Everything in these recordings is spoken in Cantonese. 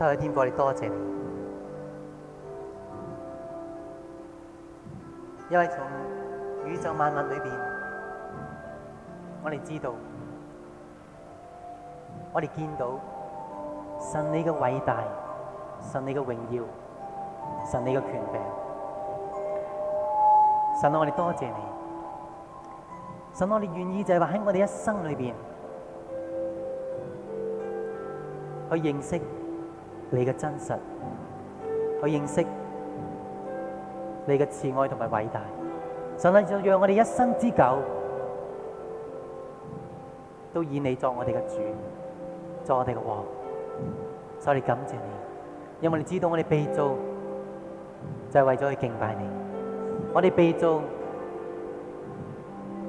睇下天父，我哋多謝你。因為從宇宙萬物裏邊，我哋知道，我哋見到神你嘅偉大，神你嘅榮耀，神你嘅權柄，神我哋多謝你。神我哋願意就係話喺我哋一生裏邊去認識。你嘅真實，去認識你嘅慈愛同埋偉大，神嚟上讓我哋一生之久，都以你作我哋嘅主，作我哋嘅王。所以感謝你，因為你知道我哋被造，就係、是、為咗去敬拜你，我哋被造，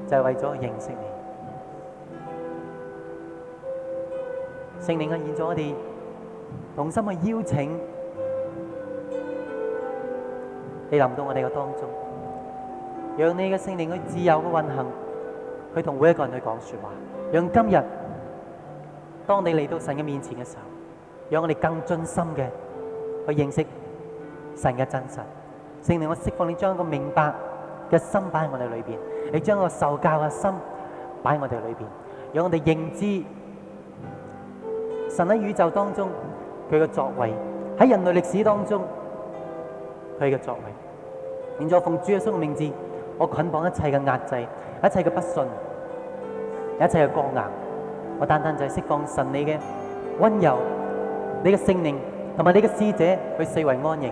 就係、是、為咗去認識你。聖靈啊，現在我哋。同心去邀請你臨到我哋嘅當中，讓你嘅聖靈去自由嘅運行，去同每一個人去講說話。讓今日當你嚟到神嘅面前嘅時候，讓我哋更盡心嘅去認識神嘅真實。聖靈，我釋放你，將一個明白嘅心擺喺我哋裏邊，你將一個受教嘅心擺喺我哋裏邊，讓我哋認知神喺宇宙當中。佢嘅作為喺人類歷史當中，佢嘅作為。現在奉主耶穌嘅名字，我捆綁綁一切嘅壓制，一切嘅不順，一切嘅剛硬。我單單就係釋放神你嘅溫柔，你嘅聖靈同埋你嘅使者去四圍安營，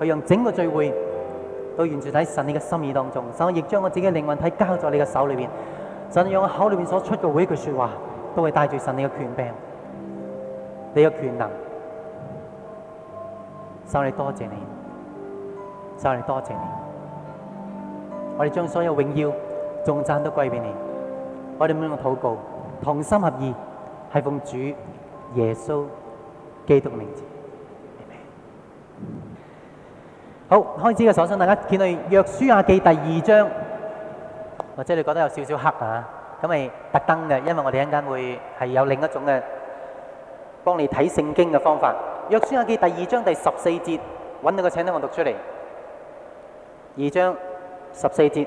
去讓整個聚會都完全喺神你嘅心意當中。神我亦將我自己嘅靈魂體交咗你嘅手裏邊。就讓我口裏面所出嘅每一句説話，都係帶住神你嘅權柄、你嘅權能。神，你多謝你，神，你多謝你，我哋將所有榮耀、頌讚都歸俾你。我哋每個禱告，同心合意，係奉主耶穌基督嘅名字。好，開始嘅時候，想大家見到約書亞記第二章。或者你覺得有少少黑啊？咁咪特登嘅，因為我哋一陣間會係有另一種嘅，幫你睇聖經嘅方法。約書亞記第二章第十四節，揾到個請啦，等我讀出嚟。二章十四節。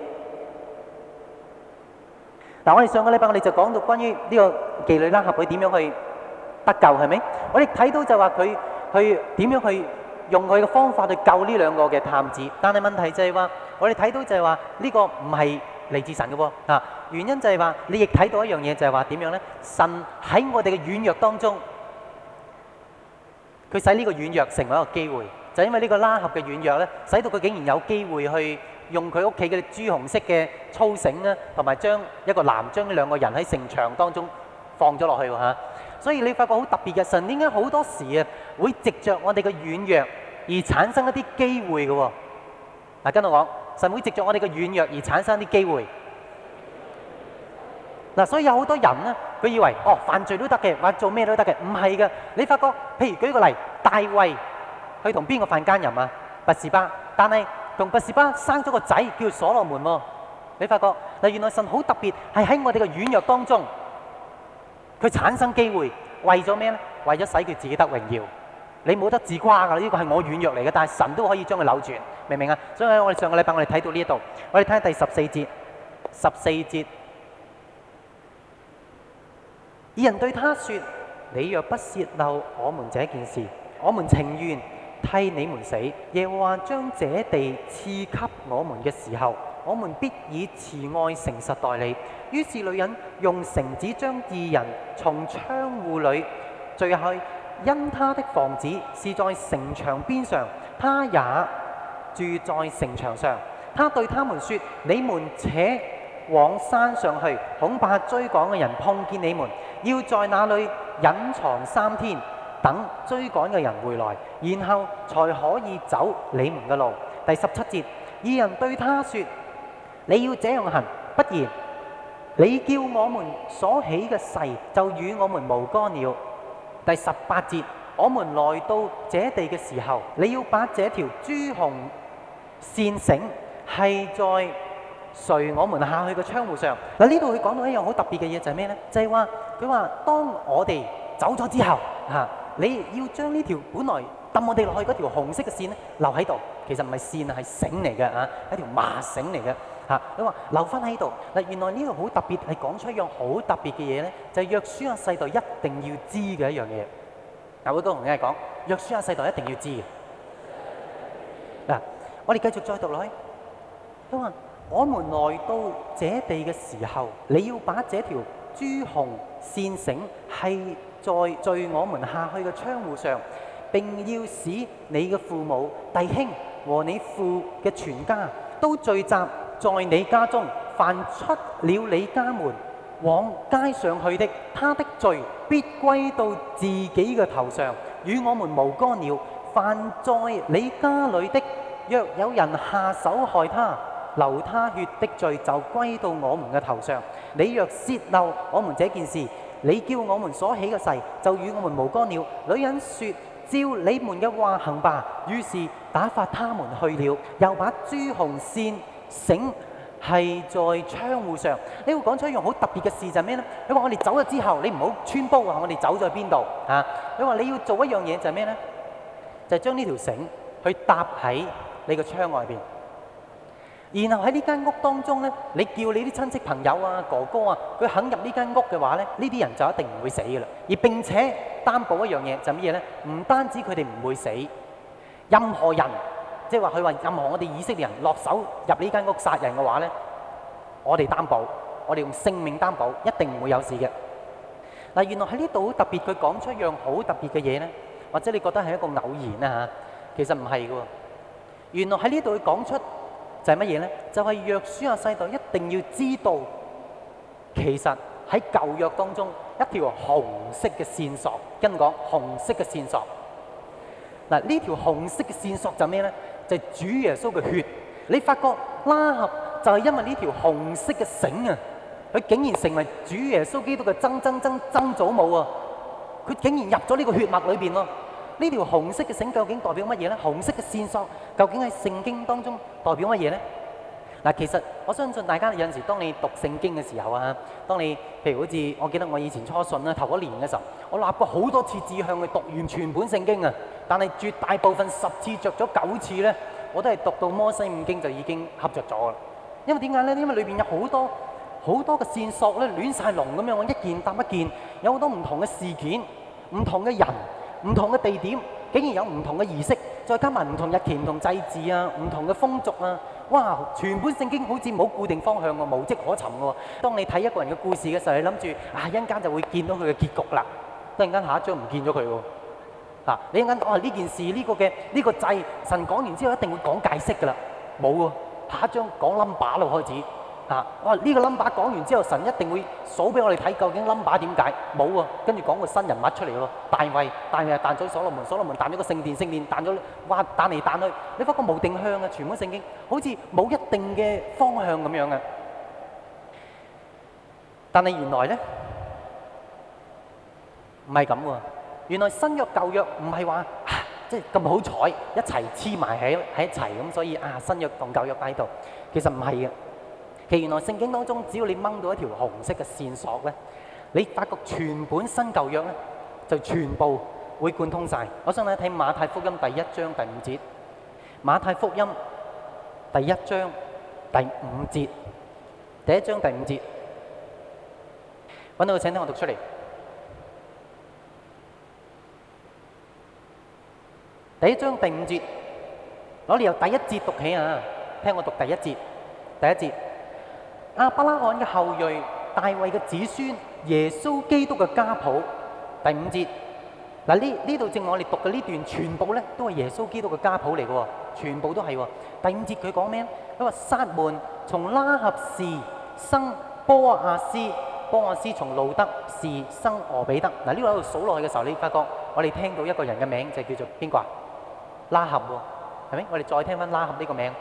嗱、啊，我哋上個禮拜我哋就講到關於呢個妓女啦，合佢點樣去得救，係咪？我哋睇到就話佢去點樣去用佢嘅方法去救呢兩個嘅探子，但係問題就係話，我哋睇到就係話呢個唔係嚟自神嘅喎、啊啊。原因就係話你亦睇到一件事一樣嘢，就係話點樣咧？神喺我哋嘅軟弱當中。佢使呢個軟弱成為一個機會，就因為呢個拉合嘅軟弱咧，使到佢竟然有機會去用佢屋企嘅朱紅色嘅粗繩咧，同埋將一個男將兩個人喺城牆當中放咗落去喎。所以你發覺好特別嘅，神應該好多時啊，會藉着我哋嘅軟弱而產生一啲機會嘅喎。嗱，跟我講，神會藉着我哋嘅軟弱而產生一啲機會。嗱、啊，所以有好多人咧，佢以為哦犯罪都得嘅，或者做咩都得嘅，唔係嘅。你發覺，譬如舉個例，大衛佢同邊個犯奸淫啊？拔士巴，但係同拔士巴生咗個仔叫所羅門喎、啊。你發覺嗱、啊，原來神好特別，係喺我哋嘅軟弱當中，佢產生機會，為咗咩咧？為咗使佢自己得榮耀。你冇得自誇㗎喇，呢個係我軟弱嚟嘅，但係神都可以將佢扭轉，明唔明啊？所以我哋上個禮拜我哋睇到呢一度，我哋睇下第十四節，十四節。二人對他說：你若不洩漏我們這件事，我們情願替你們死。耶和華將這地賜給我們嘅時候，我們必以慈愛誠實待你。於是女人用繩子將二人從窗戶裏墜去，因她的房子是在城牆邊上，她也住在城牆上。她對他們說：你們且往山上去，恐怕追趕嘅人碰見你們，要在那裏隱藏三天，等追趕嘅人回來，然後才可以走你們嘅路。第十七節，二人對他説：你要這樣行，不然你叫我們所起嘅誓就與我們無干了。第十八節，我們來到這地嘅時候，你要把這條朱紅綫繩係在隨我們下去個窗戶上，嗱呢度佢講到一樣好特別嘅嘢就係咩咧？就係話佢話當我哋走咗之後吓，你要將呢條本來掟我哋落去嗰條紅色嘅線咧留喺度，其實唔係線啊，係繩嚟嘅啊，一條麻繩嚟嘅吓。佢話留翻喺度，嗱原來呢度好特別，係講出一樣好特別嘅嘢咧，就係約書亞世代一定要知嘅一樣嘢。嗱，我都同你係講，約書亞世代一定要知嘅。嗱，我哋繼續再讀落去，佢話。我們來到這地嘅時候，你要把這條朱紅線繩係在縋我們下去嘅窗戶上，並要使你嘅父母、弟兄和你父嘅全家都聚集在你家中。凡出了你家門往街上去的，他的罪必歸到自己嘅頭上，與我們無干了。凡在你家裏的，若有人下手害他，流他血的罪就歸到我們嘅頭上。你若泄漏我們這件事，你叫我們所起嘅誓就與我們無干了。女人說：照你們嘅話行吧。於是打發他們去了，又把朱紅線繩繫在窗戶上。你會講出一樣好特別嘅事就係咩呢？你話我哋走咗之後，你唔好穿煲話我哋走咗邊度啊？你話你要做一樣嘢就係咩呢？就係將呢條繩去搭喺你個窗外邊。然後喺呢間屋當中咧，你叫你啲親戚朋友啊、哥哥啊，佢肯入呢間屋嘅話咧，呢啲人就一定唔會死嘅啦。而並且擔保一樣嘢就係咩咧？唔單止佢哋唔會死，任何人即係話佢話任何我哋以色列人落手入呢間屋殺人嘅話咧，我哋擔保，我哋用性命擔保，一定唔會有事嘅。嗱，原來喺呢度好特別，佢講出一樣好特別嘅嘢咧，或者你覺得係一個偶然啊吓，其實唔係嘅。原來喺呢度佢講出。就係乜嘢咧？就係約書亞世代一定要知道，其實喺舊約當中一條紅色嘅線索，跟講紅色嘅線索。嗱，呢條紅色嘅線索就咩咧？就係主耶穌嘅血。你發覺拉合就係因為呢條紅色嘅繩啊，佢竟然成為主耶穌基督嘅曾曾曾曾祖母啊！佢竟然入咗呢個血脈裏邊咯。呢條紅色嘅繩究竟代表乜嘢呢？紅色嘅線索究竟喺聖經當中代表乜嘢呢？嗱，其實我相信大家有陣時，當你讀經的時候，當你讀聖經嘅時候啊，當你譬如好似我記得我以前初信啦，頭一年嘅時候，我立過好多次志向去讀完全本聖經啊，但係絕大部分十次着咗九次呢，我都係讀到摩西五經就已經合着咗啦。因為點解呢？因為裏面有好多好多嘅線索呢亂晒龍咁樣，我一件搭一件，有好多唔同嘅事件、唔同嘅人。唔同嘅地點，竟然有唔同嘅儀式，再加埋唔同日期同祭祀啊，唔同嘅風俗啊，哇！全本聖經好似冇固定方向喎、啊、無跡可尋喎、啊、當你睇一個人嘅故事嘅時候，你諗住啊，一間就會見到佢嘅結局啦。突然間下一張唔見咗佢喎，你一啱講係呢件事呢、呢個嘅呢、呢個祭，神講完之後一定會講解釋㗎啦，冇喎、啊，下一張講冧把啦開始。啊！哇！呢個冧巴講完之後，神一定會數俾我哋睇究竟冧巴點解冇喎？跟住講個新人物出嚟喎，大衛，大衛彈咗所羅門，所羅門彈咗個聖殿，聖殿彈咗，哇，彈嚟彈去，你發覺冇定向呀，全部聖經好似冇一定嘅方向咁樣嘅。但係原來咧，唔係咁喎。原來新約舊約唔係話即係咁好彩一齊黐埋喺喺一齊咁，所以啊，新約同舊約擺喺度，其實唔係嘅。其原來聖經當中，只要你掹到一條紅色嘅線索咧，你發覺全本新舊約咧就全部會貫通晒。我想咧睇馬太福音第一章第五節。馬太福音第一章第五節，第一章第五節，揾到請聽我讀出嚟。第一章第五節，攞你由第一節讀起啊！聽我讀第一節，第一節。亞伯拉罕嘅後裔、大衛嘅子孫、耶穌基督嘅家譜，第五節。嗱，呢呢度，正我哋讀嘅呢段全部咧都係耶穌基督嘅家譜嚟嘅，全部都係、哦。第五節佢講咩？佢話撒門從拉合士生波阿斯，波阿斯從路得士、生俄比德。嗱，呢度喺度數落去嘅時候，你發覺我哋聽到一個人嘅名就是、叫做邊個啊？拉合。係咪？我哋再聽翻拉合呢個名，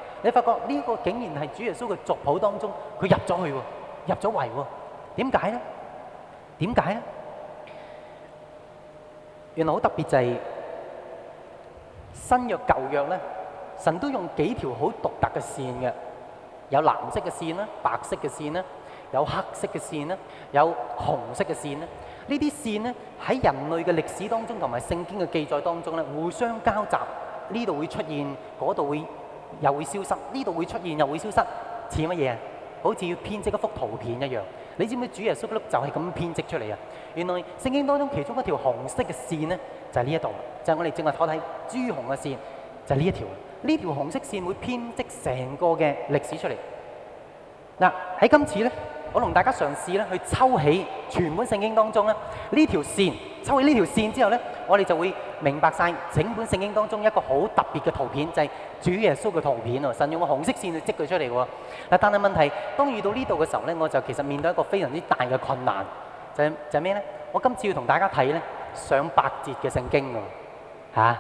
呢度會出現，嗰度會又會消失，呢度會出現又會消失，似乜嘢？好似要編織一幅圖片一樣。你知唔知主耶穌就係咁編織出嚟啊？原來聖經當中其中一條紅色嘅線呢，就係呢一度，就係、是、我哋正話睇睇珠紅嘅線，就係、是、呢一條。呢條紅色線會編織成個嘅歷史出嚟。嗱、啊，喺今次呢，我同大家嘗試咧去抽起全本聖經當中咧呢這條線，抽起呢條線之後呢，我哋就會。明白曬整本聖經當中一個好特別嘅圖片，就係主耶穌嘅圖片喎。神用個紅色線去織佢出嚟喎。嗱，但係問題當遇到呢度嘅時候咧，我就其實面對一個非常之大嘅困難，就係就係咩咧？我今次要同大家睇咧上百節嘅聖經喎，嚇，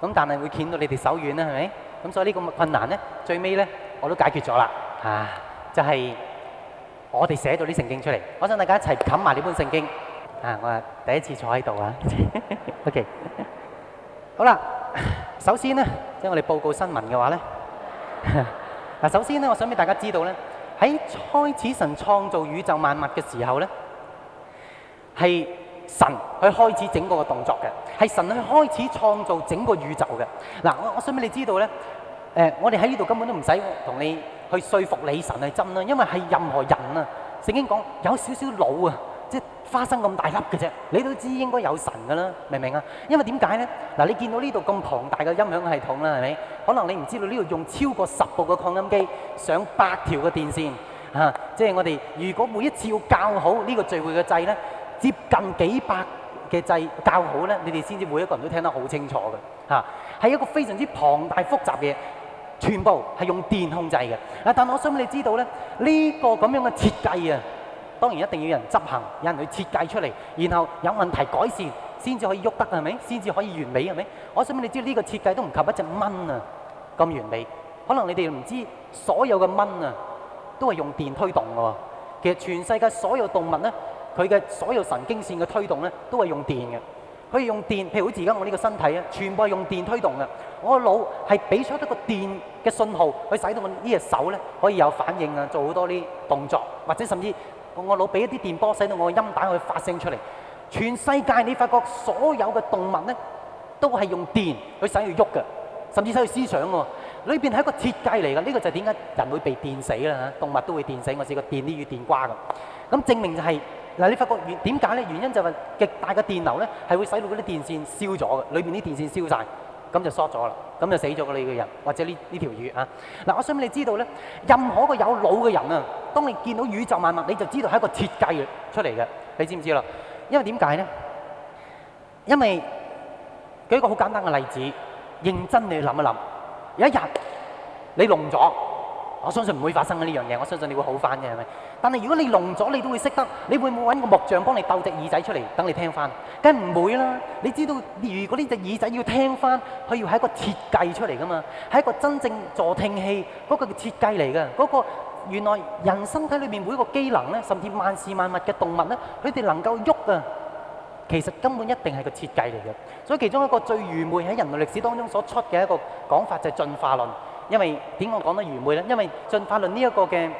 咁，但係會見到你哋手軟啦，係咪？咁所以呢個咁嘅困難咧，最尾咧我都解決咗啦，嚇，就係我哋寫到啲聖經出嚟，我想大家一齊冚埋呢本聖經啊！我第一次坐喺度啊。OK， 好啦，首先呢，即係我哋報告新聞嘅話呢，嗱，首先呢，我想俾大家知道呢，喺開始神創造宇宙萬物嘅時候呢，係神去開始整個動作嘅，係神去開始創造整個宇宙嘅。嗱，我我想俾你知道呢，我哋喺呢度根本都唔使同你去說服你神係真啦，因為係任何人點點啊，聖經講有少少腦啊。即花生咁大粒嘅啫，你都知應該有神噶啦，明唔明啊？因為點解呢？嗱，你見到呢度咁龐大嘅音響系統啦，係咪？可能你唔知道呢度用超過十部嘅擴音機，上百條嘅電線，吓、啊，即係我哋如果每一次要校好呢個聚會嘅掣呢，接近幾百嘅掣校好呢，你哋先至每一個人都聽得好清楚嘅吓，係、啊、一個非常之龐大複雜嘢，全部係用電控制嘅。嗱、啊，但我想你知道呢，呢、呢個咁樣嘅設計啊。當然一定要有人執行，有人去設計出嚟，然後有問題改善，先至可以喐得，係咪？先至可以完美，係咪？我想問你知呢個設計都唔及一隻蚊啊咁完美。可能你哋唔知，所有嘅蚊啊都係用電推動嘅。其實全世界所有動物咧，佢嘅所有神經線嘅推動咧都係用電嘅。佢用電，譬如好似而家我呢個身體啊，全部係用電推動嘅。我個腦係畀出一個電嘅信號，可使到我呢隻手咧可以有反應啊，做好多啲動作，或者甚至。我腦俾一啲電波，使到我音帶去發聲出嚟。全世界你發覺所有嘅動物咧，都係用電去使佢喐嘅，甚至使佢思想嘅。裏邊係一個設計嚟嘅，呢個就係點解人會被電死啦？動物都會電死。我試過電啲魚、電瓜咁。咁證明就係嗱，你發覺點解咧？原因就係極大嘅電流咧，係會使到嗰啲電線燒咗嘅，裏邊啲電線燒晒。咁就縮咗啦，咁就死咗你嘅人或者呢呢條魚啊！嗱，我想俾你知道咧，任何一個有腦嘅人啊，當你見到宇宙萬物，你就知道係一個設計出嚟嘅，你知唔知啦？因為點解咧？因為舉一個好簡單嘅例子，認真你諗一諗，有一日你聾咗。我相信唔會發生嘅呢樣嘢，我相信你會好翻嘅，係咪？但係如果你聾咗，你都會識得，你會唔會揾個木匠幫你鬥隻耳仔出嚟等你聽翻？梗係唔會啦！你知道，如果呢隻耳仔要聽翻，佢要係一個設計出嚟噶嘛，係一個真正助聽器嗰個嘅設計嚟噶。嗰個原來人身體裏面每一個機能咧，甚至萬事萬物嘅動物咧，佢哋能夠喐啊，其實根本一定係個設計嚟嘅。所以其中一個最愚昧喺人類歷史當中所出嘅一個講法就係進化論。因為點解我講得愚昧咧？因為進化論呢一個嘅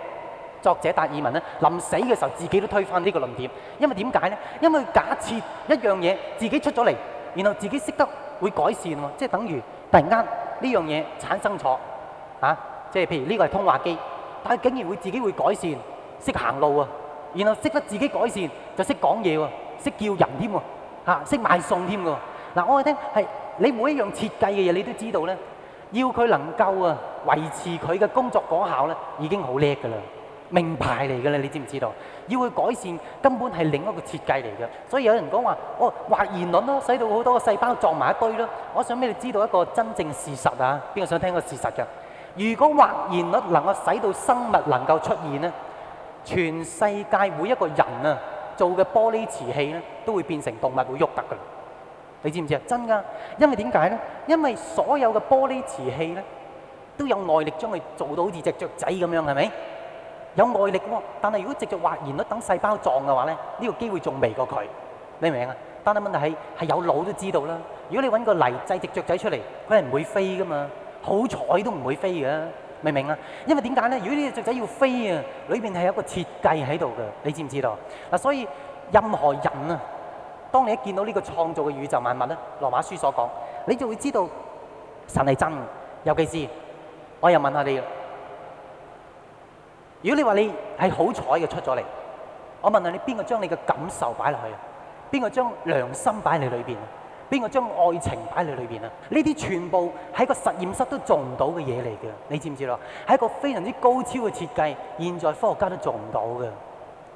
作者達爾文咧，臨死嘅時候自己都推翻呢個論點。因為點解咧？因為假設一樣嘢自己出咗嚟，然後自己識得會改善喎，即係等於突然間呢樣嘢產生錯啊！即係譬如呢個係通話機，但係竟然會自己會改善，識行路啊，然後識得自己改善就識講嘢喎，識叫人添喎，嚇識買餸添㗎。嗱，我哋聽係你每一樣設計嘅嘢，你都知道咧。要佢能夠啊維持佢嘅工作果效咧，已經好叻㗎啦，名牌嚟嘅啦，你知唔知道？要佢改善根本係另一個設計嚟嘅，所以有人講話，哦，畫言論咯，使到好多個細胞撞埋一堆咯。我想俾你知道一個真正事實啊，邊個想聽個事實嘅？如果畫言論能夠使到生物能夠出現咧，全世界每一個人啊做嘅玻璃瓷器咧，都會變成動物會喐得㗎。你知唔知啊？真噶，因為點解咧？因為所有嘅玻璃瓷器咧，都有外力將佢做到好似隻雀仔咁樣，係咪？有外力喎、啊，但係如果直接畫率等細胞撞嘅話咧，呢、呢個機會仲未過佢，明唔明啊？但係問題係係有腦都知道啦。如果你揾個泥製隻雀仔出嚟，佢係唔會飛噶嘛，好彩都唔會飛嘅，明唔明啊？因為點解咧？如果呢隻雀仔要飛啊，裏邊係有一個設計喺度嘅，你知唔知道？嗱，所以任何人啊～當你一見到呢個創造嘅宇宙萬物咧，《羅馬書》所講，你就會知道神係真嘅。尤其是，我又問下你：如果你話你係好彩嘅出咗嚟，我問下你邊個將你嘅感受擺落去？邊個將良心擺喺你裏邊？邊個將愛情擺你裏邊啊？呢啲全部喺個實驗室都做唔到嘅嘢嚟嘅，你知唔知咯？係一個非常之高超嘅設計，現在科學家都做唔到嘅，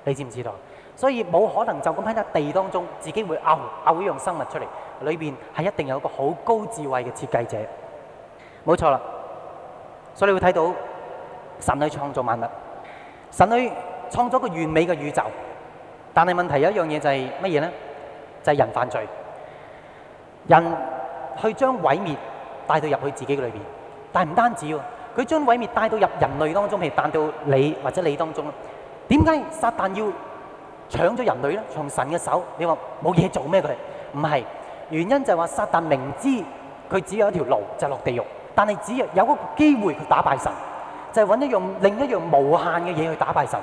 你知唔知道？所以冇可能就咁喺笪地當中自己會拗拗一樣生物出嚟，裏邊係一定有一個好高智慧嘅設計者，冇錯啦。所以你會睇到神去創造萬物，神去創造一個完美嘅宇宙。但係問題有一樣嘢就係乜嘢咧？就係人犯罪，人去將毀滅帶到入去自己嘅裏邊。但係唔單止喎，佢將毀滅帶到入人類當中，譬如帶到你或者你當中啦。點解撒旦要？搶咗人類呢，從神嘅手，你話冇嘢做咩佢？唔係，原因就係話撒但明知，佢只有一條路就落地獄，但係只有有個機會去打敗神，就係搵一樣另一樣無限嘅嘢去打敗神。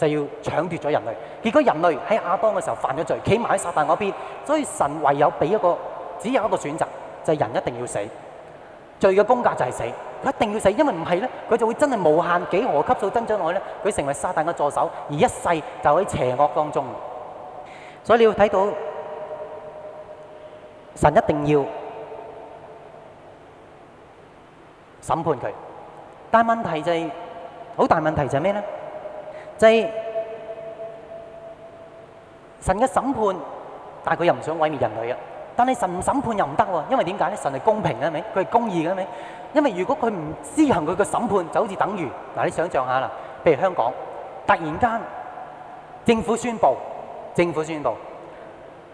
就要搶奪咗人類，結果人類喺亞當嘅時候犯咗罪，企埋喺撒但嗰邊，所以神唯有俾一個，只有一個選擇，就係人一定要死，罪嘅工價就係死，佢一定要死，因為唔係咧，佢就會真係無限幾何級數增長落去咧，佢成為撒但嘅助手，而一世就喺邪惡當中。所以你要睇到神一定要審判佢，但問題就係好大問題就係咩咧？就係神嘅審判，但係佢又唔想毀滅人類啊！但係神唔審判又唔得喎，因為點解咧？神係公平嘅，係咪？佢係公義嘅，係咪？因為如果佢唔施行佢嘅審判，就好似等於嗱，你想象下啦，譬如香港突然間政府宣布，政府宣布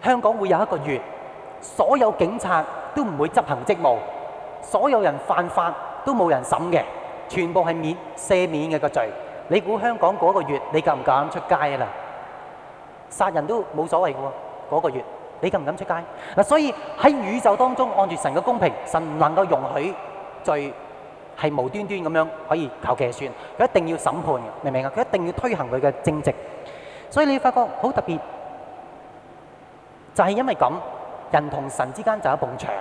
香港會有一個月，所有警察都唔會執行職務，所有人犯法都冇人審嘅，全部係免赦免佢個罪。你估香港嗰個月，你敢唔敢出街啊？嗱，殺人都冇所謂嘅喎，嗰個月你敢唔敢出街？嗱，所以喺宇宙當中按住神嘅公平，神唔能夠容許罪係無端端咁樣可以求其算，佢一定要審判嘅，明唔明啊？佢一定要推行佢嘅正直，所以你發覺好特別，就係因為咁，人同神之間就有一埲牆，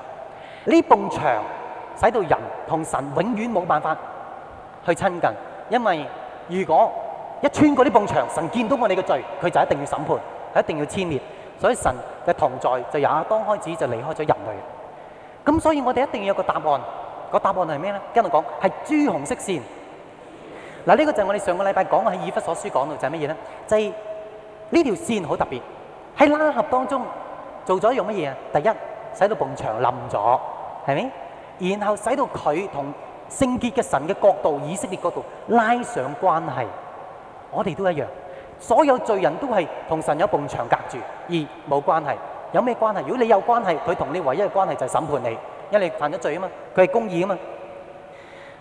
呢埲牆使到人同神永遠冇辦法去親近，因為。如果一穿過啲埲牆，神見到我哋嘅罪，佢就一定要審判，係一定要殲滅。所以神就同在就由亞當開始就離開咗人類。咁所以我哋一定要有個答案，那個答案係咩咧？跟住講係朱紅色線。嗱，呢個就係我哋上個禮拜講嘅喺《以弗所書》講到就係乜嘢咧？就係、是、呢條線好特別，喺拉合當中做咗一樣乜嘢啊？第一使到埲牆冧咗，係咪？然後使到佢同。聖潔嘅神嘅角度，以色列角度拉上關係，我哋都一樣。所有罪人都係同神有埲牆隔住，而冇關係。有咩關係？如果你有關係，佢同你唯一嘅關係就係審判你，因為你犯咗罪啊嘛，佢係公義啊嘛。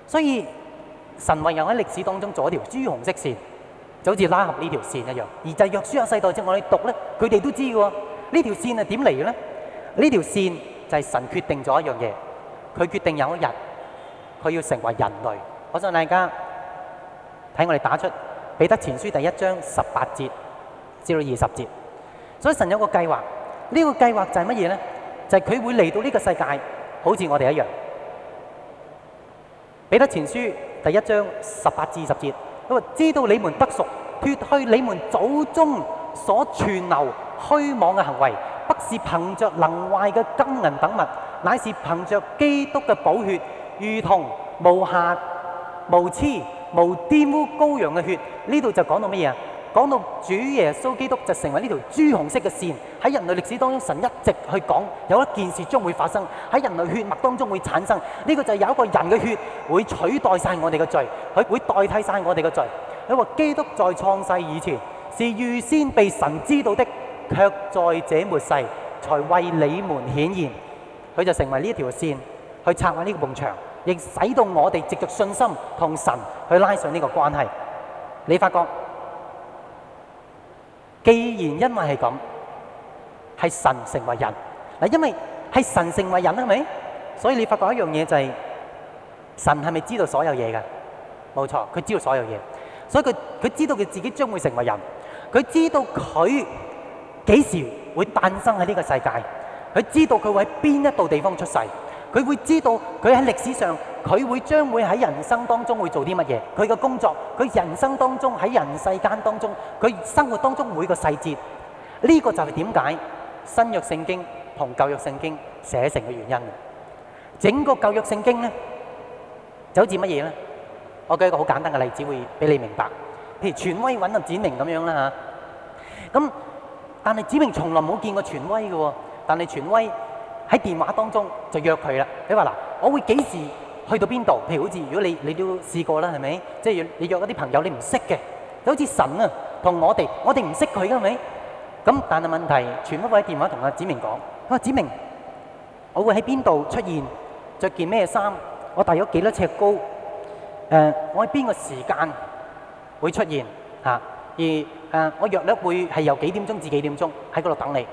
所以神唯有喺歷史當中做一條朱紅色線，就好似拉合呢條線一樣。而就約書亞世代，即係我哋讀咧，佢哋都知嘅喎。呢條線係點嚟嘅咧？呢條線就係神決定咗一樣嘢，佢決定有一日。佢要成為人類，我想大家睇我哋打出《彼得前書》第一章十八節至到二十節，所以神有個計劃。呢、這個計劃就係乜嘢呢？就係、是、佢會嚟到呢個世界，好似我哋一樣。《彼得前書》第一章十八至二十節，因為知道你們得贖，脱去你們祖宗所傳流虛妄嘅行為，不是憑着能壞嘅金銀等物，乃是憑着基督嘅寶血。如同無瑕、無疵、無玷污羔羊嘅血，呢度就講到乜嘢？講到主耶穌基督就成為呢條朱紅色嘅線。喺人類歷史當中，神一直去講有一件事將會發生喺人類血脈當中會產生。呢、這個就係有一個人嘅血會取代晒我哋嘅罪，佢會代替晒我哋嘅罪。佢話基督在創世以前是預先被神知道的，卻在這末世才為你們顯現。佢就成為呢條線。去拆毀佢會知道佢喺歷史上，佢會將會喺人生當中會做啲乜嘢？佢嘅工作，佢人生當中喺人世間當中，佢生活當中每個細節，呢個就係點解新約聖經同舊約聖經寫成嘅原因。整個舊約聖經呢，就好似乜嘢呢？我舉一個好簡單嘅例子，會俾你明白。譬如權威揾到子明咁樣啦嚇，咁但係子明從來冇見過權威嘅喎，但係權威，喺電話當中就約佢啦。你話嗱，我會幾時去到邊度？譬如好似如果你你都試過啦，係咪？即係你約一啲朋友，你唔識嘅，就好似神啊，同我哋我哋唔識佢嘅，係咪？咁但係問題全部喺電話同阿子明講。佢話：子明，我會喺邊度出現？著件咩衫？我大約幾多尺高？誒，我喺邊個時間會出現？嚇而誒，我約你會係由幾點鐘至幾點鐘喺嗰度等你？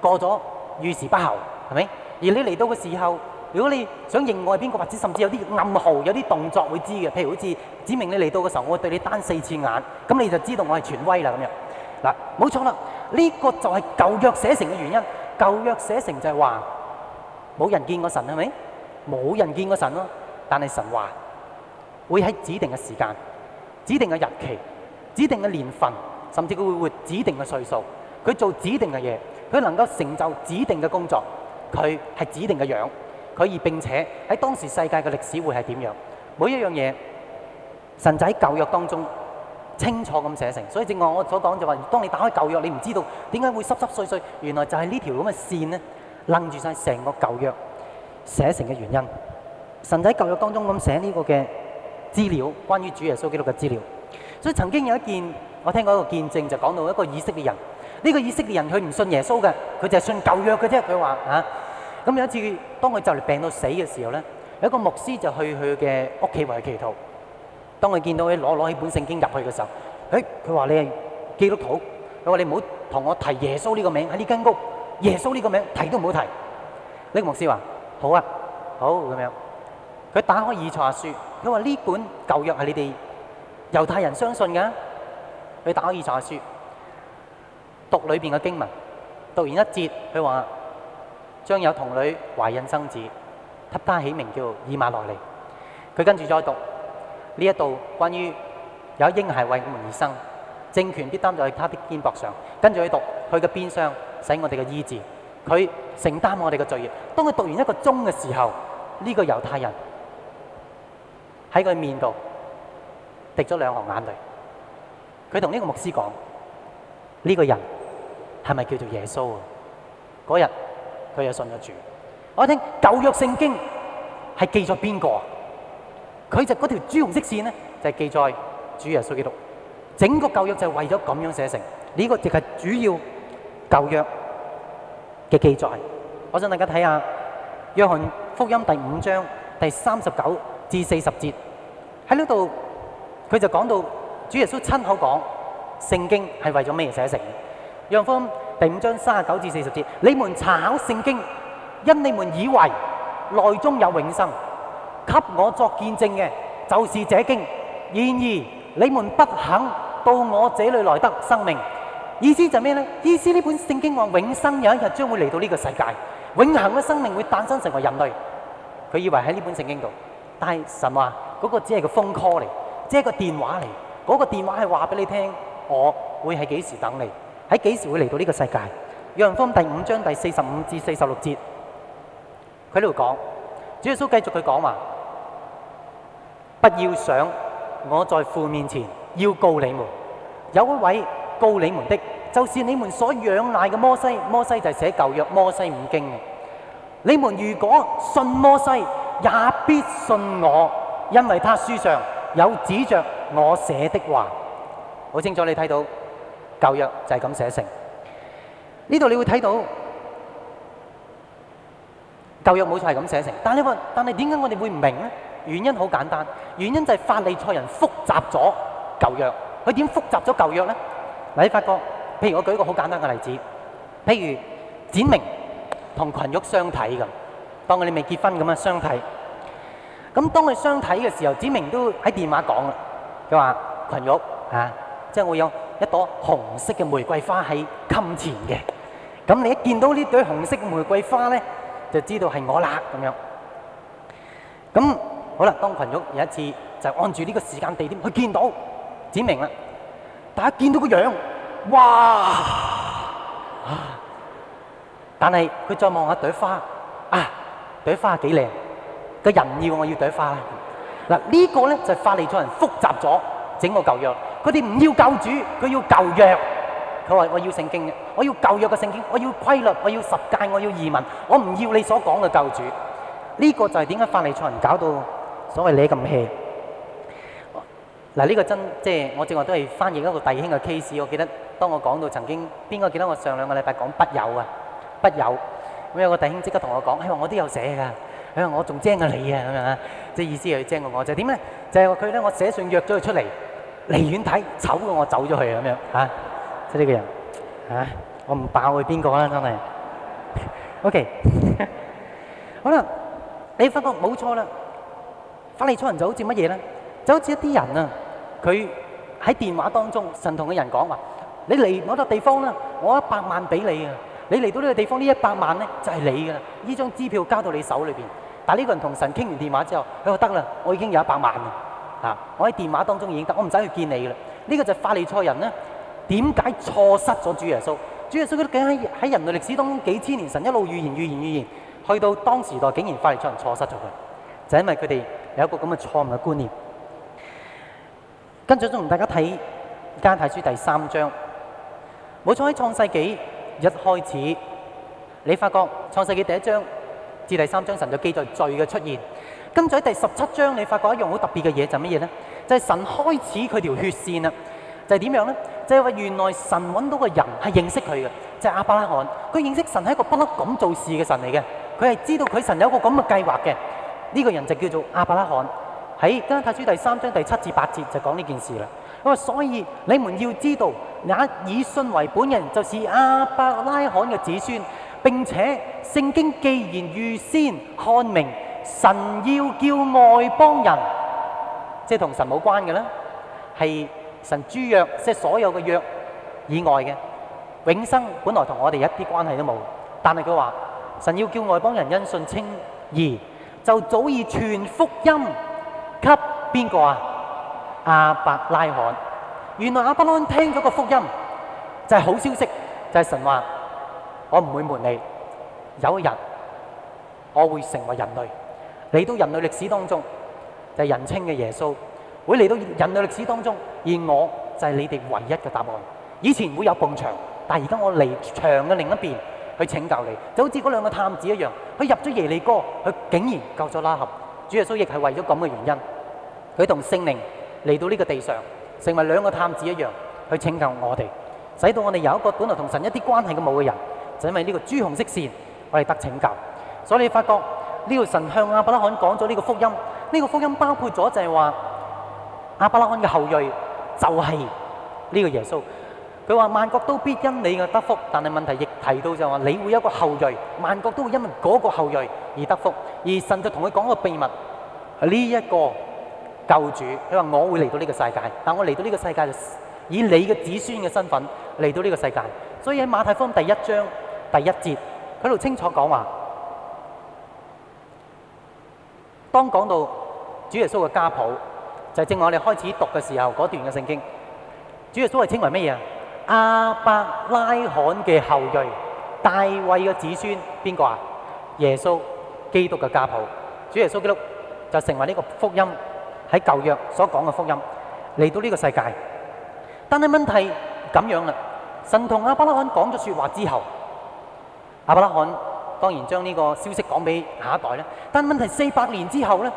過咗逾時不候。係咪？而你嚟到嘅時候，如果你想認我係邊個，或者甚至有啲暗號、有啲動作會知嘅，譬如好似指明你嚟到嘅時候，我會對你單四次眼，咁你就知道我係權威啦。咁樣嗱，冇錯啦，呢、這個就係舊約寫成嘅原因。舊約寫成就係話冇人見過神，係咪？冇人見過神咯，啊，但係神話會喺指定嘅時間、指定嘅日期、指定嘅年份，甚至佢會活指定嘅歲數，佢做指定嘅嘢，佢能夠成就指定嘅工作。佢係指定嘅樣，佢而並且喺當時世界嘅歷史會係點樣？每一樣嘢神就喺舊約當中清楚咁寫成，所以正話我所講就話，當你打開舊約，你唔知道點解會濕濕碎碎，原來就係呢條咁嘅線呢，楞住曬成個舊約寫成嘅原因。神就喺舊約當中咁寫呢個嘅資料，關於主耶穌記錄嘅資料。所以曾經有一件，我聽過一個見證，就講到一個意識嘅人。呢個以色列人佢唔信耶穌嘅，佢就係信舊約嘅啫。佢話啊，咁有一次當佢就嚟病到死嘅時候咧，有一個牧師就去佢嘅屋企為佢祈禱。當佢見到佢攞攞起本聖經入去嘅時候，誒，佢話你係基督徒，佢話你唔好同我提耶穌呢個名喺呢間屋，耶穌呢個名提都唔好提。呢個牧師話好啊，好咁樣。佢打開以賽亞書，佢話呢本舊約係你哋猶太人相信嘅，佢打開以賽亞書。讀裏邊嘅經文，讀完一節他說，佢話，將有童女懷孕生子，給他起名叫以馬內利。佢跟住再讀呢一度關於有嬰孩為我們而生，政權必擔在他的肩膊上。跟住去讀佢嘅鞭傷使我哋嘅醫治，佢承擔我哋嘅罪孽。當佢讀完一個鐘嘅時候，呢、這個猶太人喺佢面度滴咗兩行眼淚。佢同呢個牧師講呢、這個人。係咪叫做耶穌啊？嗰日佢又信咗主。我聽舊約聖經係記咗邊個？佢就嗰條朱紅色線咧，就係記載主耶穌基督。整個舊約就係為咗咁樣寫成。呢個就係主要舊約嘅記載。我想大家睇下《約翰福音》第五章第三十九至四十節，喺呢度佢就講到主耶穌親口講，聖經係為咗咩寫成？約翰福音第五章三十九至四十節，你們查考聖經，因你們以為，內中有永生，給我作見證，嘅就是這經，然而你們不肯到我這裏來得生命。意思就咩呢？意思，呢本聖經話永生有一日將會來到這個世界，永恆嘅生命會誕生成為人類，佢以為喺這本聖經度，但是神話嗰個只係個 phone call 嚟，只係個電話嚟，嗰個電話是話給你聽，我會係幾時等你。喺幾時會嚟到呢個世界？約翰福音第五章第四十五至四十六節，佢喺度講，主耶穌繼續佢講話：不要想我在父面前要告你們，有一位告你們的，就是你們所仰賴嘅摩西。摩西就係寫舊約《摩西五經》嘅。你們如果信摩西，也必信我，因為他書上有指着我寫的話。好清楚，你睇到。舊約就係咁寫成，呢度你會睇到舊約冇錯係咁寫成，但係你問，但係點解我哋會唔明呢？原因好簡單，原因就係法利賽人複雜咗舊約。佢點複雜咗舊約呢？嗱，你發覺，譬如我舉個好簡單嘅例子，譬如展明同群玉相睇咁，當我哋未結婚咁樣相睇，咁當佢相睇嘅時候，展明都喺電話講啦，佢話：群玉啊，即係我有。一朵紅色嘅玫瑰花喺襟前嘅，咁你一見到呢朵紅色嘅玫瑰花咧，就知道係我啦咁樣。咁好啦，當羣眾有一次就按住呢個時間地點去見到，指明啦，大家見到個樣，哇！但係佢再望下朵花啊，朵花幾靚，個人要我要朵花啦。嗱，呢個咧就係法利賽人複雜咗，整個舊約。佢哋唔要救主，佢要舊約。佢話：我要聖經嘅，我要舊約嘅聖經，我要規律，我要十戒，我要移民。我唔要你所講嘅救主。呢個就係點解法利賽人搞到所謂你咁氣。嗱，呢個真即係我正話都係翻譯一個弟兄嘅 case。我記得當我講到曾經邊個記得我上兩個禮拜講不有啊，不有。咁有個弟兄即刻同我講：佢話我都有寫㗎，佢話我仲精過你啊咁樣。即係意思係精過我，就係點咧？就係話佢咧，我寫信約咗佢出嚟。離遠睇丑過我走咗去咁樣吓，即係呢個人吓、啊，我唔爆去邊個啦，真係。O.K. 好啦，你發覺冇錯啦，法利賽人就好似乜嘢咧？就好似一啲人啊，佢喺電話當中神同嘅人講話，你嚟嗰笪地方啦，我一百萬俾你啊！你嚟到呢個地方呢一百萬咧就係你噶啦，呢張支票交到你手裏邊。但呢個人同神傾完電話之後，佢話得啦，我已經有一百萬啦。啊！我喺電話當中已經得，我唔使去見你噶啦。呢個就係法利賽人咧，點解錯失咗主耶穌？主耶穌究竟喺喺人類歷史當中幾千年，神一路預言、預言、預言，去到當時代，竟然法利賽人錯失咗佢，就係因為佢哋有一個咁嘅錯誤嘅觀念。跟住仲同大家睇加太書第三章。冇錯，喺創世紀一開始，你發覺創世紀第一章至第三章，神就記載罪嘅出現。跟住喺第十七章，你發覺一樣好特別嘅嘢就係乜嘢咧？就係、是、神開始佢條血線啦。就係、是、點樣咧？就係、是、話原來神揾到個人係認識佢嘅，就係、是、亞伯拉罕。佢認識神係一個不嬲咁做事嘅神嚟嘅。佢係知道佢神有一個咁嘅計劃嘅。呢、這個人就叫做亞伯拉罕。喺《加拉太書》第三章第七至八節就講呢件事啦。因為所以你們要知道，那以信為本人就是亞伯拉罕嘅子孫。並且聖經既然預先看明。神要叫外邦人，即係同神冇關嘅啦，係神諸約，即係所有嘅約以外嘅永生，本來同我哋一啲關係都冇。但係佢話神要叫外邦人因信稱義，就早已傳福音給邊個啊？亞伯拉罕。原來亞伯拉罕聽咗個福音就係好消息，就係神話我唔會瞞你，有一日我會成為人類。嚟到人類歷史當中，就係人稱嘅耶穌，會嚟到人類歷史當中，呢個神向亞伯拉罕講咗呢個福音，呢個福音包括咗就係話亞伯拉罕嘅後裔就係呢個耶穌。佢話萬國都必因你嘅得福，但係問題亦提到就係話你會有一個後裔，萬國都會因為嗰個後裔而得福。而神就同佢講個秘密，呢一個救主，佢話我會嚟到呢個世界，但我嚟到呢個世界就以你嘅子孫嘅身份嚟到呢個世界。所以喺馬太福音第一章第一節，佢喺度清楚講話。當講到主耶穌嘅家譜，就係正我哋開始讀嘅時候嗰段嘅聖經。主耶穌係稱為乜嘢啊？亞伯拉罕嘅後裔，大衛嘅子孫，邊個啊？耶穌基督嘅家譜。主耶穌基督就成為呢個福音，喺舊約所講嘅福音嚟到呢個世界。但係問題咁樣啦，神同亞伯拉罕講咗說話之後，亞伯拉罕。當然將呢個消息講俾下一代咧，但問題四百年之後咧，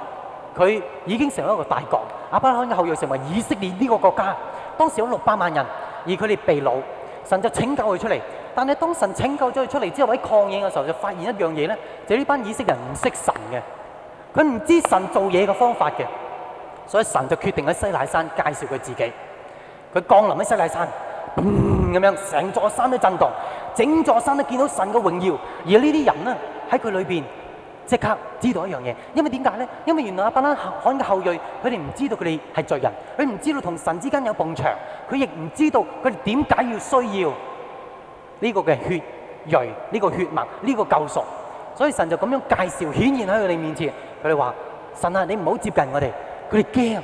佢已經成為一個大國。亞伯拉罕嘅後裔成為以色列呢個國家，當時有六百萬人，而佢哋被擄，神就拯救佢出嚟。但係當神拯救咗佢出嚟之後，喺曠野嘅時候就發現一樣嘢咧，就係、是、呢班以色列人唔識神嘅，佢唔知道神做嘢嘅方法嘅，所以神就決定喺西奈山介紹佢自己。佢降臨喺西奈山，咁樣成座山都震動。整座山都見到神嘅榮耀，而呢啲人呢，喺佢裏邊即刻知道一樣嘢，因為點解呢？因為原來亞伯拉罕嘅後裔，佢哋唔知道佢哋係罪人，佢唔知道同神之間有埲牆，佢亦唔知道佢哋點解要需要呢個嘅血液、呢個血脈、呢、呢個呢個呢個救贖，所以神就咁樣介紹顯現喺佢哋面前。佢哋話：神啊，你唔好接近我哋，佢哋驚，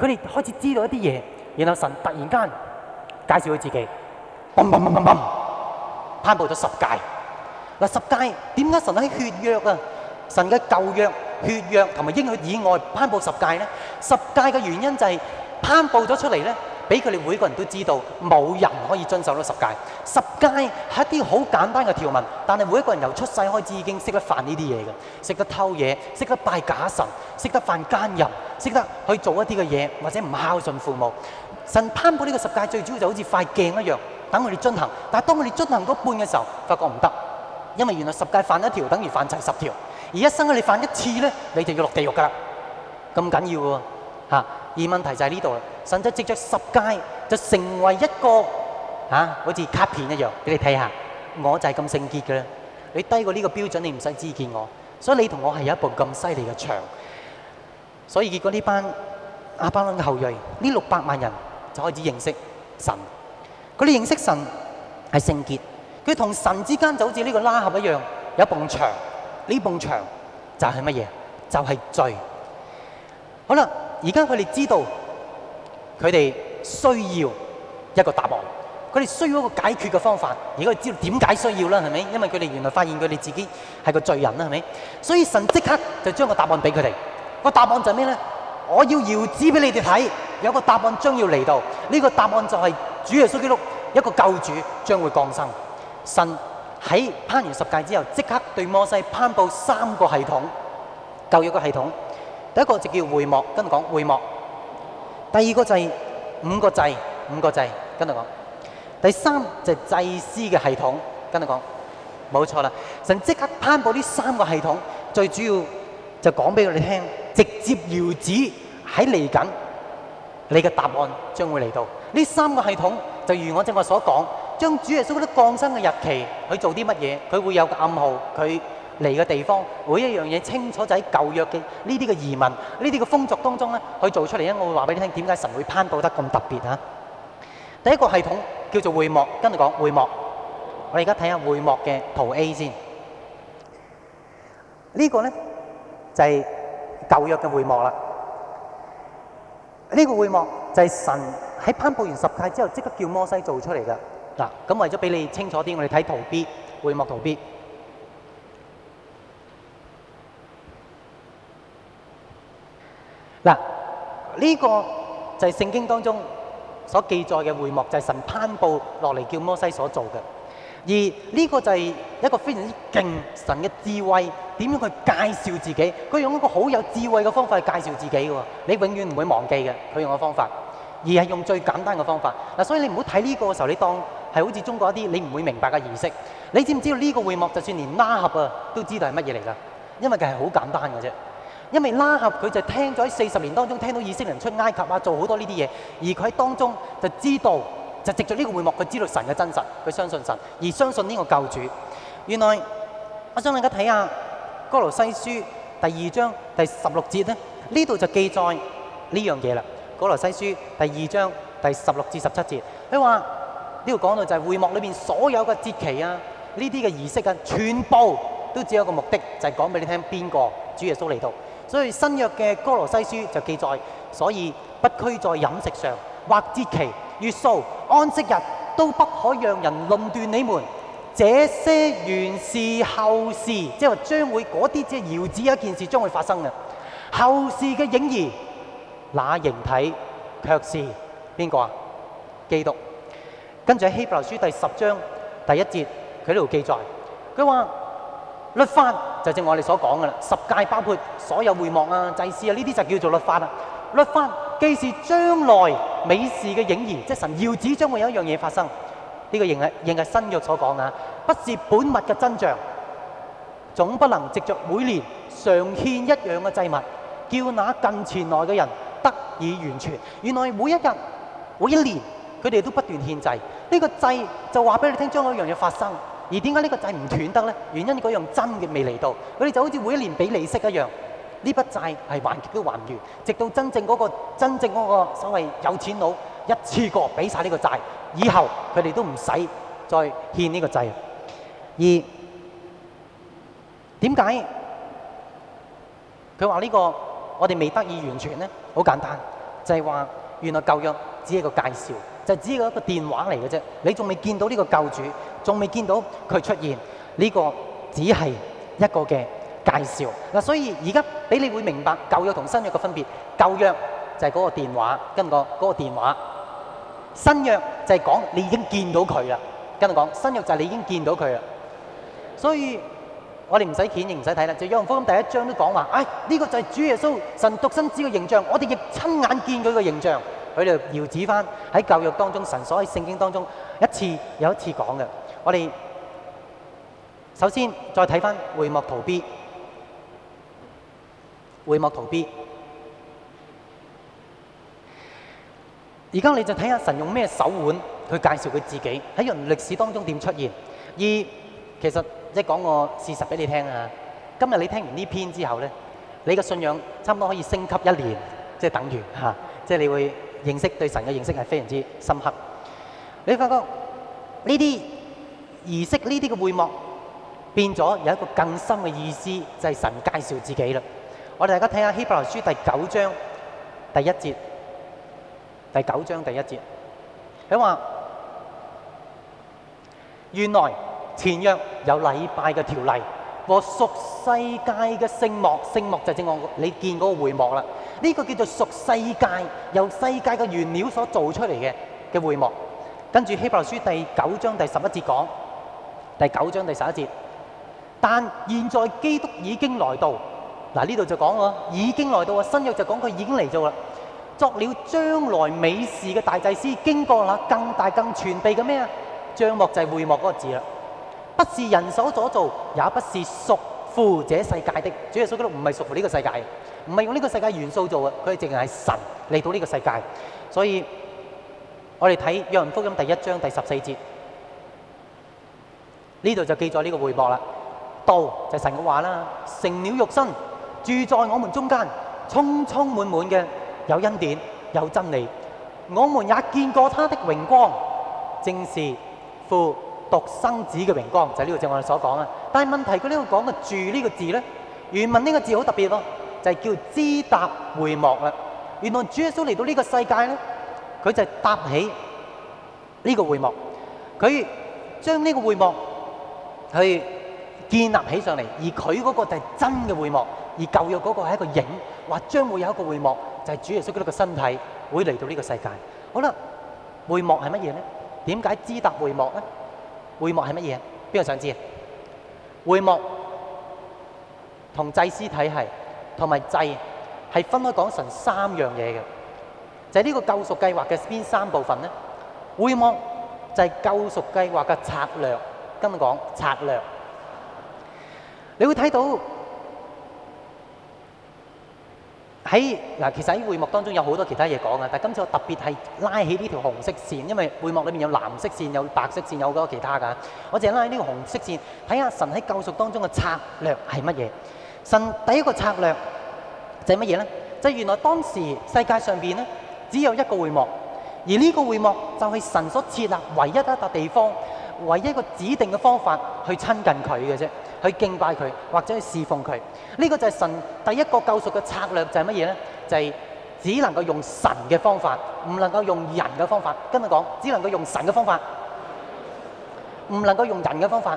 佢哋開始知道一啲嘢。然後神突然間介紹佢自己。砰砰砰砰砰頒布咗十戒，嗱，十戒點解神喺血約啊？神嘅舊約、血約同埋應許以外頒布十戒呢？十戒嘅原因就係頒布咗出嚟呢，俾佢哋每個人都知道，冇人可以遵守到十戒。十戒係一啲好簡單嘅條文，但係每一個人由出世開始已經識得犯呢啲嘢嘅，識得偷嘢，識得拜假神，識得犯奸淫，識得去做一啲嘅嘢，或者唔孝順父母。神頒布呢個十戒最主要就好似塊鏡一樣。等我哋進行，但係當我哋進行到一半嘅時候，發覺唔得，因為原來十戒犯一條，等於犯齊十條，而一生你犯一次咧，你就要落地獄㗎，咁緊要喎嚇。而問題就喺呢度啦，神就藉著十戒就成為一個嚇，好似卡片一樣，畀你睇下，我就係咁聖潔嘅咧。你低過呢個標準，你唔使指見我。所以你同我係有一道咁犀利嘅牆。所以結果呢班亞伯拉罕嘅後裔，呢六百萬人就開始認識神。佢哋認識神係聖潔，佢同神之間就好似呢個拉合一樣，有埲牆。呢埲牆就係乜嘢？就係罪。好啦，而家佢哋知道佢哋需要一個答案，佢哋需要一個解決嘅方法。而家佢知道點解需要啦，係咪？因為佢哋原來發現佢哋自己係個罪人啦，係咪？所以神即刻就將個答案俾佢哋。個答案就係咩咧？我要遙指俾你哋睇，有個答案將要嚟到。呢個答案就係。主耶穌基督，一個救主將會降生。神喺攀完十戒之後，即刻對摩西攀布三個系統，舊約嘅系統。第一個就叫會幕，跟住講會幕。第二個就係五個祭，五個祭，跟住講。第三就係祭司嘅系統，跟住講。冇錯啦，神即刻攀布呢三個系統，最主要就講俾我哋聽，直接搖指喺嚟緊，你嘅答案將會嚟到。呢三個系統就如我正話所講，將主耶穌嘅降生嘅日期，去做啲乜嘢？佢會有個暗號，佢嚟嘅地方，每一樣嘢清楚就喺舊約嘅呢啲嘅儀文，呢啲嘅風俗當中咧，可以做出嚟咧。我會話俾你聽，點解神會頒佈得咁特別啊？第一個系統叫做會幕，跟住講會幕。我哋而家睇下會幕嘅圖 A 先。呢個咧就係舊約嘅會幕啦。呢、這個會幕就係神喺頒布完十誡之後，即刻叫摩西做出嚟㗎。嗱，咁為咗俾你清楚啲，我哋睇圖 B，會幕圖 B。嗱，呢、這個就係聖經當中所記載嘅會幕，就係、是、神頒布落嚟叫摩西所做嘅。而呢個就係一個非常之敬神嘅智慧，點樣去介紹自己？佢用一個好有智慧嘅方法去介紹自己喎。你永遠唔會忘記嘅，佢用嘅方法，而係用最簡單嘅方法嗱、啊。所以你唔好睇呢個嘅時候，你當係好似中國一啲你唔會明白嘅儀式。你知唔知道呢個會幕？就算連拉合啊都知道係乜嘢嚟㗎？因為佢係好簡單嘅啫。因為拉合佢就聽咗喺四十年當中聽到以色列人出埃及啊，做好多呢啲嘢，而佢喺當中就知道。就藉著呢個會幕，佢知道神嘅真實，佢相信神，而相信呢個救主。原來我想大家睇下《哥羅西書》第二章第十六節呢，呢度就記載呢樣嘢啦。《哥羅西書》第二章第十六至十七節，佢話呢度講到就係會幕裏面所有嘅節期啊，呢啲嘅儀式啊，全部都只有個目的，就係講俾你聽邊個主耶穌嚟到。所以新約嘅《哥羅西書》就記載，所以不拘在飲食上或節期，月數，安息日，都不可讓人論斷你們，這些原是，後事，即係話將會嗰啲遙指一件事將會發生嘅，後事嘅影兒，既是將來美事嘅影兒，即係神要旨將會有一樣嘢發生。呢、這個仍係仍係新約所講啊，不是本物嘅真像，總不能藉着每年常獻一樣嘅祭物，叫那近前來嘅人得以完全。原來每一日、每一年，佢哋都不斷獻祭。呢、這個祭就話俾你聽，將來有一樣嘢發生。而點解呢個祭唔斷得咧？原因嗰樣真嘅未嚟到。佢哋就好似每一年俾利息一樣。呢筆債係還都還完，直到真正嗰、嗰個真正嗰個所謂有錢佬一次過俾晒呢個債，以後佢哋都唔使再欠呢個債。二、點解佢話呢個我哋未得以完全呢？好簡單，就係、係、話原來舊約只係一個介紹，就係、只係一個電話嚟嘅啫。你仲未見到呢個救主，仲未見到佢出現，呢、呢個只係一個嘅介紹嗱。所以而家。俾你會明白舊約同新約嘅分別。舊約就係嗰個電話，跟住講嗰個電話；新約就係講你已經見到佢啦，跟住講新約就係你已經見到佢啦。所以我哋唔使睇亦唔使睇啦。就約翰福音第一章都講話，唉呢個就係主耶穌神獨生子嘅形象，我哋亦親眼見佢嘅形象。佢哋遙指翻喺舊約當中，神所喺聖經當中一次又一次講嘅。我哋首先再睇翻會幕圖 B。會幕逃避，而家你就睇下神用咩手腕去介紹佢自己，喺人歷史當中點出現。二其實即係講個事實俾你聽啊！今日你聽完呢篇之後咧，你嘅信仰差唔多可以升級一年，即係等於嚇，即係你會認識對神嘅認識係非常之深刻。你發覺呢啲儀式、呢啲嘅會幕變咗有一個更深嘅意思，就係神介紹自己啦。我哋大家睇下希伯來書第九章第一節，第九章第一節，佢話原來前約有禮拜嘅條例和屬世界嘅聖幕，聖幕就正我你見嗰個會幕啦。呢、這個叫做屬世界，由世界嘅原料所做出嚟嘅嘅會幕。跟住希伯來書第九章第十一節講，第九章第十一節，但現在基督已經來到。嗱呢度就講喎，已經來到啊，新約就講佢已經嚟做啦，作了將來美事嘅大祭司，經過啦更大更全備嘅咩啊？帳幕就係會幕嗰個字啦，不是人手所造，也不是屬乎這世界的。主耶穌基督唔係屬乎呢個世界，唔係用呢個世界元素做嘅，佢係淨係神嚟到呢個世界。所以我哋睇約翰福音第一章第十四節，呢度就記載呢個會幕啦。道就是神嘅話啦，成了肉身。住在我們中間，充充滿滿嘅有恩典有真理，我們也見過他的榮光，正是父獨生子嘅榮光，就係呢個正我哋所講啊。但係問題佢呢度講嘅住呢個字咧，原文呢個字好特別咯，就係叫支搭會幕啦。原來主耶穌嚟到呢個世界咧，佢就搭起呢個會幕，佢將呢個會幕去建立起上嚟，而佢嗰個就係真嘅會幕。而舊約嗰個係一個影，話將會有一個會幕，就係主耶穌基督嘅身體會嚟到呢個世界。好啦，會幕係乜嘢咧？點解支搭會幕咧？會幕係乜嘢？邊個想知？會幕同祭司體系同埋祭係分開講成三樣嘢嘅，就係呢個救贖計劃嘅邊三部分咧？會幕就係救贖計劃嘅策略，今日講策略。你會睇到。喺嗱，其實喺會幕當中有好多其他嘢講啊，但今次我特別係拉起呢條紅色線，因為會幕裏面有藍色線、有白色線，有好多其他噶。我淨係拉起呢個紅色線，睇下神喺救贖當中嘅策略係乜嘢。神第一個策略就係乜嘢呢？就係原來當時世界上邊呢，只有一個會幕，而呢個會幕就係神所設立唯一一笪地方，唯一一個指定嘅方法去親近佢嘅啫。去敬拜佢或者去侍奉佢，呢個就係神第一個救贖嘅策略就係乜嘢咧？就係只能夠用神嘅方法，唔能夠用人嘅方法。跟你講，只能夠用神嘅方法，唔能夠用人嘅方法。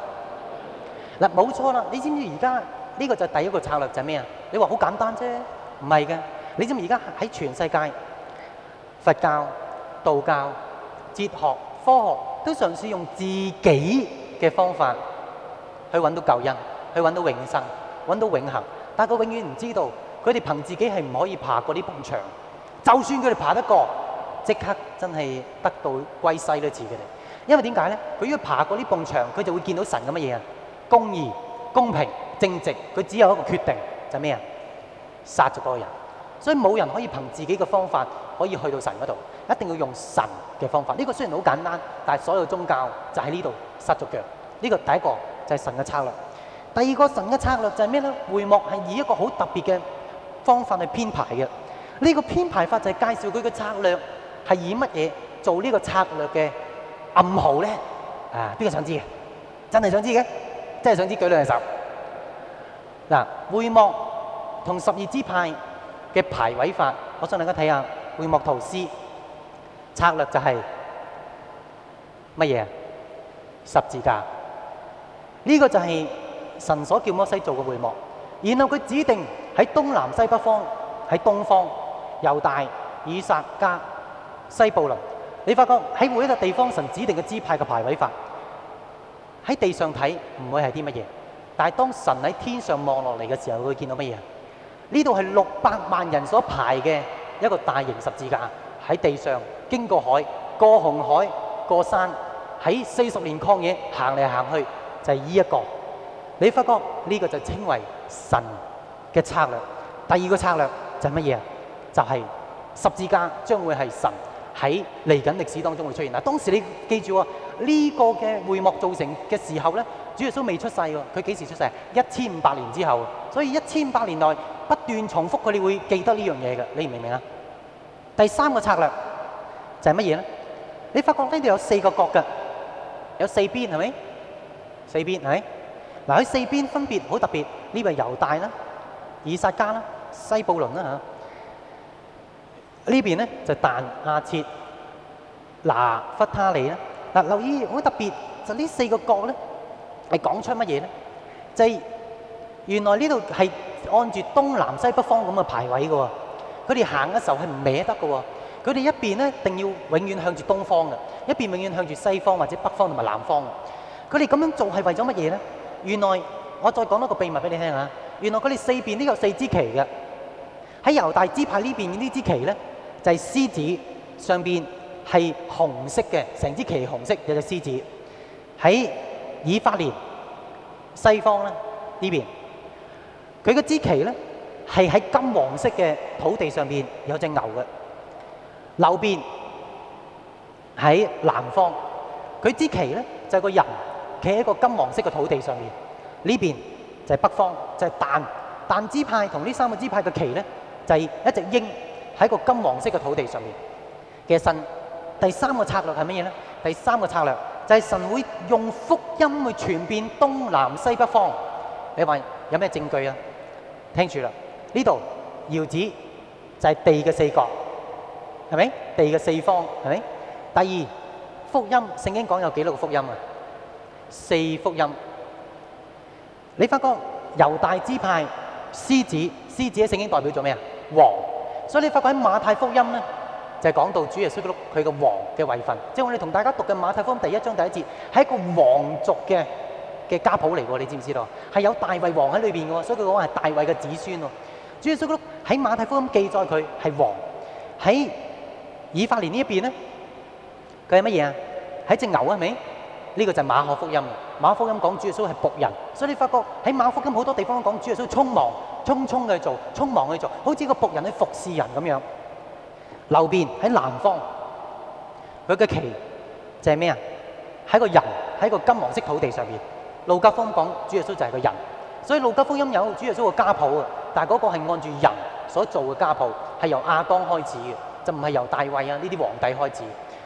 嗱，冇錯啦！你知唔知而家呢個就第一個策略就係咩啊？你話好簡單啫，唔係嘅。你知唔知而家喺全世界佛教、道教、哲學、科學都嘗試用自己嘅方法？去揾到救恩，去揾到永生，揾到永恒，但係佢永遠唔知道，佢哋憑自己係唔可以爬過呢埲牆。就算佢哋爬得過，即刻真係得到歸西都似佢哋，因為點解咧？佢如果爬過呢埲牆，佢就會見到神嘅乜嘢啊？公義、公平、正直。佢只有一個決定就係咩啊？殺咗嗰個人。所以冇人可以憑自己嘅方法可以去到神嗰度，一定要用神嘅方法。呢、這個雖然好簡單，但係所有宗教就喺呢度殺咗腳呢、這個第一個。就係、是、神嘅策略。第二個神嘅策略就係咩咧？會幕係以一個好特別嘅方法去編排嘅。呢、這個編排法就係介紹佢嘅策略係以乜嘢做呢個策略嘅暗號咧？啊，邊個想知嘅？真係想知嘅，真係想知，舉兩隻手。嗱、啊，會幕同十二支派嘅排位法，我想大家睇下會幕圖示，策略就係乜嘢？十字架。呢、這個就係神所叫摩西做嘅會幕，然後佢指定喺東南西北方，喺東方猶大、以薩迦、西布倫。你發覺喺每一個地方，神指定嘅支派嘅排位法喺地上睇唔會係啲乜嘢，但係當神喺天上望落嚟嘅時候，會見到乜嘢？呢度係六百萬人所排嘅一個大型十字架喺地上，經過海、過紅海、過山，喺四十年曠野行嚟行去。就係依一個，你發覺呢個就稱為神嘅策略。第二個策略就係乜嘢啊？就係、是、十字架將會係神喺嚟緊歷史當中會出現。嗱，當時你記住喎，呢、這個嘅會幕造成嘅時候咧，主耶穌未出世喎。佢幾時出世？一千五百年之後。所以一千五百年內不斷重複佢，你會記得呢樣嘢嘅。你明唔明啊？第三個策略就係乜嘢咧？你發覺呢度有四個角嘅，有四邊係咪？四邊係。嗱，喺四邊分別好特別，呢邊猶大啦、以撒加啦、西布倫啦嚇。呢邊咧就但亞切、拿弗他利啦。嗱，留意好特別，就呢四個角咧係講出乜嘢咧？就係原來呢度係按住東南西北方咁嘅排位㗎喎。佢哋行嘅時候係唔歪得㗎喎。佢哋一邊咧一定要永遠向住東方嘅，一邊永遠向住西方或者北方同埋南方。佢哋咁樣做係為咗乜嘢咧？原來我再講多個秘密俾你聽吓。原來佢哋四邊都有四支旗嘅。喺猶大支派這邊這呢邊呢支旗咧，就係、是、獅子，上邊係紅色嘅，成支旗紅色有隻獅子。喺以法蓮西方咧呢邊，佢嘅支旗咧係喺金黃色嘅土地上邊有隻牛嘅。右邊喺南方，佢支旗咧就係、是、個人，企喺個金黃色嘅土地上面，呢邊就係北方，就係、是、彈彈支派同呢三個支派嘅旗咧，就係、是、一隻鷹喺個金黃色嘅土地上面。其實神，第三個策略係乜嘢咧？第三個策略就係神會用福音去傳遍東南西北方。你話有咩證據啊？聽住啦，呢度搖指就係、是、地嘅四角，係咪？地嘅四方，係咪？第二福音，聖經講有幾多個福音啊？四福音。你發覺，猶大支派，獅子，呢、這個就係馬可福音嘅。馬可福音講主耶穌係僕人，所以你發覺喺馬可福音好多地方都講主耶穌匆忙、匆匆去做、匆忙去做，好似個僕人去服侍人咁樣。流便喺南方，佢嘅旗就係咩啊？係個人喺個金黃色土地上邊。路加福音講主耶穌就係個人，所以路加福音有主耶穌嘅家譜啊。但係嗰個係按住人所做嘅家譜，係由亞當開始嘅，就唔係由大衛啊呢啲皇帝開始。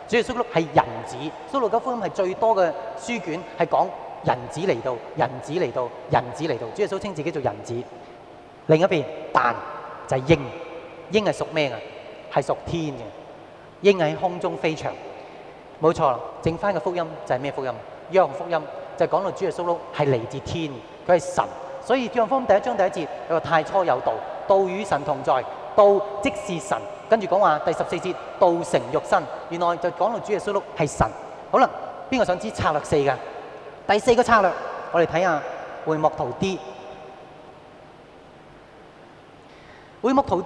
主耶穌基督係人子，蘇魯嘅福音係最多嘅書卷係講人子嚟到，人子嚟到，人子嚟到，到。主耶穌稱自己做人子。另一邊，但就係、是、鷹，鷹係屬咩嘅？係屬天嘅。鷹喺空中飛翔，冇錯啦。剩翻嘅福音就係咩福音？約翰福音就講到主耶穌基督係嚟自天嘅，佢係神。所以約翰福音第一章第一節佢話太初有道，道與神同在，道即是神。，跟住講話，第十四節道成肉身，原來就講到主耶穌碌係神。好啦，邊個想知策略四嘅？第四個策略，我哋睇下會幕圖 D。會幕圖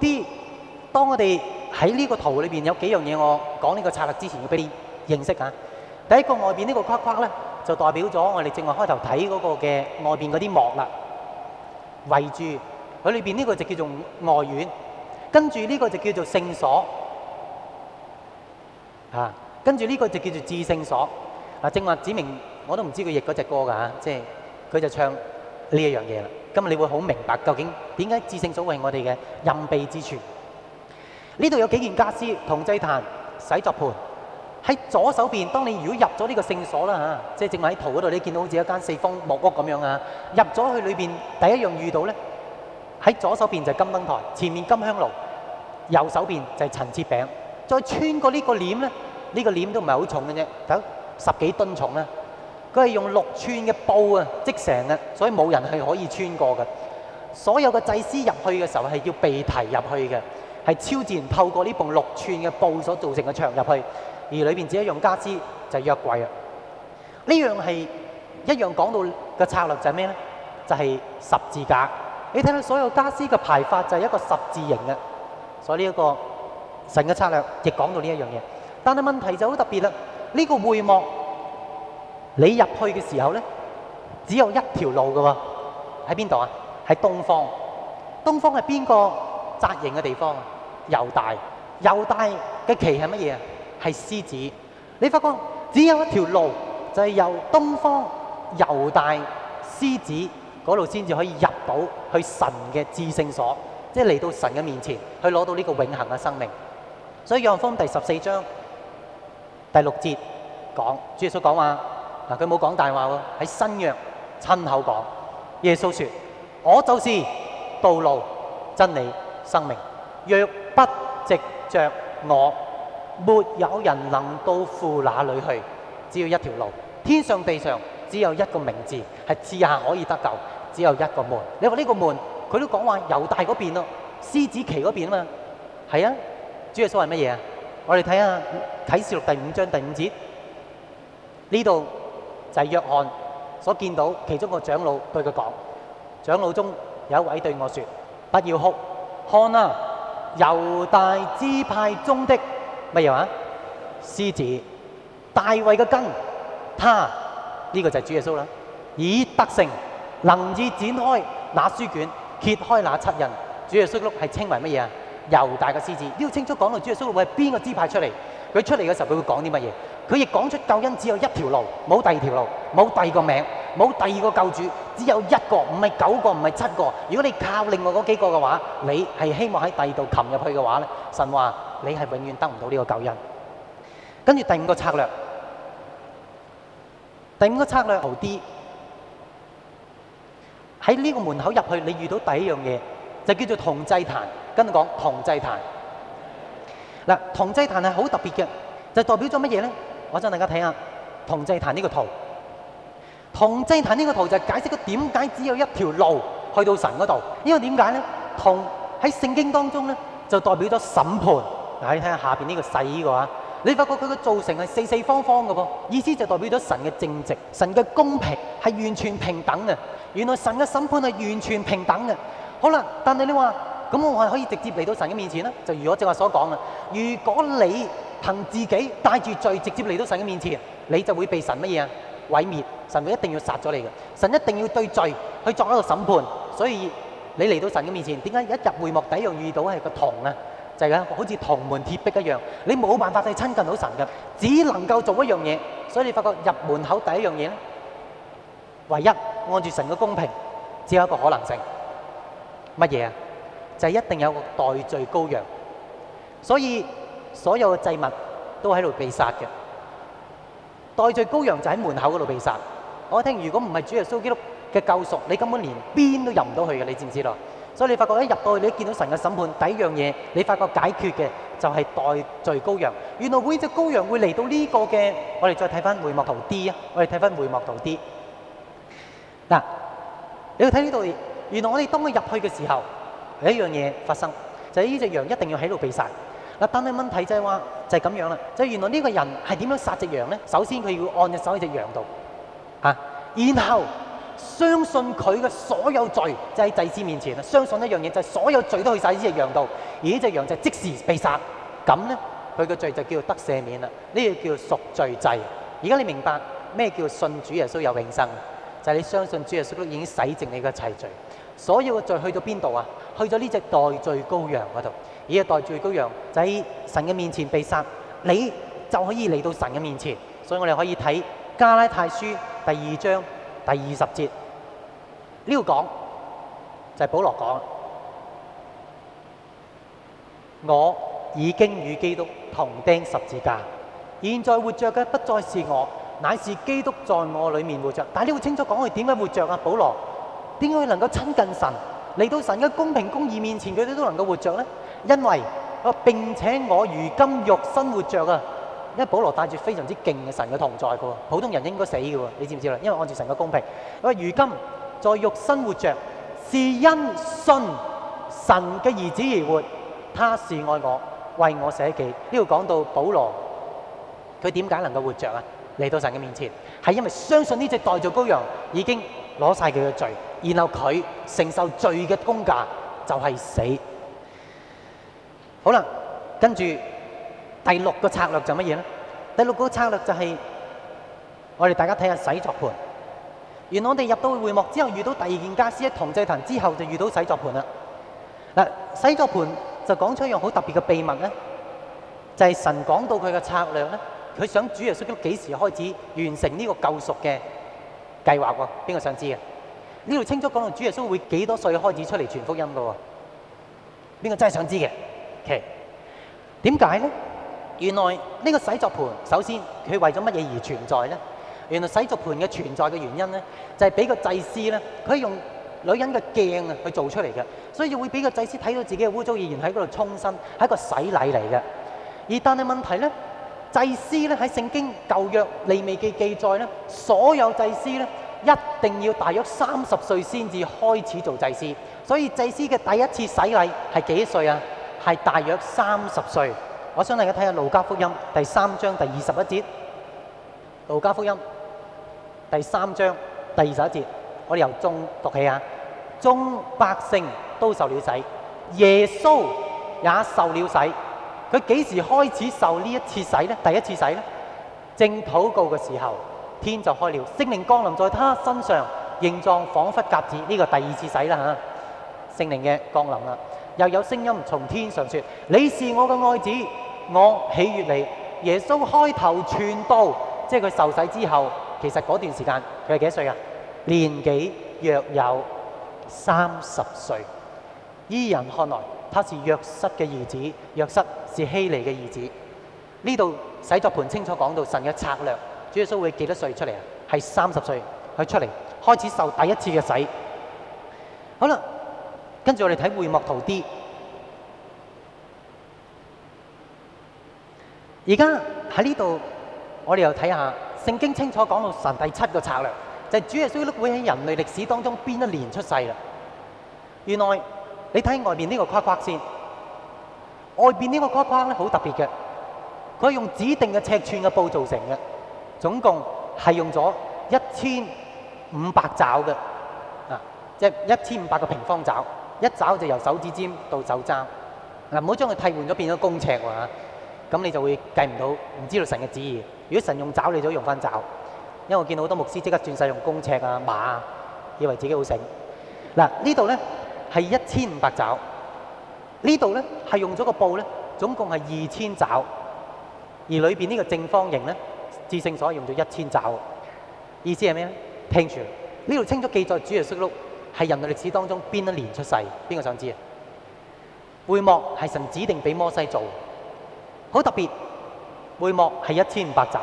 跟住呢個就叫做聖所，啊，跟住呢個就叫做至聖所。嗱、啊，正話指明我都唔知佢譯嗰隻歌㗎嚇、啊，即係佢就唱呢一樣嘢啦。今日你會好明白究竟點解至聖所係我哋嘅蔭蔽之處。呢度有幾件家私，銅祭壇、洗濯盆。喺左手邊，當你如果入咗呢個聖所啦嚇，即係正話喺圖嗰度你見到好似一間四方木屋咁樣啊，入咗去裏邊第一樣遇到咧。喺左手邊就係金燈台，前面金香爐，右手邊就係陳設餅。再穿過呢個簾咧，呢、這個簾都唔係好重嘅啫，等十幾噸重啦。佢係用六寸嘅布啊織成嘅，所以冇人係可以穿過嘅。所有嘅祭司入去嘅時候係要被提入去嘅，係超自然透過呢部六寸嘅布所造成嘅牆入去，而裏邊只用具、就是、藥這是一樣家私就係約櫃啊。呢樣係一樣講到嘅策略就係咩咧？就係、是、十字架。你睇到所有家俬嘅排法就係一個十字形嘅，所以呢一個神嘅策略亦講到呢一樣嘢。但係問題就好特別啦，呢個會幕你入去嘅時候咧，只有一條路嘅喎，喺邊度啊？喺東方，東方係邊個紮營嘅地方啊？猶大,猶大的旗是什麼，猶大嘅旗係乜嘢啊？係獅子。你發覺只有一條路，就係由東方猶大獅子度先至可以入。到去神嘅至聖所，即係嚟到神嘅面前，去攞到呢個永恆嘅生命。所以《約翰福音》第十四章第六節講，啊，主耶穌講話嗱，佢冇講大話喎，喺新約親口講。耶穌說：我就是道路、真理、生命，若不藉着我，沒有人能到父那裏去。只要一條路，天上地上只有一個名字，係至下可以得救。只有一個門，你話呢個門，佢都講話猶大嗰邊咯，獅子旗嗰邊啊嘛，係啊。主耶穌係乜嘢啊？我哋睇下啟示錄第五章第五節，呢度就係約翰所見到其中個長老對佢講，長老中有一位對我說：不要哭，看啊，猶大支派中的乜嘢話，獅子，大衛嘅根，他呢個就係主耶穌啦，已得勝，能以展開那書卷，揭開那七印。主耶穌基督係稱為乜嘢啊？猶大嘅獅子。你要清楚講到主耶穌基督會係邊個支派出嚟？佢出嚟嘅時候佢會講啲乜嘢？佢亦講出救恩只有一條路，冇第二條路，冇第二個名，冇第二個救主，只有一個，唔係九個，唔係七個。如果你靠另外嗰幾個嘅話，你係希望喺第二度擒入去嘅話咧，神話你係永遠得唔到呢個救恩。跟住第五個策略，第五個策略好啲。喺呢個門口入去，你遇到第一樣嘢就叫做銅祭壇。跟住講銅祭壇。嗱，銅祭壇係好特別嘅，就代表咗乜嘢咧？我想大家睇下銅祭壇呢個圖。銅祭壇呢個圖就係解釋咗點解只有一條路去到神嗰度。因為點解咧？銅，喺聖經當中咧就代表咗審判。嗱、這個，你睇下下邊呢個細呢個啊。你發覺佢嘅造成係四四方方嘅噃，意思就代表咗神嘅正直，神嘅公平係完全平等嘅。原來神嘅審判係完全平等嘅。好啦，但係你話咁，我係可以直接嚟到神嘅面前啦？就如我正話所講啦。如果你憑自己帶住罪直接嚟到神嘅面前，你就會被神乜嘢啊？毀滅，神一定要殺咗你嘅。神一定要對罪去作一個審判。所以你嚟到神嘅面前，點解一入會幕底又遇到係個堂啊？就係啦，好似銅門鐵壁一樣，你冇辦法去親近到神嘅，只能夠做一樣嘢。所以你發覺入門口第一樣嘢咧，唯一按住神嘅公平，只有一個可能性，乜嘢啊？就係一定有個代罪羔羊。所以所有嘅祭物都喺度被殺嘅，代罪羔羊就喺門口嗰度被殺。我聽，如果唔係主耶穌基督嘅救贖，你根本連邊都入唔到去嘅，你知唔知道？所以你發覺一入到去，你一見到神嘅審判第一樣嘢，你發覺解決嘅就係代罪羔羊。原來每隻羔羊會嚟到呢個嘅，我哋再睇翻回幕圖 D 啊，我哋睇翻回幕圖 D。嗱，你要睇呢度，原來我哋當佢入去嘅時候，有一樣嘢發生，就係呢隻羊一定要喺度被殺。嗱，但係問題即係話就係咁樣啦，就係原來呢個人係點樣殺隻羊咧？首先佢要按隻手喺隻羊度，嚇，然後。相信佢嘅所有罪，就喺祭司面前。相信一樣嘢，就係所有罪都去晒呢隻羊度，而呢隻羊就即時被殺。咁呢，佢嘅罪就叫做得赦免啦。呢個叫贖罪祭。而家你明白咩叫信主耶穌有永生？就係、是、你相信主耶穌都已經洗淨你嘅齊罪，所有嘅罪去到邊度啊？去咗呢隻代罪羔羊嗰度。而呢隻代罪羔羊就喺神嘅面前被殺，你就可以嚟到神嘅面前。所以我哋可以睇加拉太書第二章。第二十節呢個講就係保羅講，我已經與基督同釘十字架，現在活着嘅不再是我，乃是基督在我裏面活着。但係你會清楚講佢點解活着啊？保羅，點解佢能夠親近神，嚟到神嘅公平公義面前，佢哋都能夠活着呢？因為我並且我如今肉身活着啊！因為保羅帶住非常之勁嘅神嘅同在嘅，普通人應該死嘅，你知唔知啦？因為按照神嘅公平，因為如今在肉身活着，是因信神嘅兒子而活，他是愛我，為我捨己。呢度講到保羅，佢點解能夠活着啊？嚟到神嘅面前，係因為相信呢隻代罪羔羊已經攞晒佢嘅罪，然後佢承受罪嘅工價就係死。好啦，跟住。第六個策略就乜嘢咧？第六個策略就係我哋大家睇下洗作盤。原來我哋入到會幕之後，遇到第二件傢俬，同祭壇之後就遇到洗作盤啦。嗱，洗作盤就講出一樣好特別嘅秘密咧，就係神講到佢嘅策略咧，佢想主耶穌幾時開始完成呢個救贖嘅計劃喎？邊個想知嘅？呢度清楚講到主耶穌會幾多歲開始出嚟傳福音嘅喎？邊個真係想知嘅？點解咧？原來呢個洗濯盤，首先佢為咗乜嘢而存在呢？原來洗濯盤嘅存在嘅原因呢，就係俾個祭司呢，佢用女人嘅鏡啊去做出嚟嘅，所以會俾個祭司睇到自己嘅污糟意念喺嗰度沖身，係一個洗禮嚟嘅。而但係問題呢，祭司呢喺聖經舊約利未記記載呢，所有祭司呢，一定要大約三十歲先至開始做祭司，所以祭司嘅第一次洗禮係幾歲啊？係大約三十歲。我想大家睇下《路加福音》第三章第二十一節，《路加福音》第三章第二十一節，我哋由中讀起啊。眾百姓都受了洗，耶穌也受了洗。佢幾時開始受呢一次洗呢？第一次洗呢？正禱告嘅時候，天就開了，聖靈降臨在他身上，形狀彷彿鴿子。呢個第二次洗啦嚇，聖靈嘅降臨啦。又有聲音從天上説：你是我的愛子，我喜悅你。耶穌開頭傳道，即係佢受洗之後，其實嗰段時間佢係幾多歲啊？年紀約有三十歲。依人看來，他是約瑟嘅兒子，約瑟是希利嘅兒子。呢度洗作盤，清楚講到神嘅策略，主耶穌會幾多歲出嚟啊？係三十歲，佢出嚟開始受第一次嘅洗。好啦。跟住我哋睇會幕圖 D。而家喺呢度，我哋又睇下聖經清楚講到神第七個策略，就係主耶穌會喺人類歷史當中邊一年出世啦。原來你睇外面呢個框框先，外邊呢個框框咧好特別嘅，佢係用指定嘅尺寸嘅布做成嘅，總共係用咗一千五百爪嘅，啊，即係一千五百個平方爪。一爪就由手指尖到手踭，嗱，唔好將佢替換咗變咗公尺喎嚇，咁、啊、你就會計唔到，唔知道神嘅旨意。如果神用爪你，就用翻爪，因為我見到好多牧師即刻轉曬用公尺啊、馬啊，以為自己好醒。嗱、啊、呢度咧係一千五百爪，呢度咧係用咗個布咧，總共係二千爪，而裏邊呢個正方形咧，至聖所係用咗一千爪。意思係咩啊？聽住，呢度清咗記載珠紅色線。係人類歷史當中邊一年出世？邊個想知啊？會幕係神指定俾摩西做，好特別。會幕係一千五百集，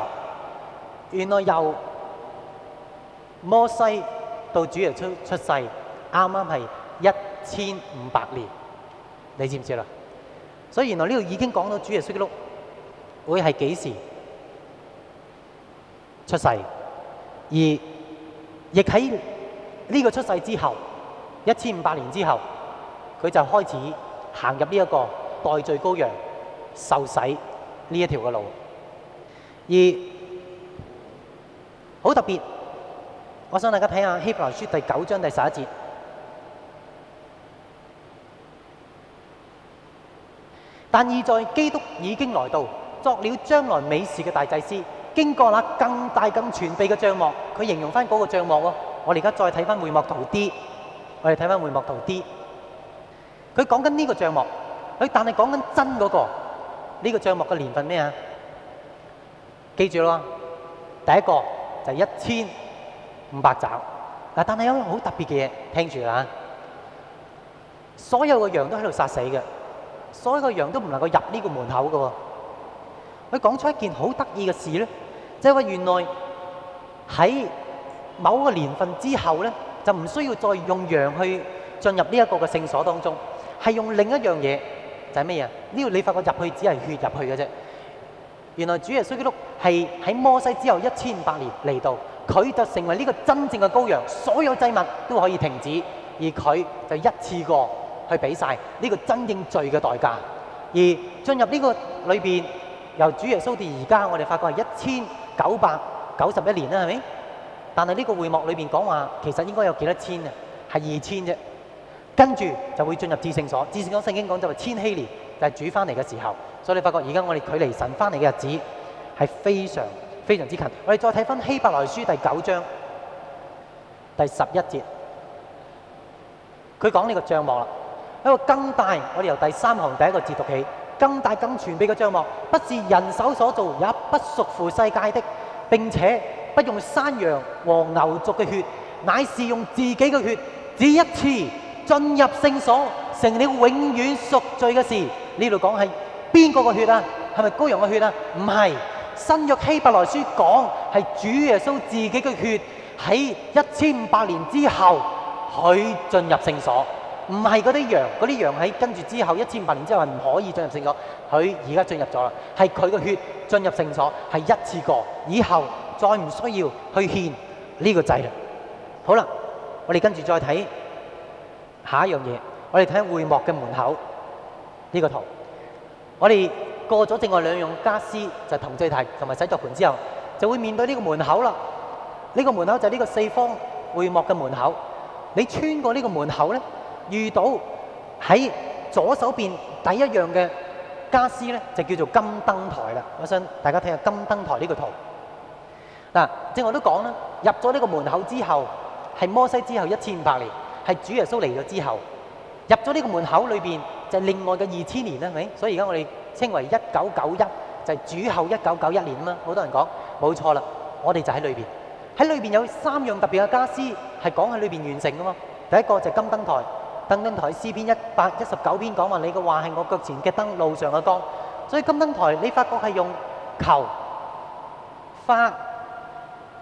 原來由摩西到主耶穌出世，啱啱係一千五百年，你知唔知啦？所以原來呢度已經講到主耶穌基督會係幾時出世，而亦喺。呢個出世之後，一千五百年之後，佢就開始行入呢一個代罪羔羊受洗呢一條嘅路，而好特別，我想大家睇下希伯來書第九章第十一節。但現在基督已經來到，作了將來美事嘅大祭司，經過那更大更全備嘅帳幕，佢形容翻嗰個帳幕喎。我哋而家再睇翻會幕圖 D，我哋睇翻會幕圖 D，佢講緊呢個帳目，佢但係講緊真嗰個呢個帳目嘅年份咩啊？記住咯，第一個就係一千五百集，嗱，但係有個好特別嘅嘢，聽住啦，所有嘅羊都喺度殺死嘅，所有嘅羊都唔能夠入呢個門口嘅，佢講出一件好得意嘅事咧，即係話原來喺。某個年份之後呢，就唔需要再用羊去進入呢一個嘅聖所當中，係用另一樣嘢就係咩嘢？呢個你發覺入去只係血入去嘅啫。原來主耶穌基督係喺摩西之後一千五百年嚟到，佢就成為呢個真正嘅羔羊，所有祭物都可以停止，而佢就一次過去俾晒呢個真正罪嘅代價。而進入呢個裏邊，由主耶穌到而家，我哋發覺係一千九百九十一年啦，係咪？但係呢個會幕裏邊講話，其實應該有幾多千啊？係二千啫。跟住就會進入至聖所。至聖所聖經講就話千禧年，就係主翻嚟嘅時候。所以你發覺而家我哋距離神翻嚟嘅日子係非常非常之近。我哋再睇翻希伯來書第九章第十一節，佢講呢個帳幕啦。一個更大，我哋由第三行第一個字讀起。更大更全備嘅帳幕，不是人手所做，也不屬乎世界的。並且不用山羊和牛犢嘅血，乃是用自己嘅血，只一次進入聖所，成了永遠贖罪嘅事。呢度講係邊個嘅血啊？係咪羔羊嘅血啊？唔係，新約希伯來書講係主耶穌自己嘅血，喺一千五百年之後，佢進入聖所，唔係嗰啲羊，嗰啲羊喺跟住之後一千五百年之後係唔可以進入聖所，佢而家進入咗啦，係佢嘅血進入聖所，係一次過，以後。再唔需要去獻呢個祭啦。好啦，我哋跟住再睇下一樣嘢。我哋睇下會幕嘅門口呢個圖。我哋過咗另外兩樣傢俬就銅祭壇同埋洗濯盆之後，就會面對呢個門口啦。呢個門口就係呢個四方會幕嘅門口。你穿過呢個門口咧，遇到喺左手邊第一樣嘅傢俬咧，就叫做金燈台啦。我想大家睇下金燈台呢個圖。嗱，即係我都講啦，入咗呢個門口之後，係摩西之後一千五百年，係主耶穌嚟咗之後，入咗呢個門口裏邊就係另外嘅二千年啦，係咪？所以而家我哋稱為一九九一，就係主後一九九一年啊嘛。好多人講冇錯啦，我哋就喺裏邊，喺裏邊有三樣特別嘅家俬係講喺裏邊完成噶嘛。第一個就係金燈台，燈燈台詩篇一百一十九篇講話，你嘅話係我腳前嘅燈，路上嘅光，所以金燈台你發覺係用球花。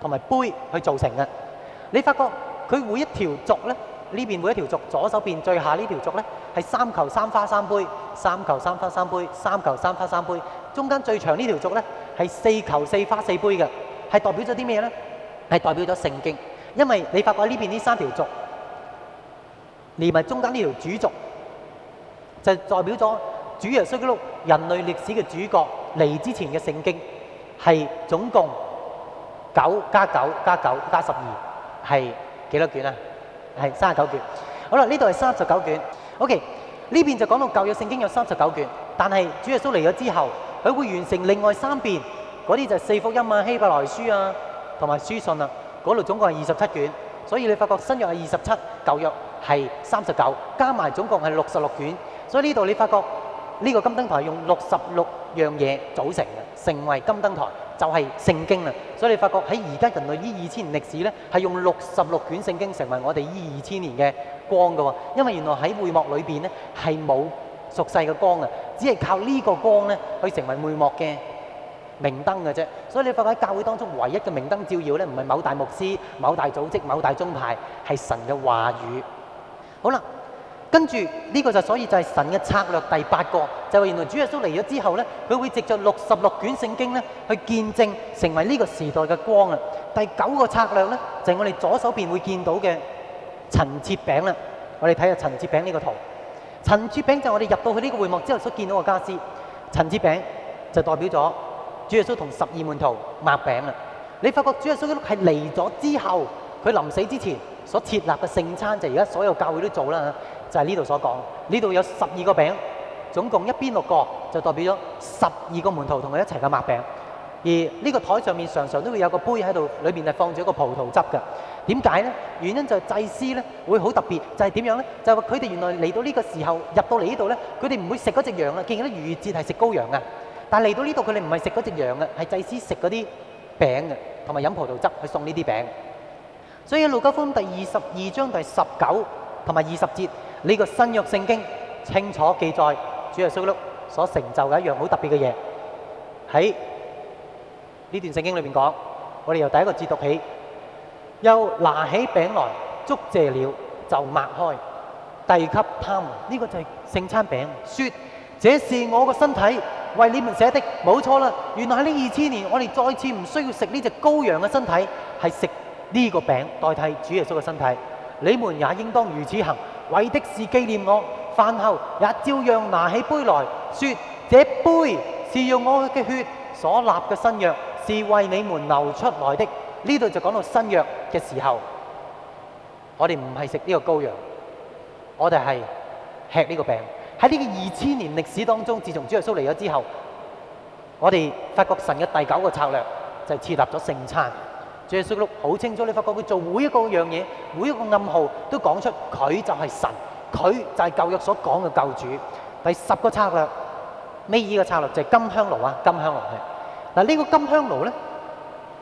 同埋杯去造成嘅，你發覺佢每一條軸咧，呢邊每一條軸，左手邊最下呢條軸咧，係三球三花三杯，三球三花三杯，三球三花三杯。中間最長呢條軸咧，係四球四花四杯嘅，係代表咗啲咩咧？係代表咗聖經，因為你發覺呢邊呢三條軸，連埋中間呢條主軸，就代表咗主耶穌基督人類歷史嘅主角嚟之前嘅聖經係總共。九加九加九加十二係幾多卷啊？係三十九卷。好啦，呢度係三十九卷。O.K. 呢邊就講到舊約聖經有三十九卷，但係主耶穌嚟咗之後，佢會完成另外三遍，嗰啲就係四福音啊、希伯來書啊同埋書信啊。嗰度總共係二十七卷，所以你發覺新約係二十七，舊約係三十九，加埋總共係六十六卷。所以呢度你發覺。呢個金燈台用六十六樣嘢組成嘅，成為金燈台就係聖經啦。所以你發覺喺而家人類呢二千年歷史咧，係用六十六卷聖經成為我哋呢二千年嘅光嘅喎。因為原來喺會幕裏邊咧係冇俗世嘅光嘅，只係靠呢個光咧去成為會幕嘅明燈嘅啫。所以你發覺喺教會當中唯一嘅明燈照耀咧，唔係某大牧師、某大組織、某大宗派，係神嘅話語。好啦。跟住呢、這個就所以就係神嘅策略第八個，就係、是、原來主耶穌嚟咗之後咧，佢會藉着六十六卷聖經咧去見證成為呢個時代嘅光啊。第九個策略咧就係我哋左手邊會見到嘅陳設餅啦。我哋睇下陳設餅呢個圖，陳設餅就係我哋入到去呢個會幕之後所見到嘅傢俬。陳設餅就代表咗主耶穌同十二門徒擘餅啦。你發覺主耶穌係嚟咗之後，佢臨死之前所設立嘅聖餐，就而家所有教會都做啦。就係呢度所講，呢度有十二個餅，總共一邊六個，就代表咗十二個門徒同佢一齊嘅擘餅。而呢個台上面常常都會有個杯喺度，裏面係放住一個葡萄汁嘅。點解呢？原因就係祭司咧會好特別，就係、是、點樣呢？就係佢哋原來嚟到呢個時候入到嚟呢度呢，佢哋唔會食嗰隻羊啊，見到啲逾越節係食羔羊啊。但係嚟到呢度佢哋唔係食嗰隻羊啊，係祭司食嗰啲餅啊，同埋飲葡萄汁去送呢啲餅。所以路加福音第二十二章第十九同埋二十節。呢個新約聖經清楚記載主耶穌所成就嘅一樣好特別嘅嘢，喺呢段聖經裏面講，我哋由第一個字讀起，又拿起餅來，祝謝了，就擘開，遞給他們。呢個就係聖餐餅，説：這是我嘅身體，為你們捨的。冇錯啦，原來喺呢二千年，我哋再次唔需要食呢隻羔羊嘅身體，係食呢個餅代替主耶穌嘅身體。你們也應當如此行。為的是紀念我，飯後也照樣拿起杯來，說：這杯是用我嘅血所立嘅新約，是為你們流出來的。呢度就講到新約嘅時候，我哋唔係食呢個羔羊，我哋係吃呢個餅。喺呢個二千年歷史當中，自從主耶穌嚟咗之後，我哋發覺神嘅第九個策略就係設立咗聖餐。最《約書錄》好清楚，你發覺佢做每一個樣嘢，每一個暗號都講出佢就係神，佢就係舊約所講嘅救主。第十個策略，尾二個策略就係金香爐啊，金香爐係，嗱，呢個金香爐咧，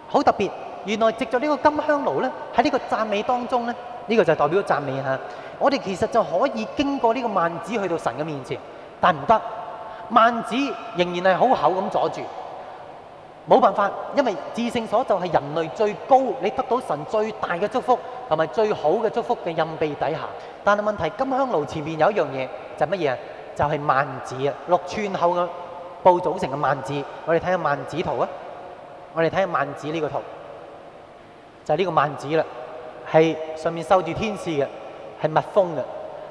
好特別，原來藉著呢個金香爐咧，喺呢個讚美當中咧，呢、呢個就代表讚美嚇。我哋其實就可以經過呢個幔子去到神嘅面前，但唔得，幔子仍然係好厚咁阻住。冇辦法，因為至聖所就係人類最高，你得到神最大嘅祝福同埋最好嘅祝福嘅蔭庇底下。但係問題，金香爐前面有一樣嘢，就係乜嘢啊？就係、是、幔子啊！六寸厚嘅布組成嘅幔子。我哋睇下幔子圖啊！我哋睇下幔子呢個圖，就係、是、呢個幔子啦。係上面繡住天使嘅，係密封嘅。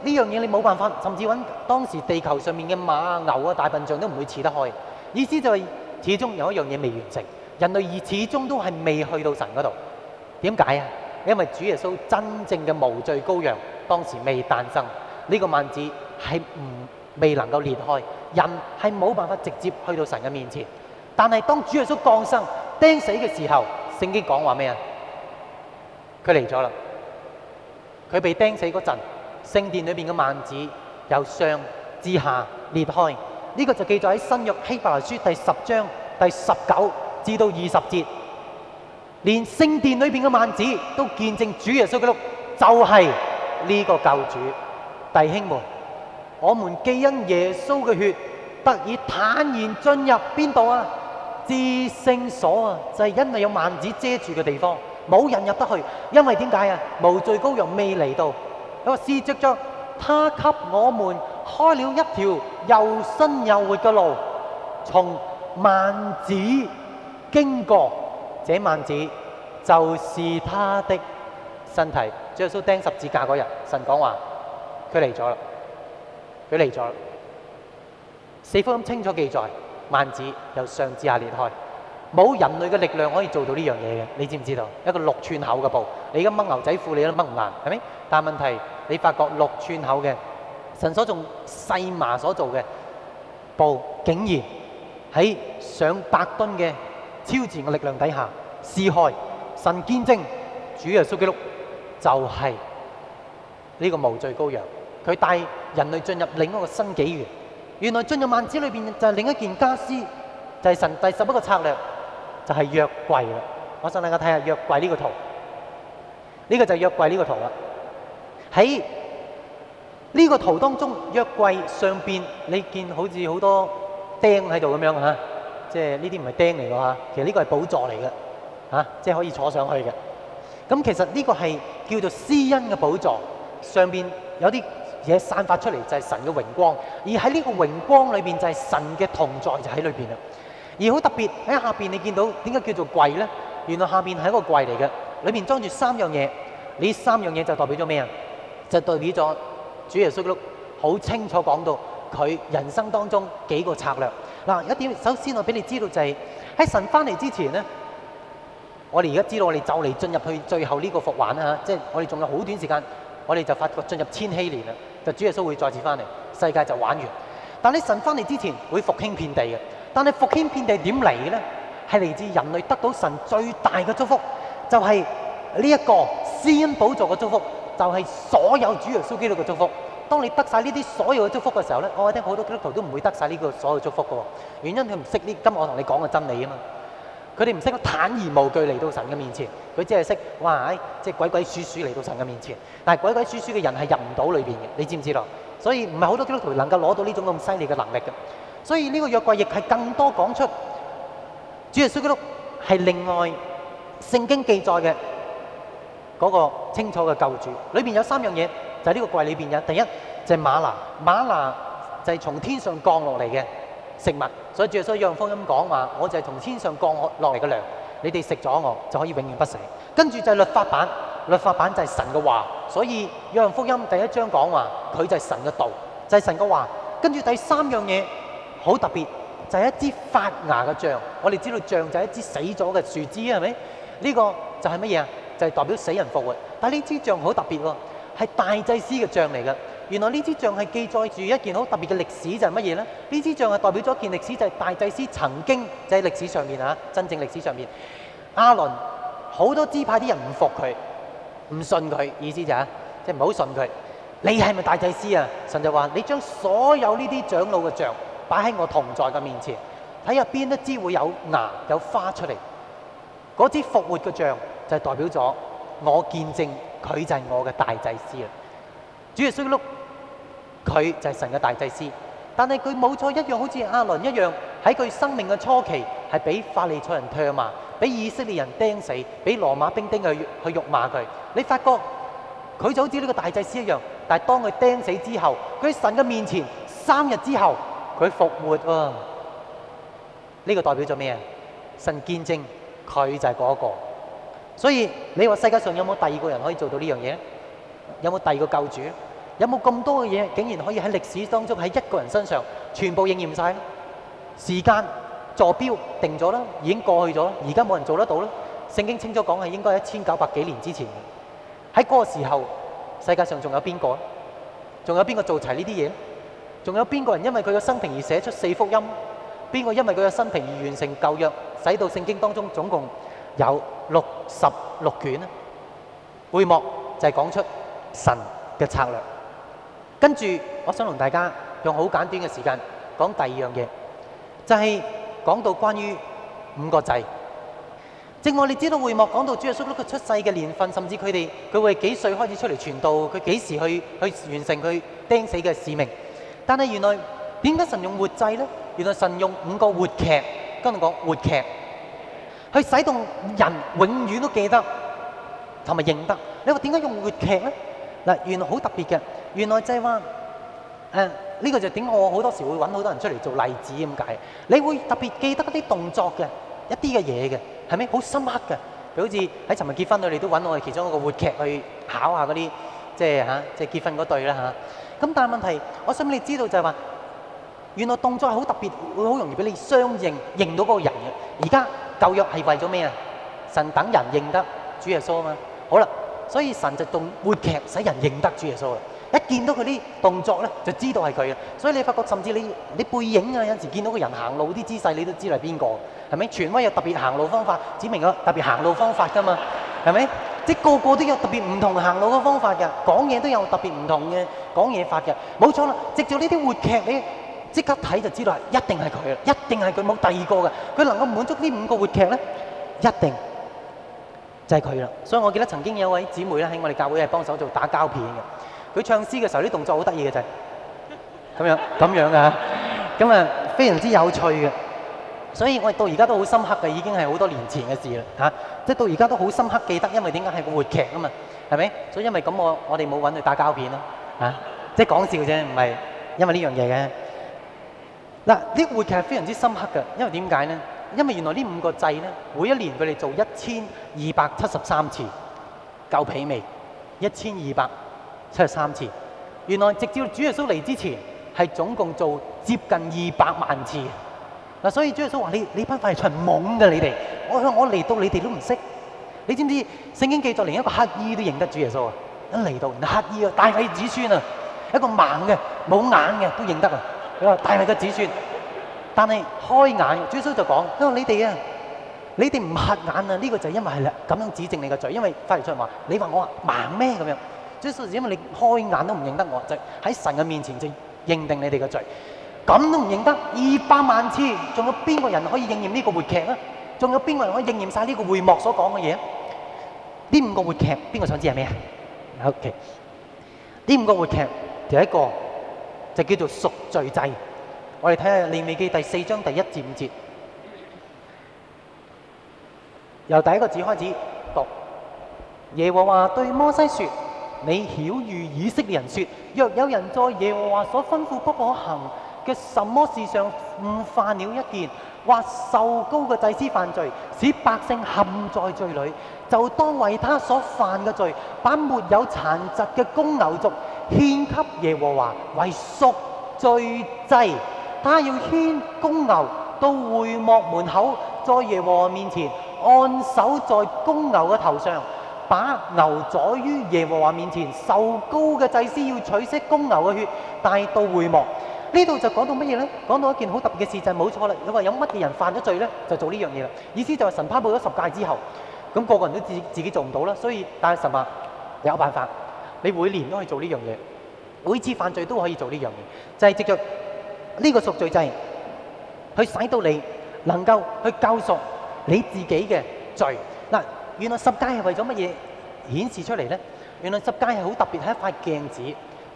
呢樣嘢你冇辦法，甚至揾當時地球上面嘅馬、牛啊、大笨象都唔會撕得開。意思就係、是。始終有一樣嘢未完成，人類而始終都係未去到神嗰度。點解啊？因為主耶穌真正嘅無罪羔羊當時未誕生，呢個幔子係唔未能夠裂開，人係冇辦法直接去到神嘅面前。但係當主耶穌降生釘死嘅時候，聖經講話咩啊？佢嚟咗啦，佢被釘死嗰陣，聖殿裏邊嘅幔子由上至下裂開。呢、這個就記載喺新約希伯來書第十章第十九至到二十節，連聖殿裏邊嘅幔子都見證主耶穌基督就係、是、呢個救主，弟兄們，我們既因耶穌嘅血得以坦然進入邊度啊？至聖所啊，就係、是、因為有幔子遮住嘅地方，冇人入得去，因為點解啊？無罪羔羊未嚟到，我試著將。他給我們開了一條又新又活嘅路，從幔子經過，這幔子就是他的身體。耶穌釘十字架嗰日，神講話，佢嚟咗啦，佢嚟咗啦，四福音清楚記載，幔子由上至下裂開。冇人類嘅力量可以做到呢樣嘢嘅，你知唔知道？一個六寸口嘅布，你而家掹牛仔褲，你都掹唔爛，係咪？但係問題，你發覺六寸口嘅神所用細麻所做嘅布，竟然喺上百噸嘅超自然嘅力量底下撕開，神見證主耶穌基督就係呢個無罪羔羊，佢帶人類進入另一個新紀元。原來進入幔子裏邊就係另一件家私，就係神第十一個策略。就係、是、約櫃啦。我想大家睇下約櫃呢個圖，呢、這個就係約櫃呢個圖啦。喺呢個圖當中，約櫃上邊你見好似好多釘喺度咁樣嚇、啊，即係呢啲唔係釘嚟㗎嚇，其實呢個係寶座嚟嘅，嚇、啊，即係可以坐上去嘅。咁其實呢個係叫做施恩嘅寶座，上邊有啲嘢散發出嚟就係、是、神嘅榮光，而喺呢個榮光裏邊就係神嘅同在就喺裏邊啦。而好特別喺下邊，你見到點解叫做櫃咧？原來下邊係一個櫃嚟嘅，裏面裝住三樣嘢。呢三樣嘢就代表咗咩啊？就代表咗主耶穌基督好清楚講到佢人生當中幾個策略嗱。一點首先我俾你知道就係喺神翻嚟之前咧，我哋而家知道我哋就嚟進入去最後呢個復還啦，即係我哋仲有好短時間，我哋就發覺進入千禧年啦，就主耶穌會再次翻嚟，世界就玩完。但你神翻嚟之前會復興遍地嘅。但係復興遍地點嚟嘅咧？係嚟自人類得到神最大嘅祝福，就係呢一個施恩寶座嘅祝福，就係所有主耶穌基督嘅祝福。當你得晒呢啲所有嘅祝福嘅時候咧，我聽好多基督徒都唔會得晒呢個所有祝福嘅，原因佢唔識呢今日我同你講嘅真理啊嘛。佢哋唔識坦而無懼嚟到神嘅面前，佢只係識哇，即係鬼鬼祟祟嚟到神嘅面前。但係鬼鬼祟祟嘅人係入唔到裏邊嘅，你知唔知道？所以唔係好多基督徒能夠攞到呢種咁犀利嘅能力嘅。所以呢個約櫃亦係更多講出主耶穌基督係另外聖經記載嘅嗰個清楚嘅救主。裏邊有三樣嘢就係呢個櫃裏邊嘅。第一就係馬拿，馬拿就係從天上降落嚟嘅食物。所以主耶穌喺約翰福音講話，我就係從天上降落嚟嘅糧，你哋食咗我就可以永遠不死。跟住就係律法版，律法版就係神嘅話。所以約翰福音第一章講話，佢就係神嘅道，就係神嘅話。跟住第三樣嘢。好特別就係、是、一支發芽嘅杖，我哋知道杖就是一支死咗嘅樹枝，係咪？呢、這個就係乜嘢啊？就係、是、代表死人復活。但呢支杖好特別喎，係大祭司嘅杖嚟㗎。原來呢支杖係記載住一件好特別嘅歷史，就係乜嘢咧？呢支杖係代表咗一件歷史，就係、是、大祭司曾經就喺、是、歷史上面啊，真正歷史上面，亞倫好多支派啲人唔服佢，唔信佢，意思就係即係唔好信佢。你係咪大祭司啊？神就話：你將所有呢啲長老嘅杖。擺喺我同在嘅面前，睇下邊一枝會有芽有花出嚟。嗰枝復活嘅像，就係代表咗我見證佢就係我嘅大祭司啦。主耶穌基督佢就係神嘅大祭司，但係佢冇錯一樣，好似亞倫一樣喺佢生命嘅初期係俾法利賽人唾罵，俾以色列人釘死，俾羅馬兵丁，丁去去辱罵佢。你發覺佢就好似呢個大祭司一樣，但係當佢釘死之後，佢喺神嘅面前三日之後。佢復活啊，呢個代表咗咩啊？神見證佢就係嗰一個，所以你話世界上有冇第二個人可以做到呢樣嘢？有冇第二個救主？有冇咁多嘅嘢竟然可以喺歷史當中喺一個人身上全部應驗晒？時間坐標定咗啦，已經過去咗，而家冇人做得到啦。聖經清楚講係應該一千九百幾年之前，喺嗰個時候世界上仲有邊個？仲有邊個做齊呢啲嘢？仲有邊個人因為佢嘅生平而寫出四福音？邊個因為佢嘅生平而完成舊約，使到聖經當中總共有六十六卷呢？會幕就係講出神嘅策略，跟住我想同大家用好簡短嘅時間講第二樣嘢，就係講到關於五個字。正如你知道會幕講到主耶穌佢出世嘅年份，甚至佢哋佢會幾歲開始出嚟傳道？佢幾時去去完成佢釘死嘅使命？但係原來點解神用活祭咧？原來神用五個活劇，跟住講活劇，去使到人永遠都記得同埋認得。你話點解用活劇咧？嗱，原來好特別嘅。原來就係話誒呢個就點？我好多時會揾好多人出嚟做例子咁解。你會特別記得嗰啲動作嘅一啲嘅嘢嘅，係咪好深刻嘅？就好似喺尋日結婚嗰啲，都揾我哋其中一個活劇去考下嗰啲，即係嚇即係結婚嗰對啦嚇。咁但係問題，我想俾你知道就係話，原來動作係好特別，會好容易俾你相認認到嗰個人嘅。而家舊約係為咗咩啊？神等人認得主耶穌啊嘛。好啦，所以神就動活劇使人認得主耶穌啦。一見到佢啲動作咧，就知道係佢啊。所以你發覺，甚至你你背影啊，有時見到個人行路啲姿勢，你都知係邊個，係咪？全威有特別行路方法，指明啊，特別行路方法㗎嘛。係咪？即個個都有特別唔同行路嘅方法嘅，講嘢都有特別唔同嘅講嘢法嘅，冇錯啦。藉助呢啲活劇，你即刻睇就知道係一定係佢啦，一定係佢冇第二個嘅。佢能夠滿足呢五個活劇咧，一定就係佢啦。所以我記得曾經有位姊妹咧喺我哋教會係幫手做打膠片嘅，佢唱詩嘅時候啲動作好得意嘅就係咁樣咁樣嘅嚇，咁啊非常之有趣嘅。所以我哋到而家都好深刻嘅，已經係好多年前嘅事啦嚇！即、啊、係、就是、到而家都好深刻記得，因為點解係個活劇啊嘛，係咪？所以因為咁，我我哋冇揾佢打膠片咯嚇，即係講笑啫，唔係因為呢樣嘢嘅。嗱、啊，啲活劇係非常之深刻嘅，因為點解呢？因為原來呢五個祭呢，每一年佢哋做一千二百七十三次，夠皮未？一千二百七十三次。原來直接主耶穌嚟之前，係總共做接近二百萬次。嗱，所以主耶穌話：你你班法利賽係懵嘅，你哋。我我嚟到你哋都唔識。你知唔知聖經記載，連一個乞兒都認得主耶穌啊！一嚟到，那乞兒啊，大衛子孫啊，一個盲嘅，冇眼嘅都認得啊。佢話大衛個子孫，但係開眼。主耶穌就講：因為你哋啊，你哋唔合眼啊，呢個就係因為啦。咁樣指正你個罪，因為法利賽話：你話我盲咩咁樣？主耶穌因為你開眼都唔認得我，就喺神嘅面前就認定你哋嘅罪。咁都唔認得二百萬次，仲有邊個人可以應驗呢個活劇咧？仲有邊個人可以應驗曬呢個會幕所講嘅嘢？呢五個活劇，邊個想知係咩啊？OK，呢五個活劇，第一個就叫做贖罪祭。我哋睇下利未記第四章第一至五節，由第一個字開始讀。耶和華對摩西說：你曉諭以色列人說，若有人在耶和華所吩咐不可行嘅什麼事上誤犯了一件，或受膏嘅祭司犯罪，使百姓陷在罪裏，就當為他所犯嘅罪，把沒有殘疾嘅公牛犢獻給耶和華為贖罪祭。他要牽公牛到會幕門口，在耶和華面前按手在公牛嘅頭上，把牛宰於耶和華面前。受膏嘅祭司要取些公牛嘅血，帶到會幕。呢度就講到乜嘢咧？講到一件好特別嘅事，就係冇錯啦。你話有乜嘢人犯咗罪咧，就做呢樣嘢啦。意思就係神頒布咗十戒之後，咁個個人都自自己做唔到啦。所以但係神話有辦法，你每年都可以做呢樣嘢，每次犯罪都可以做呢樣嘢，就係藉著呢個贖罪就係去使到你能夠去救贖你自己嘅罪嗱。原來十戒係為咗乜嘢顯示出嚟咧？原來十戒係好特別，係一塊鏡子，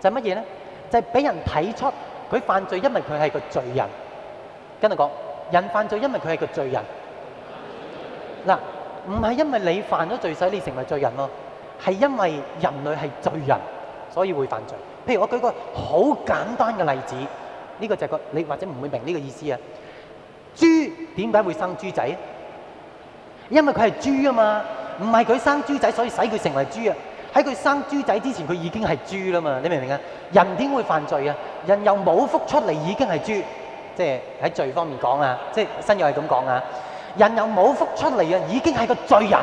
就係乜嘢咧？就係俾人睇出。佢犯罪，因為佢係個罪人。跟住講，人犯罪，因為佢係個罪人。嗱，唔係因為你犯咗罪使你成為罪人咯，係因為人類係罪人，所以會犯罪。譬如我舉個好簡單嘅例子，呢個就係個你或者唔會明呢個意思啊。豬點解會生豬仔？因為佢係豬啊嘛，唔係佢生豬仔，所以使佢成為豬啊。喺佢生豬仔之前，佢已經係豬啦嘛。你明唔明啊？人點會犯罪啊？人又冇復出嚟已經係豬，即係喺罪方面講啊，即係新約係咁講啊。人又冇復出嚟啊，已經係個罪人，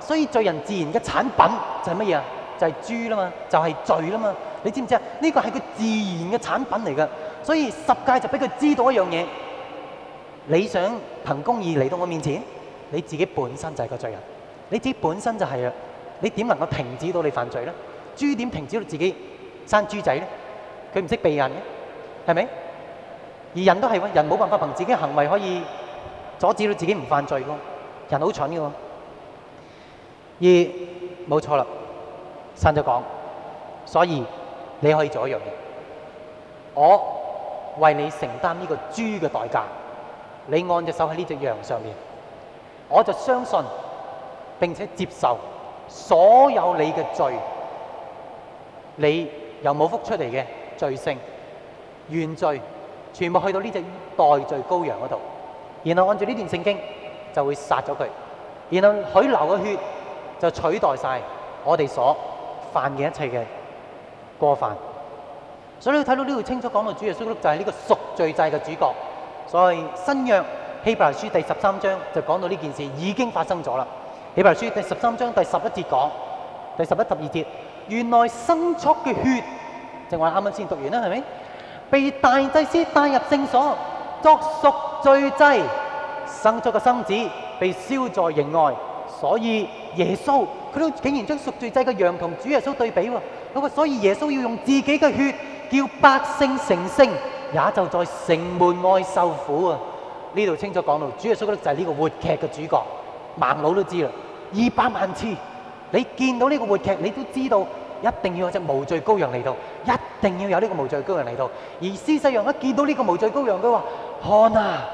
所以罪人自然嘅產品就係乜嘢啊？就係豬啦嘛，就係、是、罪啦嘛。你知唔知啊？呢、這個係個自然嘅產品嚟噶，所以十戒就俾佢知道一樣嘢：你想憑公義嚟到我面前，你自己本身就係個罪人，你自己本身就係啊。你點能夠停止到你犯罪咧？豬點停止到自己生豬仔咧？佢唔識避孕嘅，係咪？而人都係喎，人冇辦法憑自己行為可以阻止到自己唔犯罪噶喎，人好蠢噶喎。而冇錯啦，神就講，所以你可以做一樣嘢，我為你承擔呢個豬嘅代價，你按隻手喺呢隻羊上面，我就相信並且接受。所有你嘅罪，你又冇復出嚟嘅罪性、原罪，全部去到呢隻代罪羔羊嗰度，然後按住呢段聖經就會殺咗佢，然後佢流嘅血就取代晒我哋所犯嘅一切嘅過犯，所以你睇到呢度清楚講到主耶穌就係呢個贖罪祭嘅主角，所以新約希伯來書第十三章就講到呢件事已經發生咗啦。《啟發書》第十三章第十一節講，第十一、十二節，原來牲畜嘅血，正話啱啱先讀完啦，係咪？被大祭司帶入聖所作贖罪祭，牲畜嘅生子被燒在營外。所以耶穌佢都竟然將贖罪祭嘅羊同主耶穌對比喎。所以耶穌要用自己嘅血叫百姓成聖，也就在城門外受苦啊！呢度清楚講到，主耶穌就係呢個活劇嘅主角。盲佬都知啦，二百萬次，你見到呢個活劇，你都知道一定要有隻無罪羔羊嚟到，一定要有呢個無罪羔羊嚟到。而施洗約翰一見到呢個無罪羔羊，佢話：看啊，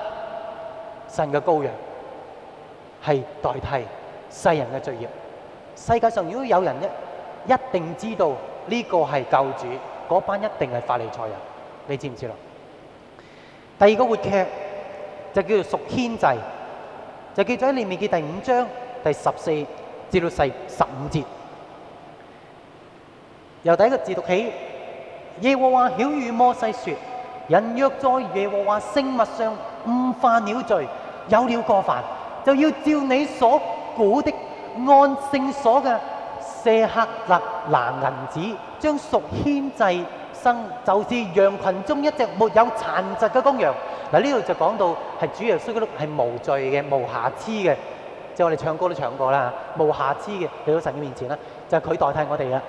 神嘅羔羊係代替世人嘅罪孽。世界上如果有人一一定知道呢個係救主，嗰班一定係法利賽人，你知唔知啦？第二個活劇就叫做屬天制。就記咗喺《利未記》第五章第十四至到十五節，由第一個字讀起。耶和華曉喻摩西説：人若在耶和華聖物上誤犯了罪，有了過犯，就要照你所估的，按聖所嘅舍客勒拿銀子，將贖愆祭。生就是羊群中一隻沒有殘疾嘅公羊。嗱，呢度就講到係主耶穌基督係無罪嘅、無瑕疵嘅。即係我哋唱歌都唱過啦，無瑕疵嘅嚟到神嘅面前啦，就係佢代替我哋啦。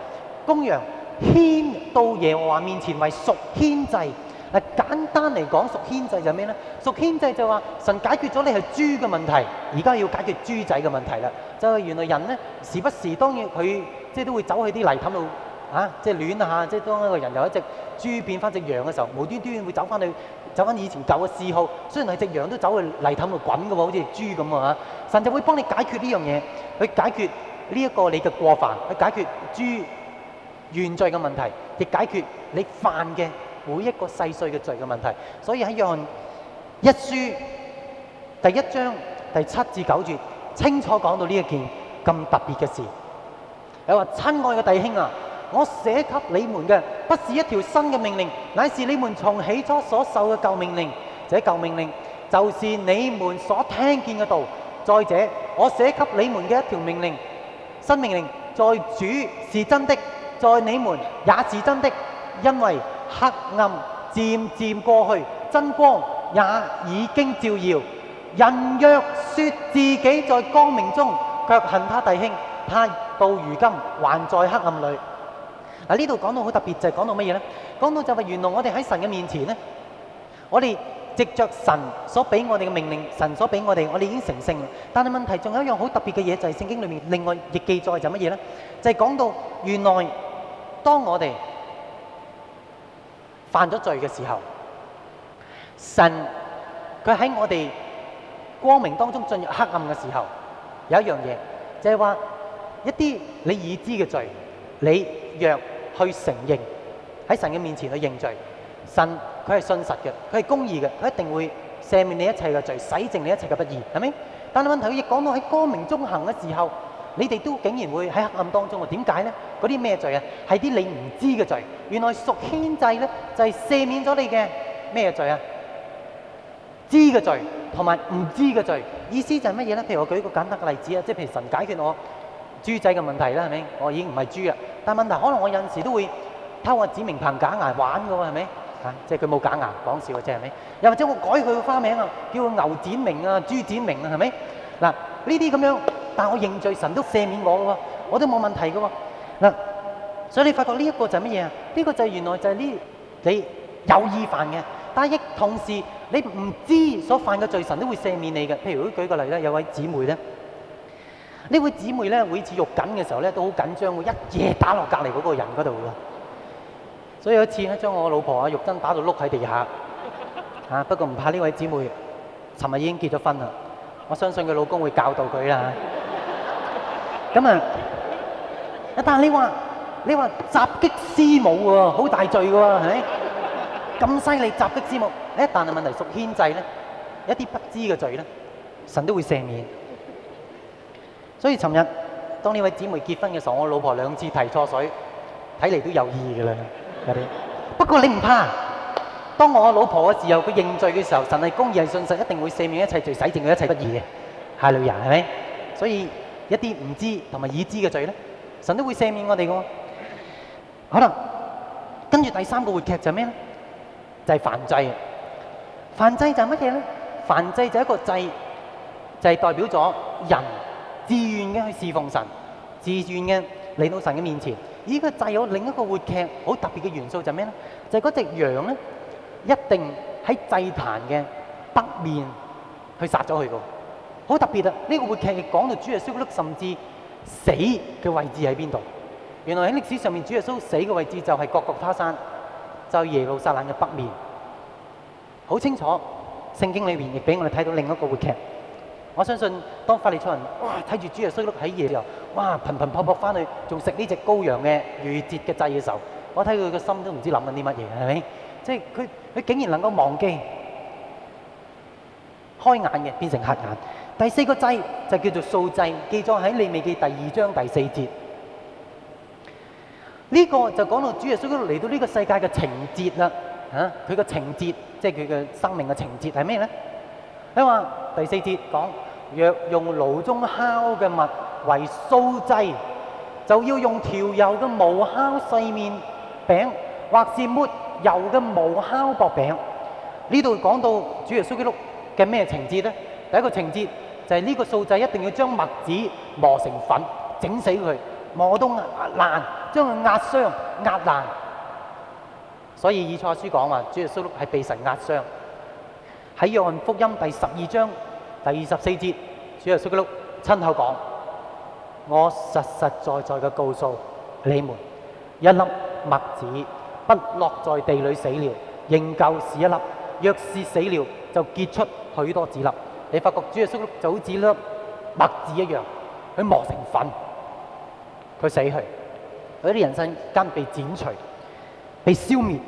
公羊牽到耶和華面前為贖愆祭。嗱，簡單嚟講，贖愆祭就咩咧？贖愆祭就話神解決咗你係豬嘅問題，而家要解決豬仔嘅問題啦。就係原來人咧，時不時當然佢即係都會走去啲泥凼度。吓、啊！即係亂下，即係當一個人由一隻豬變翻隻羊嘅時候，無端端會走翻去走翻以前舊嘅嗜好。雖然係隻羊都走去泥凼度滾嘅喎，好似豬咁啊吓！甚至會幫你解決呢樣嘢，去解決呢一個你嘅過犯，去解決豬原罪嘅問題，亦解決你犯嘅每一個細碎嘅罪嘅問題。所以喺《約翰一書》第一章第七至九節，清楚講到呢一件咁特別嘅事。你話親愛嘅弟兄啊！我寫給你們嘅不是一條新嘅命令，乃是你們從起初所受嘅舊命令。這舊命令就是你們所聽見嘅道。再者，我寫給你們嘅一條命令，新命令，在主是真的，在你們也是真的，因為黑暗漸漸過去，真光也已經照耀。人若説自己在光明中，卻恨他弟兄，他到如今還在黑暗裏。嗱，呢度講到好特別，就係講到乜嘢咧？講到就係原來我哋喺神嘅面前咧，我哋藉著神所俾我哋嘅命令，神所俾我哋，我哋已經成聖。但係問題仲有一樣好特別嘅嘢，就係聖經裏面另外亦記載就係乜嘢咧？就係講到原來當我哋犯咗罪嘅時候，神佢喺我哋光明當中進入黑暗嘅時候，有一樣嘢就係話一啲你已知嘅罪，你若去承認喺神嘅面前去認罪，神佢係信實嘅，佢係公義嘅，佢一定會赦免你一切嘅罪，洗淨你一切嘅不義，係咪？但係問題，佢亦講到喺光明中行嘅時候，你哋都竟然會喺黑暗當中啊？點解咧？嗰啲咩罪啊？係啲你唔知嘅罪。原來屬牽制咧，就係、是、赦免咗你嘅咩罪啊？知嘅罪同埋唔知嘅罪，意思就係乜嘢咧？譬如我舉一個簡單嘅例子啊，即係譬如神解決我。豬仔嘅問題啦，係咪？我已經唔係豬啊，但問題係可能我有陣時都會偷阿展明棚假牙玩嘅喎，係咪？嚇、啊，即係佢冇假牙，講笑嘅啫，係咪？又或者我改佢嘅花名啊，叫牛展明啊、豬展明啊，係咪？嗱、啊，呢啲咁樣，但我認罪，神都赦免我嘅喎，我都冇問題嘅喎。嗱、啊，所以你發覺呢一個就係乜嘢啊？呢、呢個就係原來就係呢，你有意犯嘅，但係同時你唔知道所犯嘅罪，神都會赦免你嘅。譬如都舉個例啦，有位姊妹咧。呢位姊妹咧，每次肉緊嘅時候咧，都好緊張，會一夜打落隔離嗰個人嗰度㗎。所以有一次咧，將我老婆啊玉珍打到碌喺地下。嚇！不過唔怕呢位姊妹，尋日已經結咗婚啦。我相信佢老公會教導佢啦。咁啊，一旦你話你話襲擊師母喎，好大罪嘅喎，係咪？咁犀利襲擊師母，但係問題屬牽制咧，一啲不知嘅罪咧，神都會赦免，所以尋日當呢位姐妹結婚嘅時候，我老婆兩次提錯水，睇嚟都有意義嘅啦。的 不過你唔怕，當我老婆嘅時候，佢認罪嘅時候，神係公義係信實，一定會赦免一切罪，洗淨佢一切不義嘅。係女人，係咪？所以一啲唔知同埋已知嘅罪咧，神都會赦免我哋嘅。可能跟住第三個活劇就係咩咧？就係、是、犯罪。犯罪就係乜嘢咧？犯罪就係一個制」，就係、是、代表咗人。自願嘅去侍奉神，自願嘅嚟到神嘅面前。而佢個祭有另一個活劇好特別嘅元素就係咩咧？就係嗰隻羊咧，一定喺祭壇嘅北面去殺咗佢噶，好特別啊！呢、這個活劇講到主耶穌甚至死嘅位置喺邊度？原來喺歷史上面，主耶穌死嘅位置就係各各他山，就係、耶路撒冷嘅北面，好清楚。聖經裏面亦俾我哋睇到另一個活劇。我相信當法利賽人哇睇住主耶穌喺夜時候，哇頻頻撲撲返去，仲食呢隻羔羊嘅逾節嘅祭嘅時候，我睇佢個心都唔知諗緊啲乜嘢，係咪？即係佢佢竟然能夠忘記開眼嘅變成黑眼。第四個祭就叫做素祭，記載喺利未記第二章第四節。呢、這個就講到主耶穌嚟到呢個世界嘅情節啦。嚇、啊，佢嘅情節即係佢嘅生命嘅情節係咩咧？你話第四節講若用爐中烤嘅物為素祭，就要用調油嘅無酵細麵餅，或是抹油嘅無酵薄餅。呢度講到主耶穌基督嘅咩情節咧？第一個情節就係、是、呢個素祭一定要將麥子磨成粉，整死佢磨到爛，將佢壓傷壓爛。所以以賽亞書講話，主耶穌基督係被神壓傷。喺《約翰福音》第十二章第二十四節，主耶穌基督親口講：我實實在在嘅告訴你們，一粒麥子不落在地裏死了，仍舊是一粒；若是死了，就結出許多子粒。你發覺主耶穌基督就好似粒麥子一樣，佢磨成粉，佢死去，佢啲人生間被剪除、被消滅。呢、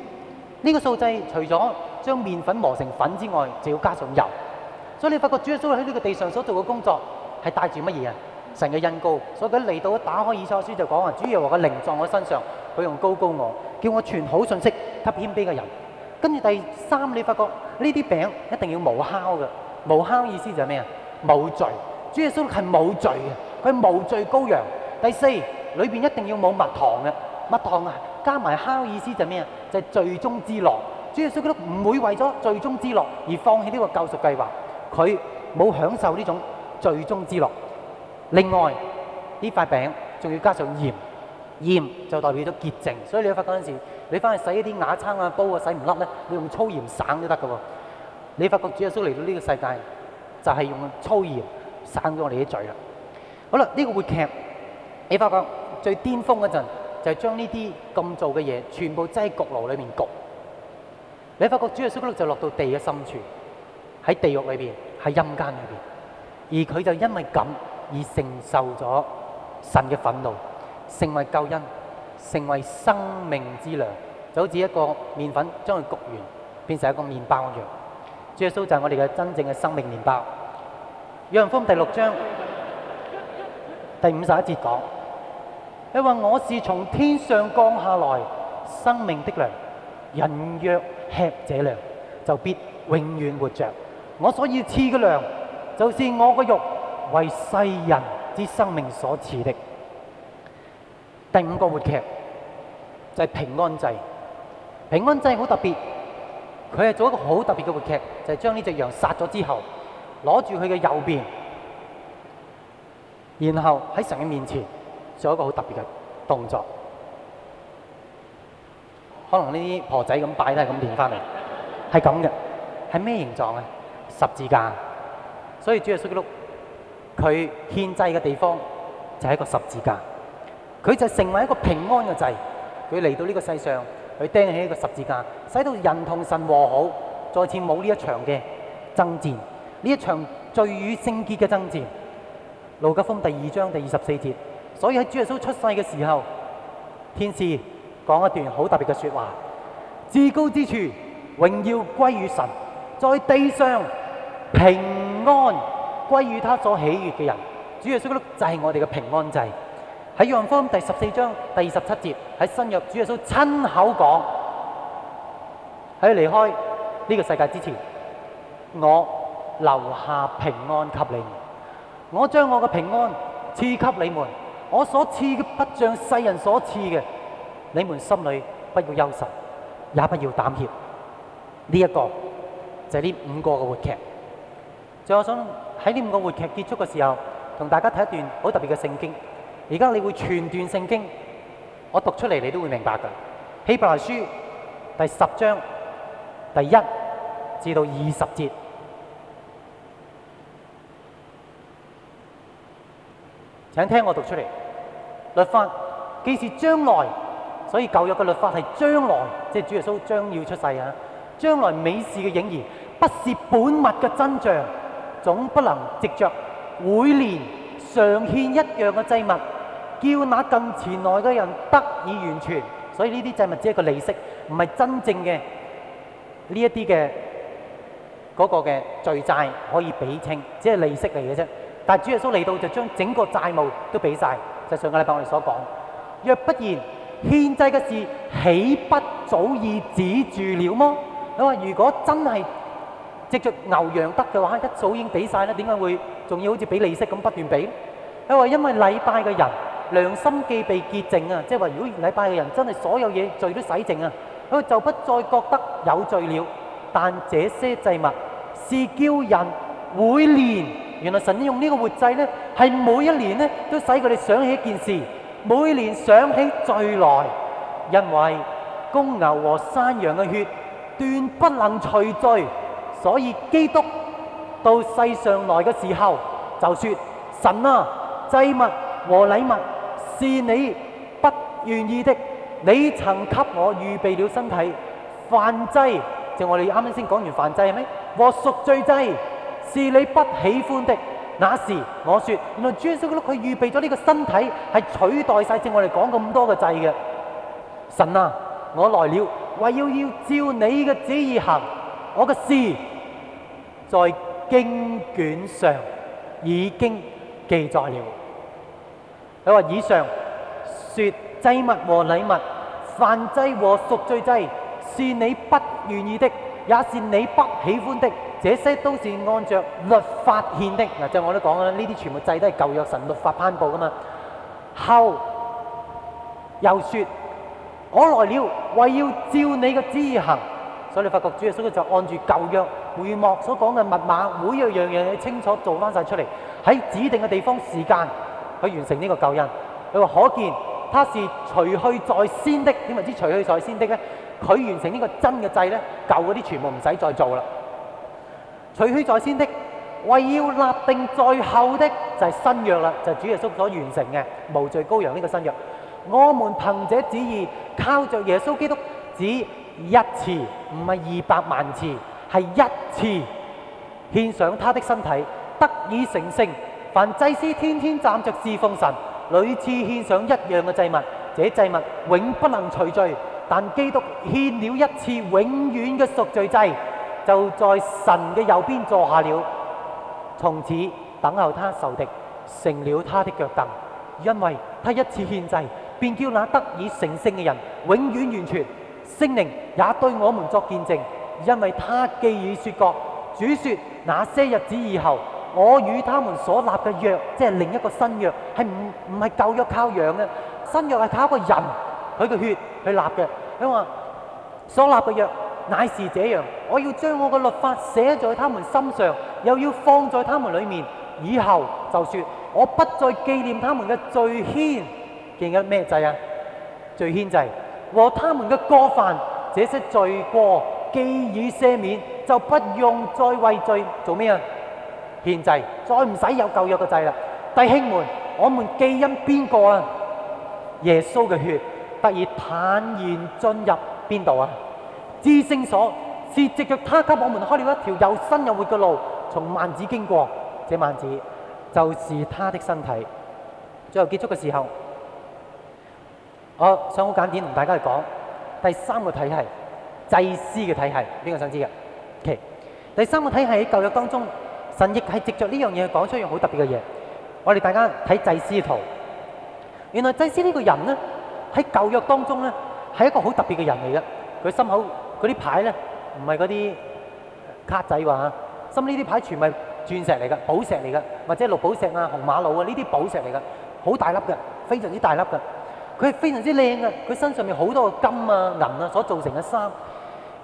這個數制除咗。將麵粉磨成粉之外，就要加上油。所以你發覺，主耶穌基督唔會為咗最終之樂而放棄呢個救術計劃，佢冇享受呢種最終之樂。另外，呢塊餅仲要加上鹽，鹽就代表咗潔淨。所以你發覺嗰陣時，你翻去洗一啲瓦罈啊、煲啊洗唔甩咧，你用粗鹽省都得嘅喎。你發覺主耶穌嚟到呢個世界，就係、是、用粗鹽省咗我哋啲嘴啦。好啦，呢個活劇，你發覺最巔峰嗰陣，就係、是、將呢啲咁做嘅嘢，全部擠喺焗爐裏面焗。你發覺主耶穌嗰度就落到地嘅深處，喺地獄裏邊，喺陰間裏邊，而佢就因為咁而承受咗神嘅憤怒，成為救恩，成為生命之糧，就好似一個麵粉將佢焗完變成一個麵包一樣。主耶穌就係我哋嘅真正嘅生命麵包。約翰福音第六章第五十一節講：你話我是從天上降下來生命的糧，人若吃這糧就必永遠活着，我所以要賜嘅糧，就是我個肉為世人之生命所賜的。第五個活劇就係平安祭，平安祭好特別，佢係做一個好特別嘅活劇，就係、是、將呢隻羊殺咗之後，攞住佢嘅右邊，然後喺神嘅面前做一個好特別嘅動作。可能呢啲婆仔咁擺都係咁練翻嚟，係咁嘅。係咩形狀啊？十字架。所以主耶穌基督佢獻祭嘅地方就係一個十字架。佢就成為一個平安嘅祭。佢嚟到呢個世上，佢釘起一個十字架，使到人同神和好，再次冇呢一場嘅爭戰。呢一場罪與聖潔嘅爭戰。路加福音第二章第二十四節。所以喺主耶穌出世嘅時候，天使講一段好特別嘅說話，至高之處榮耀歸於神，在地上平安歸於他所喜悦嘅人。主耶穌就係我哋嘅平安祭。喺約翰福音第十四章第二十七節，喺新約主耶穌親口講：喺離開呢個世界之前，我留下平安給你們，我將我嘅平安賜給你們，我所賜嘅不像世人所賜嘅。你們心裏不要憂愁，也不要膽怯。呢一個就係呢五個嘅活劇。就我想喺呢五個活劇結束嘅時候，同大家睇一段好特別嘅聖經。而家你會全段聖經，我讀出嚟你都會明白嘅。希伯來書第十章第一至到二十節，請聽我讀出嚟。律法既是將來，所以舊約嘅律法係將來，即係主耶穌將要出世啊！將來美事嘅影兒，不是本物嘅真像，總不能藉著每年常獻一樣嘅祭物，叫那近前來嘅人得以完全。所以呢啲祭物只係一個利息，唔係真正嘅呢一啲嘅嗰個嘅罪債可以俾清，只係利息嚟嘅啫。但係主耶穌嚟到就將整個債務都俾晒。就上個禮拜我哋所講。若不然，獻祭嘅事，豈不早已止住了麼？你話如果真係藉著牛羊得嘅話，一早已經俾曬啦，點解會仲要好似俾利息咁不斷俾？佢話因為禮拜嘅人良心既被潔淨啊，即係話如果禮拜嘅人真係所有嘢罪都洗淨啊，佢就不再覺得有罪了。但這些祭物是叫人每年，原來神用呢個活祭咧，係每一年咧都使佢哋想起一件事。每年想起罪來，因為公牛和山羊嘅血斷不能除罪，所以基督到世上來嘅時候就說：神啊，祭物和禮物是你不願意的，你曾給我預備了身體，燔祭，就我哋啱啱先講完燔祭係咩？和贖罪祭是你不喜歡的。那時我說，原來主耶穌佢佢預備咗呢個身體，係取代晒，正我哋講咁多嘅祭嘅。神啊，我來了，唯要要照你嘅旨意行。我嘅事在經卷上已經記載了。佢話：以上説祭物和禮物，燔祭和贖罪祭，祭，是你不願意的，也是你不喜歡的。這些都是按照律法獻的。嗱，就是、我都講啦，呢啲全部祭都係舊約神律法頒布噶嘛。後又說我來了，為要照你嘅旨意行。所以你發覺主耶穌就按住舊約會幕所講嘅密碼，每樣樣嘢清楚做翻晒出嚟，喺指定嘅地方時間、時間去完成呢個救恩。你話可見，他是除去在先的。點為之除去在先的咧？佢完成呢個真嘅祭咧，舊嗰啲全部唔使再做啦。除去在先的，為要立定在後的，就係新約啦，就係、是就是、主耶穌所完成嘅無罪羔羊呢個新約。我們憑這旨意靠著耶穌基督只一次，唔係二百萬次，係一次獻上他的身體得以成聖。凡祭司天天站着侍奉神，屢次獻上一樣嘅祭物，這祭物永不能除罪。但基督獻了一次永遠嘅贖罪祭。就在神嘅右邊坐下了，從此等候他仇敵，成了他的腳凳，因為他一次獻祭，便叫那得以成聖嘅人永遠完全。聖靈也對我們作見證，因為他既已說過，主說那些日子以後，我與他們所立嘅約，即係另一個新約，係唔唔係舊約靠羊嘅，新約係靠一個人佢嘅血去立嘅，所以所立嘅約。乃是這樣，我要將我嘅律法寫在他們心上，又要放在他們裏面。以後就說，我不再紀念他們嘅罪愆，記緊咩祭啊？罪愆祭和他們嘅過犯，這些罪過既已赦免，就不用再為罪做咩啊？獻祭，再唔使有舊約嘅祭啦。弟兄們，我們既因邊個啊？耶穌嘅血得以坦然進入邊度啊？至聖所，是藉着他給我們開了一條又新又活嘅路，從幔子經過，這幔子就是他的身體，最後結束嘅時候。嗰啲牌咧，唔係嗰啲卡仔喎嚇，咁呢啲牌全係鑽石嚟嘅，寶石嚟嘅，或者綠寶石啊、紅瑪瑙啊，呢啲寶石嚟嘅，好大粒嘅，非常之大粒嘅，佢係非常之靚嘅，佢身上面好多嘅金啊、銀啊所造成嘅衫。而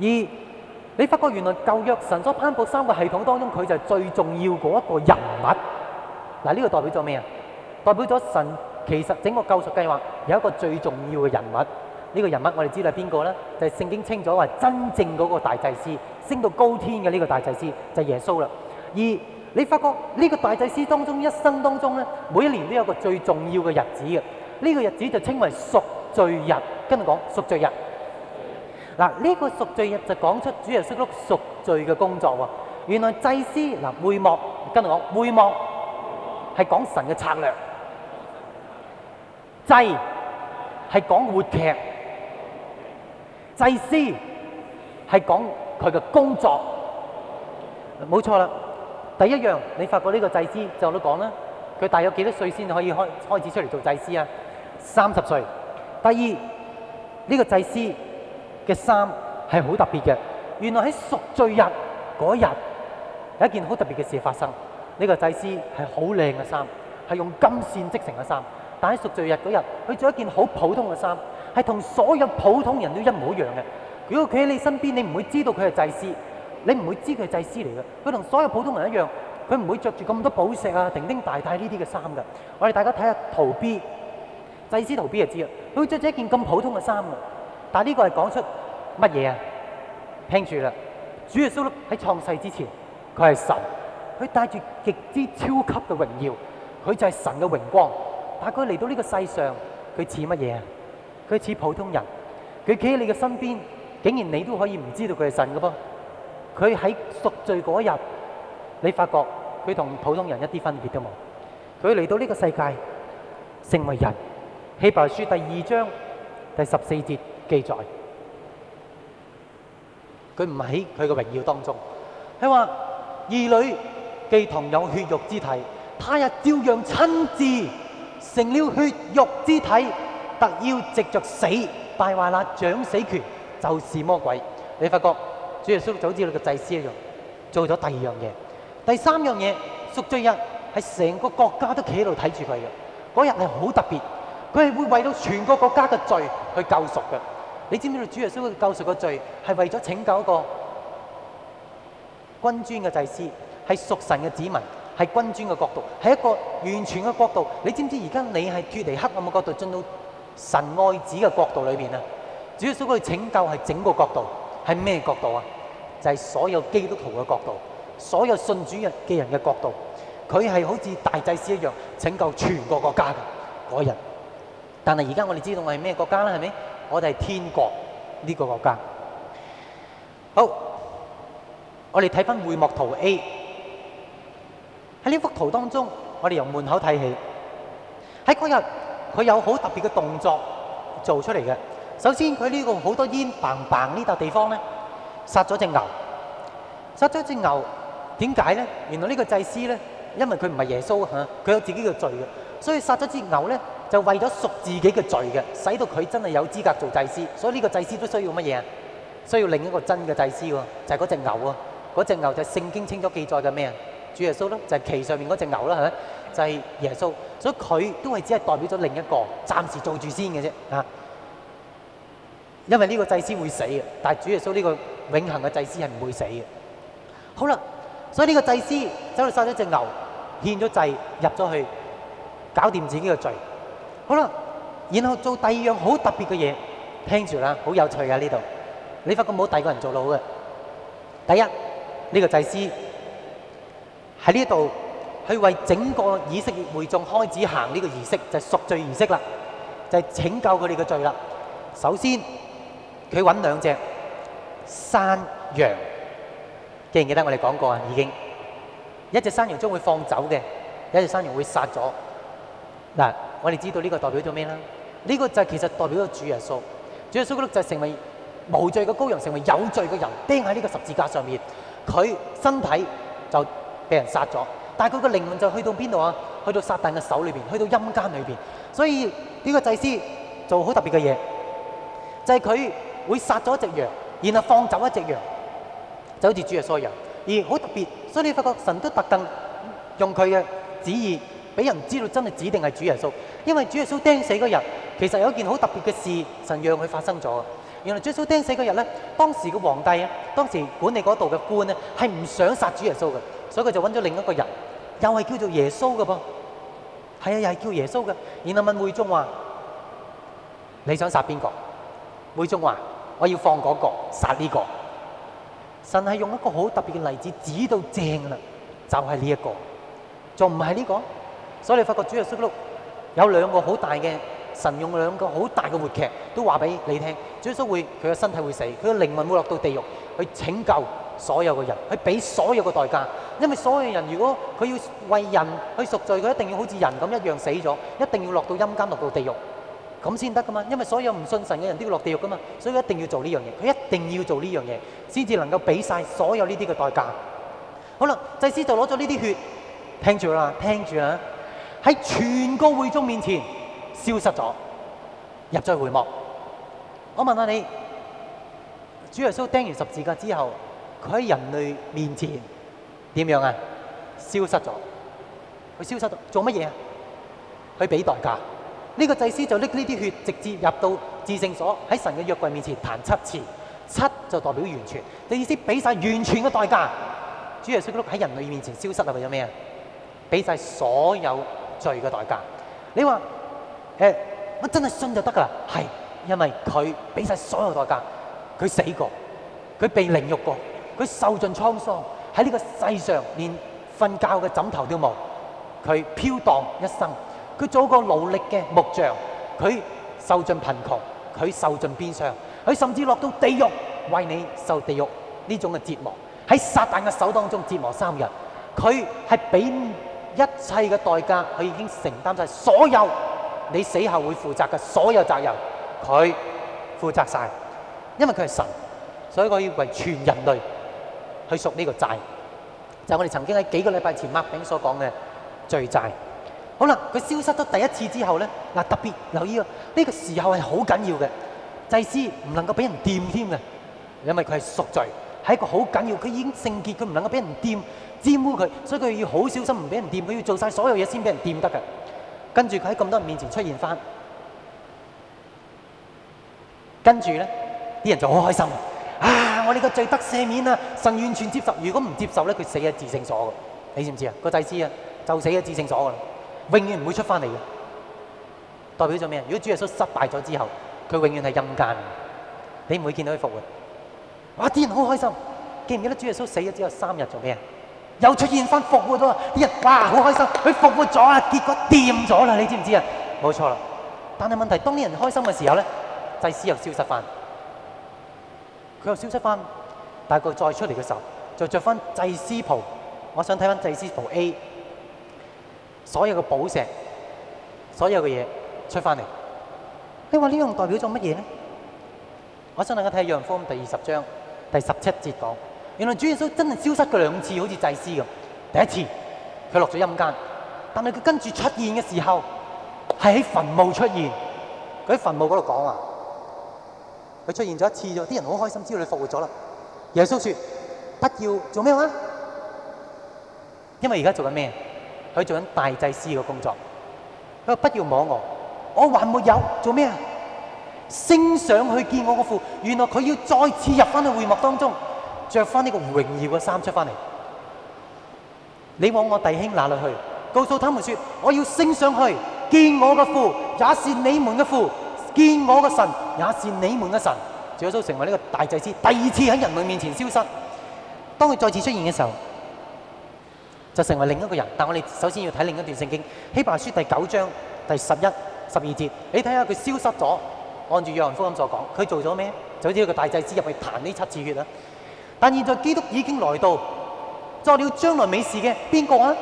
你發覺原來舊約神所頒佈三個系統當中，佢就係最重要嗰一個人物。嗱，呢個代表咗咩啊？代表咗神其實整個救贖計劃有一個最重要嘅人物。呢個人物我哋知道係邊個咧？就係聖經稱咗為真正嗰個大祭司升到高天嘅呢個大祭司就係耶穌啦。而你發覺呢個大祭司當中一生當中咧，每一年都有個最重要嘅日子嘅。呢個日子就稱為贖罪日。跟住講贖罪日。嗱，呢個贖罪日就講出主耶穌嘅贖罪嘅工作喎。原來祭司嗱，會幕，跟住講會幕係講神嘅策略，祭係講活劇。祭司係講佢嘅工作，冇錯啦。第一樣你發覺呢個祭司就我都講啦，佢大約幾多歲先可以開開始出嚟做祭司啊？三十歲。第二，呢個祭司嘅衫係好特別嘅，原來喺贖罪日嗰日有一件好特別嘅事發生。呢個祭司係好靚嘅衫，係用金線織成嘅衫。但喺贖罪日嗰日，佢着一件好普通嘅衫，係同所有普通人都一模一樣嘅。如果佢喺你身邊，你唔會知道佢係祭司，你唔會知佢係祭司嚟嘅。佢同所有普通人一樣，佢唔會着住咁多寶石啊、叮叮大帶呢啲嘅衫嘅。我哋大家睇下圖 B，祭司圖 B 就知啦。佢會着住一件咁普通嘅衫嘅，但呢個係講出乜嘢啊？聽住啦，主耶穌喺創世之前，佢係神，佢帶住極之超級嘅榮耀，佢就係神嘅榮光。但係佢嚟到呢個世上，佢似乜嘢啊？佢似普通人，佢企喺你嘅身邊，竟然你都可以唔知道佢係神嘅噃。佢喺贖罪嗰日，你發覺佢同普通人一啲分別都冇。佢嚟到呢個世界成為人，希伯來書第二章第十四節記載，佢唔喺佢嘅榮耀當中。佢話，兒女既同有血肉之體，他日照樣親自。成了血肉之體，特要藉着死敗壞了掌死權，就是魔鬼。你發覺主耶穌早知呢個祭司一樣做做咗第二樣嘢，第三樣嘢。贖罪日係成個國家都企喺度睇住佢嘅。嗰日係好特別，佢係會為到全個國家嘅罪去救贖嘅。你知唔知道主耶穌救贖嘅罪係為咗拯救一個君尊嘅祭司，係屬神嘅子民。係君尊嘅角度，係一個完全嘅角度。你知唔知而家你係脫離黑暗嘅角度，進到神愛子嘅角度裏邊啊？主要想佢拯救係整個角度，係咩角度啊？就係、是、所有基督徒嘅角度，所有信主人嘅人嘅角度。佢係好似大祭司一樣拯救全個國家嘅嗰日。但係而家我哋知道我係咩國家啦？係咪？我哋係天國呢、這個國家。好，我哋睇翻會幕圖 A。喺呢幅圖當中，我哋由門口睇起。喺嗰日，佢有好特別嘅動作做出嚟嘅。首先，佢呢個好多煙嘭嘭呢笪地方咧，殺咗隻牛。殺咗隻牛點解咧？原來呢個祭司咧，因為佢唔係耶穌嚇，佢有自己嘅罪嘅，所以殺咗隻牛咧，就為咗贖自己嘅罪嘅，使到佢真係有資格做祭司。所以呢個祭司都需要乜嘢啊？需要另一個真嘅祭司喎，就係嗰隻牛啊！嗰隻牛就聖經清楚記載嘅咩啊？主耶穌呢，就係旗上面嗰隻牛啦，係咪？就係、是、耶穌，所以佢都係只係代表咗另一個，暫時做住先嘅啫。嚇、啊，因為呢個祭司會死嘅，但係主耶穌呢個永恆嘅祭司係唔會死嘅。好啦，所以呢個祭司走去殺咗隻牛，獻咗祭入咗去，搞掂自己嘅罪。好啦，然後做第二樣好特別嘅嘢，聽住啦，好有趣呀呢度。你發覺冇第二個人做到嘅。第一，呢、這個祭司。喺呢度，去為整個以色列會眾開始行呢個儀式，就係、贖罪儀式啦，就係、拯救佢哋嘅罪啦。首先，佢揾兩隻山羊，記唔記得我哋講過啊？已經一隻山羊將會放走嘅，一隻山羊會殺咗。嗱，我哋知道呢個代表咗咩啦？呢、呢個就係其實代表咗主耶穌，主耶穌基督就成為無罪嘅羔羊，成為有罪嘅人，釘喺呢個十字架上面，佢身體就俾人殺咗，但係佢個靈魂就去到邊度啊？去到撒旦嘅手裏邊，去到陰間裏邊。所以呢個祭司做好特別嘅嘢，就係佢會殺咗一隻羊，然後放走一隻羊，就好似主耶穌一樣。而好特別，所以你發覺神都特登用佢嘅旨意俾人知道，真係指定係主耶穌。因為主耶穌釘死嗰日，其實有一件好特別嘅事，神讓佢發生咗。原來主耶穌釘死嗰日咧，當時嘅皇帝啊，當時管理嗰度嘅官咧，係唔想殺主耶穌嘅。所以佢就揾咗另一個人，又係叫做耶穌嘅噃，係啊，又係叫耶穌嘅。然後問會眾話：你想殺邊個？會眾話：我要放嗰個，殺呢個。神係用一個好特別嘅例子，指到正啦，就係呢一個，仲唔係呢個。所以你發覺主耶穌有兩個好大嘅，神用兩個好大嘅活劇都話俾你聽，主耶穌會佢嘅身體會死，佢嘅靈魂會落到地獄去拯救。所有嘅人，佢俾所有嘅代價，因為所有人如果佢要為人去贖罪，佢一定要好似人咁一樣死咗，一定要落到陰間落到地獄，咁先得噶嘛。因為所有唔信神嘅人都要落地獄噶嘛，所以佢一定要做呢樣嘢，佢一定要做呢樣嘢，先至能夠俾晒所有呢啲嘅代價。好啦，祭司就攞咗呢啲血，聽住啦，聽住啦，喺全個會中面前消失咗，入咗去回幕。我問下你，主耶穌釘完十字架之後？佢喺人類面前點樣啊？消失咗，佢消失咗，做乜嘢啊？佢俾代價，呢、這個祭司就拎呢啲血直接入到至聖所，喺神嘅約櫃面前彈七次，七就代表完全嘅意思俾晒完全嘅代價。主耶穌基督喺人類面前消失係為咗咩啊？俾曬所有罪嘅代價。你話誒、欸、我真係信就得㗎，係因為佢俾晒所有代價，佢死過，佢被凌辱過。佢受盡滄桑，喺呢個世上連瞓覺嘅枕頭都冇。佢飄蕩一生，佢做過勞力嘅木匠。佢受盡貧窮，佢受盡變相，佢甚至落到地獄為你受地獄呢種嘅折磨，喺撒旦嘅手當中折磨三日。佢係俾一切嘅代價，佢已經承擔晒所有你死後會負責嘅所有責任，佢負責晒。因為佢係神，所以我要為全人類去贖呢個債，就係我哋曾經喺幾個禮拜前擘餅所講嘅罪債。好啦，佢消失咗第一次之後咧，嗱特別留意啊！呢個時候係好緊要嘅，祭司唔能夠俾人掂添嘅，因為佢係贖罪，係一個好緊要。佢已經聖潔，佢唔能夠俾人掂，玷污佢，所以佢要好小心唔俾人掂。佢要做晒所有嘢先俾人掂得嘅。跟住佢喺咁多人面前出現翻，跟住咧，啲人就好開心。我哋個罪得赦免啦，啊，神完全接受。如果唔接受咧，佢死喺至聖所嘅，你知唔知啊？個祭司啊，就死喺至聖所噶啦，永遠唔會出翻嚟嘅。代表咗咩啊？如果主耶穌失敗咗之後，佢永遠係陰間，你唔會見到佢復活。哇，啲人好開心，記唔記得主耶穌死咗之後三日做咩啊？又出現翻復活咗，啲人哇，好開心，佢復活咗啊，結果掂咗啦，你知唔知啊？冇錯啦，但係問題當啲人開心嘅時候咧，祭司又消失翻。佢又消失翻，但係佢再出嚟嘅時候，就着翻祭司袍。我想睇翻祭司袍 A，所有嘅寶石，所有嘅嘢出翻嚟。你話呢樣代表咗乜嘢咧？我想大家睇下《約翰福音》第二十章第十七節講，原來主耶穌真係消失過兩次，好似祭司咁。第一次佢落咗陰間，但係，佢跟住出現嘅時候，佢係喺墳墓出現，佢喺墳墓嗰度講啊。佢出現咗一次咗，啲人好開心，知道你復活咗啦。耶穌說：不要做咩啊？因為而家做緊咩？佢做緊大祭司嘅工作。佢話：不要摸我，我還沒有做咩啊？升上去見我個父，原來佢要再次入翻去會幕當中，著翻呢個榮耀嘅衫出翻嚟。你往我弟兄那裏去，告訴他們說：我要升上去見我嘅父，也是你們嘅父。見我嘅神也是你們嘅神，耶穌成為呢個大祭司，第二次喺人類面前消失。當佢再次出現嘅時候，就成為另一個人。但我哋首先要睇另一段聖經，希伯來書第九章第十一、十二節。你睇下佢消失咗，按住約翰福音所講，佢做咗咩？就好似個大祭司入去彈呢七次血啦。但現在基督已經來到，做了將來美事嘅邊個啊？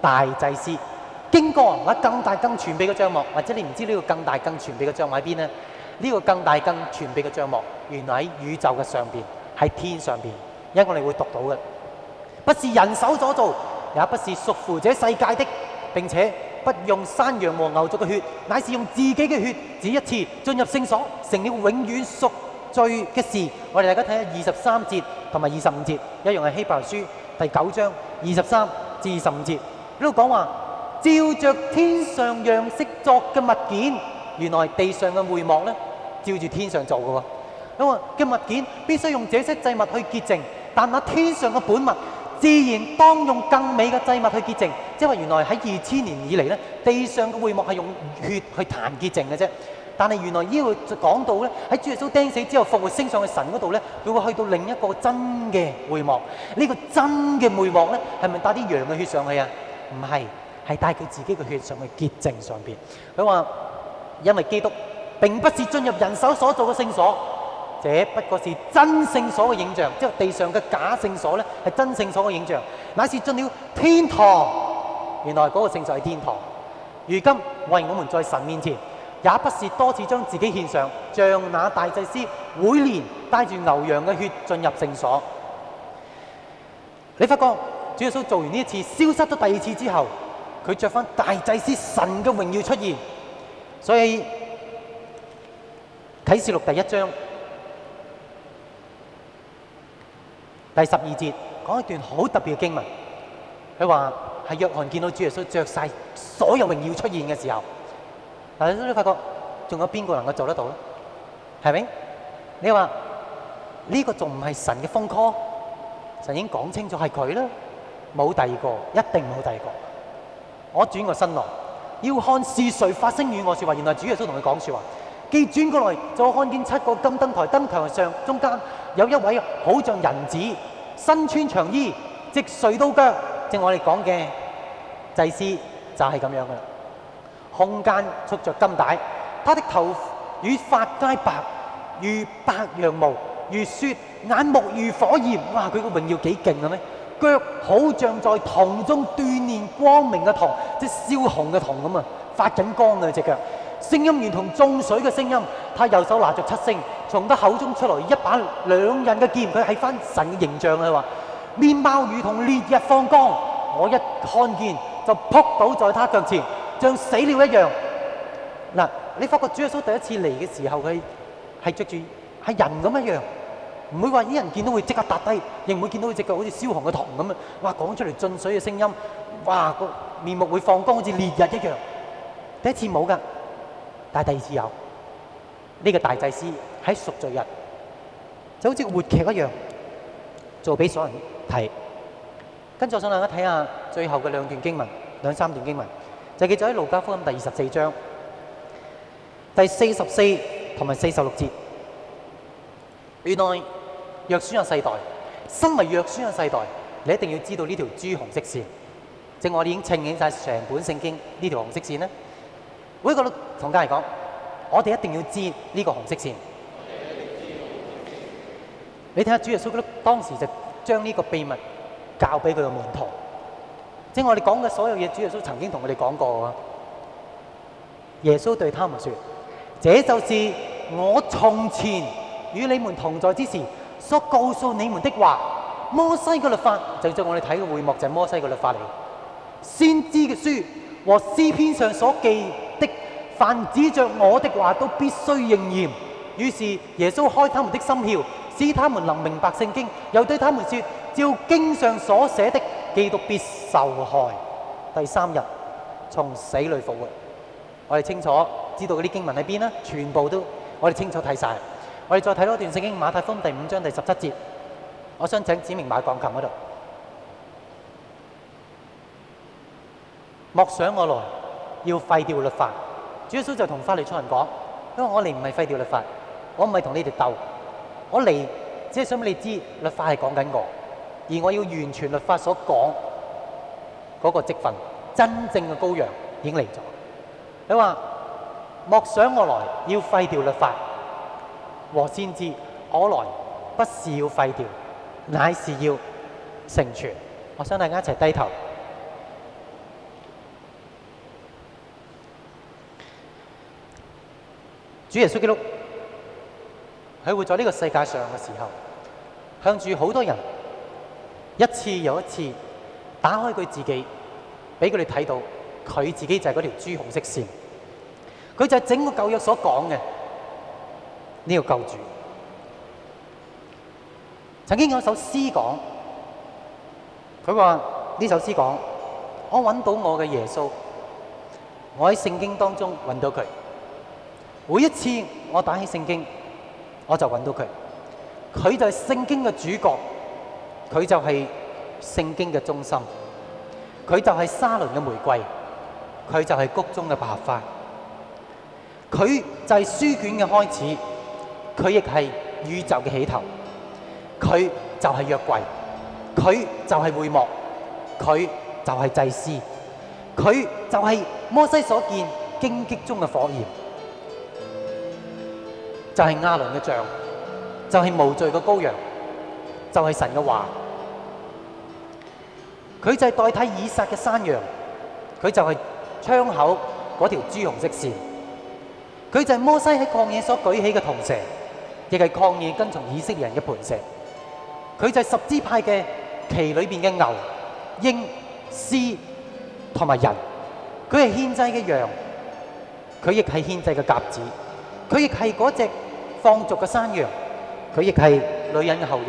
大祭司。經過，那更大更全備嘅帳幕，或者你唔知呢個更大更全備嘅帳幕喺邊呢？呢、呢個更大更全備嘅帳幕，原來喺宇宙嘅上面，喺天上邊，因為我哋會讀到嘅，不是人手所造，也不是屬乎這世界的。並且不用山羊和牛族嘅血，乃是用自己嘅血，只一次進入聖所，成了永遠贖罪嘅事。我哋大家睇下二十三節同埋二十五節，一樣係希伯來書第九章二十三至二十五節，呢度講話。照着天上樣式作嘅物件，原來地上嘅會幕照住天上做嘅喎，咁啊，嘅物件必須用這些祭物去潔淨，但那天上嘅本物自然當用更美嘅祭物去潔淨。原來喺係帶佢自己嘅血上去潔淨上面。佢話因為基督並不是進入人手所造嘅聖所，這不過是真聖所嘅影像，即係地上嘅假聖所咧，係真聖所嘅影像。乃是進了天堂。原來嗰個聖所係天堂。如今為我們在神面前，也不是多次將自己獻上，像那大祭司每年帶住牛羊嘅血進入聖所。你發覺主耶穌做完呢一次，消失咗第二次之後。佢着翻大祭司神嘅榮耀出現，所以啟示錄第一章第十二節講一段好特別嘅經文，佢話係約翰見到主耶穌着晒所有榮耀出現嘅時候，但嗱，你都發覺仲有邊個能夠做得到咧？係咪？你話呢個仲唔係神嘅 phone call？神已經講清楚係佢啦，冇第二個，一定冇第二個。我轉過身來，要看是誰發聲與我説話。原來主耶穌同佢講説話。既轉過來，就看見七個金燈台，燈台上中間有一位好像人子，身穿長衣，直垂到腳，正我哋講嘅祭司就係咁樣噶啦。胸間束着金帶，他的頭與髮皆白，如白羊毛，如雪。眼目如火焰。哇！佢個榮耀幾勁啊！咩？腳好像在銅中鍛煉光明嘅銅，即係燒紅嘅銅咁啊，發緊光嘅隻腳。聲音如同眾水嘅聲音，他右手拿着七星，從他口中出來一把兩刃嘅劍，佢喺翻神嘅形象，佢話面貌如同烈日放光，我一看見就仆倒在他腳前，像死了一樣。嗱，你發覺主耶穌第一次嚟嘅時候，佢係着住係人咁一樣。唔會話啲人見到會即刻揼低，亦唔會見到佢隻腳好似燒紅嘅銅咁啊！哇，講出嚟進水嘅聲音，哇個面目會放光，好似烈日一樣。第一次冇噶，但係第二次有。呢個大祭司喺贖罪日，就好似活劇一樣，做俾所有人睇。跟住我想大家睇下最後嘅兩段經文，兩三段經文就記咗喺路加福音第二十四章第四十四同埋四十六節原來。約書亞嘅世代，身為約書亞嘅世代，你一定要知道呢條朱紅色線。正係我哋已經呈現晒成本聖經呢條紅色線咧。每一個都同大家嚟講，我哋一定要知呢個紅色線。色線，你睇下，主耶穌當時就將呢個秘密交俾佢嘅門徒。正係我哋講嘅所有嘢，主耶穌曾經同我哋講過啊。耶穌對他們說，他說，這就是我從前與你們同在之時。所告訴你們的話。我哋再睇多段聖經馬太福音第五章第十七節，我想請指明買鋼琴嗰度。莫想我來，要廢掉律法。主耶穌就同法利賽人講：因為我嚟唔係廢掉律法，我唔係同你哋鬥，我嚟只係想俾你知律法係講緊我，而我要完全律法所講嗰個積份，真正嘅羔羊已經嚟咗。你話莫想我來，要廢掉律法。和先知，我來不是要廢掉，乃是要成全。我想大家一齊低頭。主耶穌基督，佢會在呢個世界上嘅時候，向住好多人一次又一次打開佢自己，俾佢哋睇到佢自己就係嗰條朱紅色線，佢就係整個舊約所講嘅。呢、這個救主，曾經有一首詩講，佢話呢首詩講，我揾到我嘅耶穌，我喺聖經當中揾到佢，每一次我打起聖經，我就揾到佢，佢就係聖經嘅主角，佢就係聖經嘅中心，佢就係沙倫嘅玫瑰，佢就係谷中嘅白花，佢就係書卷嘅開始。佢亦係宇宙嘅起頭，佢就係約櫃，佢就係會幕，佢就係祭司，佢就係摩西所見荊棘中嘅火焰，就係亞倫嘅杖，就係、是、無罪嘅羔羊，就係、是、神嘅話，佢就係代替以撒嘅山羊，佢就係窗口嗰條朱紅色線，佢就係摩西喺曠野所舉起嘅銅蛇。亦係抗議跟從以色列人嘅磐石，佢就係十支派嘅旗裏邊嘅牛、鷹、獅同埋人，佢係獻祭嘅羊，佢亦係獻祭嘅鴿子，佢亦係嗰隻放逐嘅山羊，佢亦係女人嘅後裔，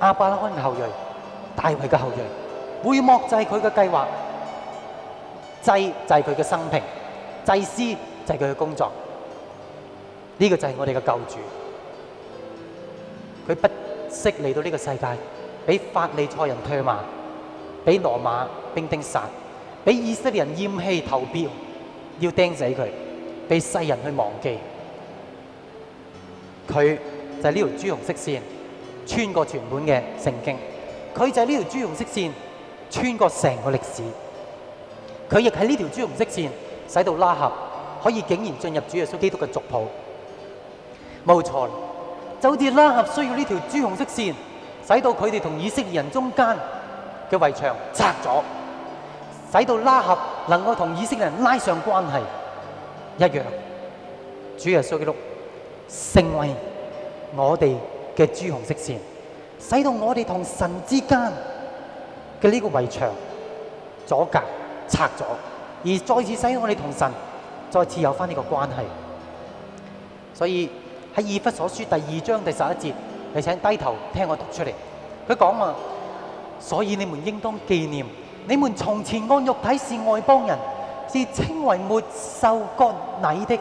阿伯拉罕嘅後裔，大衛嘅後裔，會幕就係佢嘅計劃，祭就係佢嘅生平，祭司就係佢嘅工作，呢、這個就係我哋嘅救主。佢不惜嚟到呢個世界，俾法利賽人唾罵，俾羅馬兵丁殺，俾以色列人厭棄、投別，要釘死佢，俾世人去忘記。佢就係呢條朱紅色線，穿過全本嘅聖經。佢就係呢條朱紅色線，穿過成個歷史。佢亦喺呢條朱紅色線使到拉合，可以竟然進入主耶穌基督嘅族譜。冇錯。就好似拉合需要呢條朱紅色線，使到佢哋同以色列人中間嘅圍牆拆咗，使到拉合能夠同以色列人拉上關係一樣。主耶穌基督成為我哋嘅朱紅色線，使到我哋同神之間嘅呢個圍牆阻隔拆咗，而再次使我哋同神再次有翻呢個關係。所以。喺《以弗所書》第二章第十一節，你請低頭聽我讀出嚟。佢講話，所以你們應當紀念你們從前按肉體是外邦人，是稱為沒受割禮的。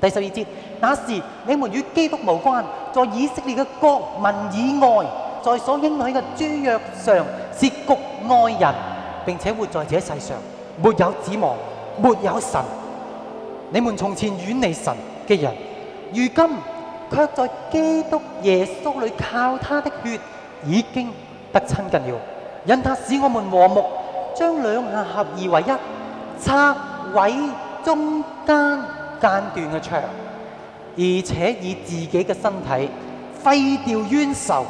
第十二節，那時你們與基督無關，在以色列嘅國民以外，在所應許嘅諸約上是局外人，並且活在這世上，沒有指望，沒有神。你們從前遠離神嘅人。如今卻在基督耶穌裏靠他的血已經得親近了，因他使我們和睦，將兩下合二為一，拆毀中間間斷嘅牆，而且以自己嘅身體廢掉冤仇，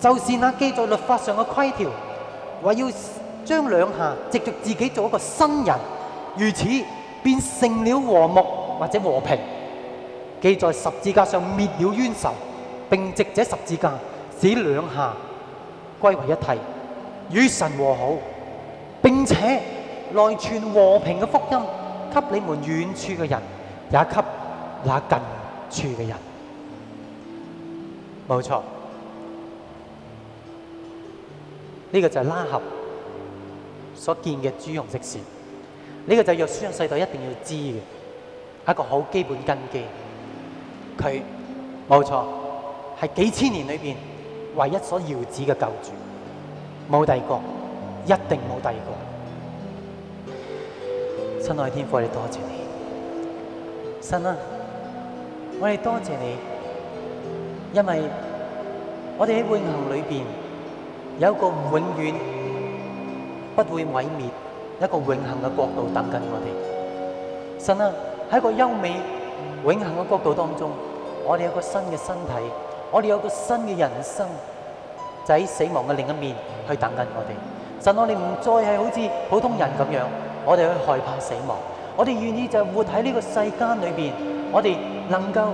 就是那記在律法上嘅規條，為要將兩下藉著自己做一個新人，如此便成了和睦或者和平。記在十字架上滅了冤仇，並藉這十字架使兩下歸為一體，與神和好，並且來傳和平嘅福音，給你們遠處嘅人，也給那近處嘅人。冇錯，呢、這個就是拉合所見嘅朱紅色線。呢、這個就是約書亞世代一定要知嘅，一個好基本根基。佢冇錯，係幾千年裏邊唯一所搖子嘅救主，冇第二個，一定冇第二個。親愛嘅天父，我哋多謝你。神啊，我哋多謝你，因為我哋喺永恒裏邊有一個永遠不會毀滅一個永恒嘅國度等緊我哋。神啊，喺一個優美永恒嘅國度當中。我哋有個新嘅身體，我哋有個新嘅人生，就喺死亡嘅另一面去等緊我哋。神，我哋唔再係好似普通人咁樣，我哋去害怕死亡。我哋願意就活喺呢個世間裏面，我哋能夠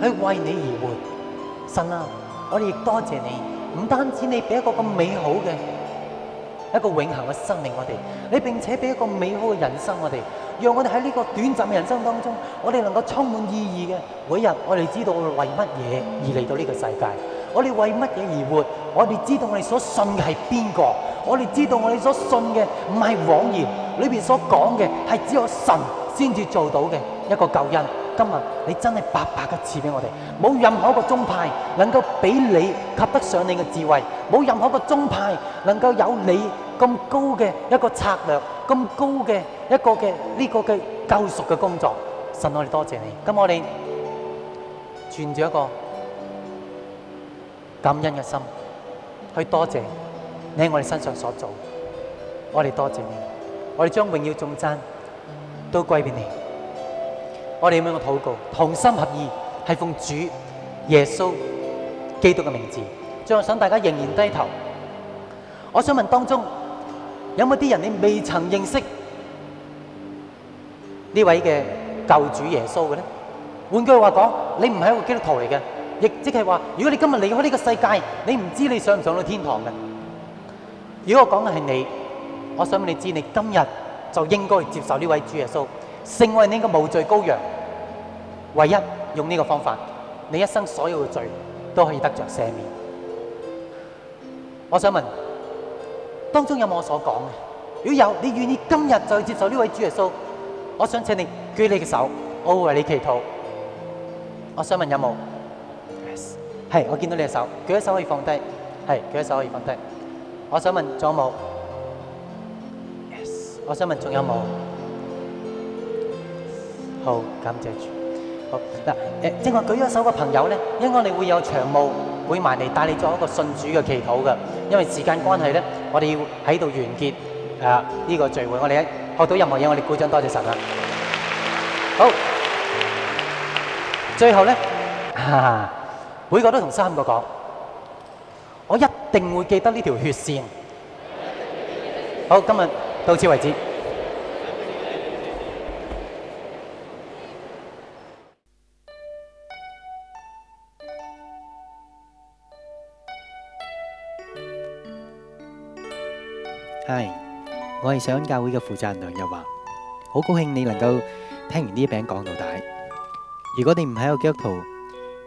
去為你而活。神啊，我哋亦多謝你，唔單止你俾一個咁美好嘅。一個永恆嘅生命，我哋你並且俾一個美好嘅人生，我哋讓我哋喺呢個短暫嘅人生當中，我哋能夠充滿意義嘅。每日我哋知道為乜嘢而嚟到呢個世界，我哋為乜嘢而活？我哋知道我哋所信嘅係邊個？我哋知道我哋所信嘅唔係謊言，裏面所講嘅係只有神先至做到嘅一個救恩。今日你真係白白嘅賜俾我哋，冇任何一個宗派能夠比你及得上你嘅智慧，冇任何一個宗派能夠有你。咁高嘅一個策略，咁高嘅一個嘅呢個嘅救贖嘅工作，神我哋多謝你。咁我哋存住一個感恩嘅心，去多謝你喺我哋身上所做，我哋多謝你，我哋將榮耀眾讚都歸俾你。我哋咁樣嘅禱告，同心合意，係奉主耶穌基督嘅名字。最後想大家仍然低頭，我想問當中。有冇啲人你未曾認識呢位嘅救主耶穌嘅呢？換句話講，你唔係一個基督徒嚟嘅，亦即係話，如果你今日離開呢個世界，你唔知你想唔想到天堂嘅？如果我講嘅係你，我想問你知，你今日就應該接受呢位主耶穌，成為你嘅無罪羔羊，唯一用呢個方法，你一生所有嘅罪都可以得着赦免。我想問。當中有冇我所講嘅？如果有，你願意今日就接受呢位主耶穌？我想請你舉你嘅手，我會為你祈禱。我想問有冇？Yes。係，我見到你嘅手，舉咗手可以放低。係，舉咗手可以放低。我想問仲有冇？Yes。我想問仲有冇？好，感謝主。好嗱，誒，正話舉咗手嘅朋友咧，應該你會有長務，會埋嚟帶你做一個信主嘅祈禱嘅，因為時間關係咧，我哋要喺度完結啊呢個聚會。我哋學到任何嘢，我哋鼓掌多謝神啦。好，最後咧，每個都同三個講，我一定會記得呢條血線。好，今日到此為止。我係聖恩教會嘅負責人梁日華，好高興你能夠聽完呢一篇講道。如果你唔係個基督徒，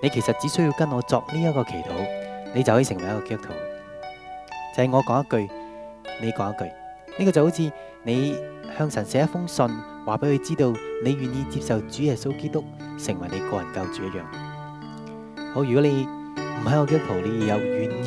你其實只需要跟我作呢一個祈禱，你就可以成為一個基督徒。就係我講一句，你講一句，呢個就好似你向神寫一封信，話俾佢知道你願意接受主耶穌基督成為你個人救主一樣。好，如果你唔係個基督徒，你有願意。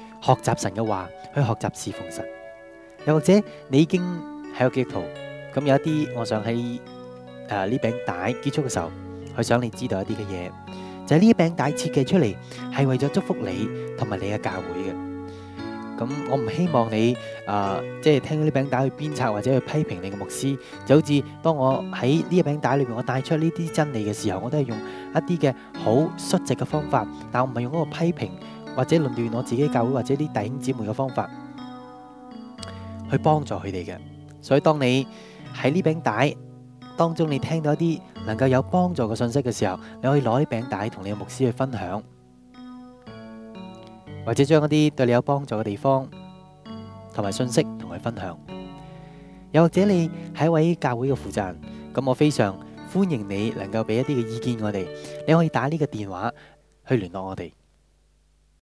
學習神嘅話，去學習侍奉神。又或者你已經喺個基督徒，咁有一啲，我想喺誒呢餅帶結束嘅時候，去想你知道一啲嘅嘢，就係呢一餅帶設計出嚟係為咗祝福你同埋你嘅教會嘅。咁我唔希望你誒即係聽呢餅帶去鞭策或者去批評你嘅牧師，就好似當我喺呢一餅帶裏面，我帶出呢啲真理嘅時候，我都係用一啲嘅好率直嘅方法，但係我唔係用嗰個批評。或者論斷我自己教會或者啲弟兄姊妹嘅方法，去幫助佢哋嘅。所以當你喺呢餅帶當中，你聽到一啲能夠有幫助嘅信息嘅時候，你可以攞起餅帶同你嘅牧師去分享，或者將一啲對你有幫助嘅地方同埋信息同佢分享。又或者你係一位教會嘅負責人，咁我非常歡迎你能夠俾一啲嘅意見我哋。你可以打呢個電話去聯絡我哋。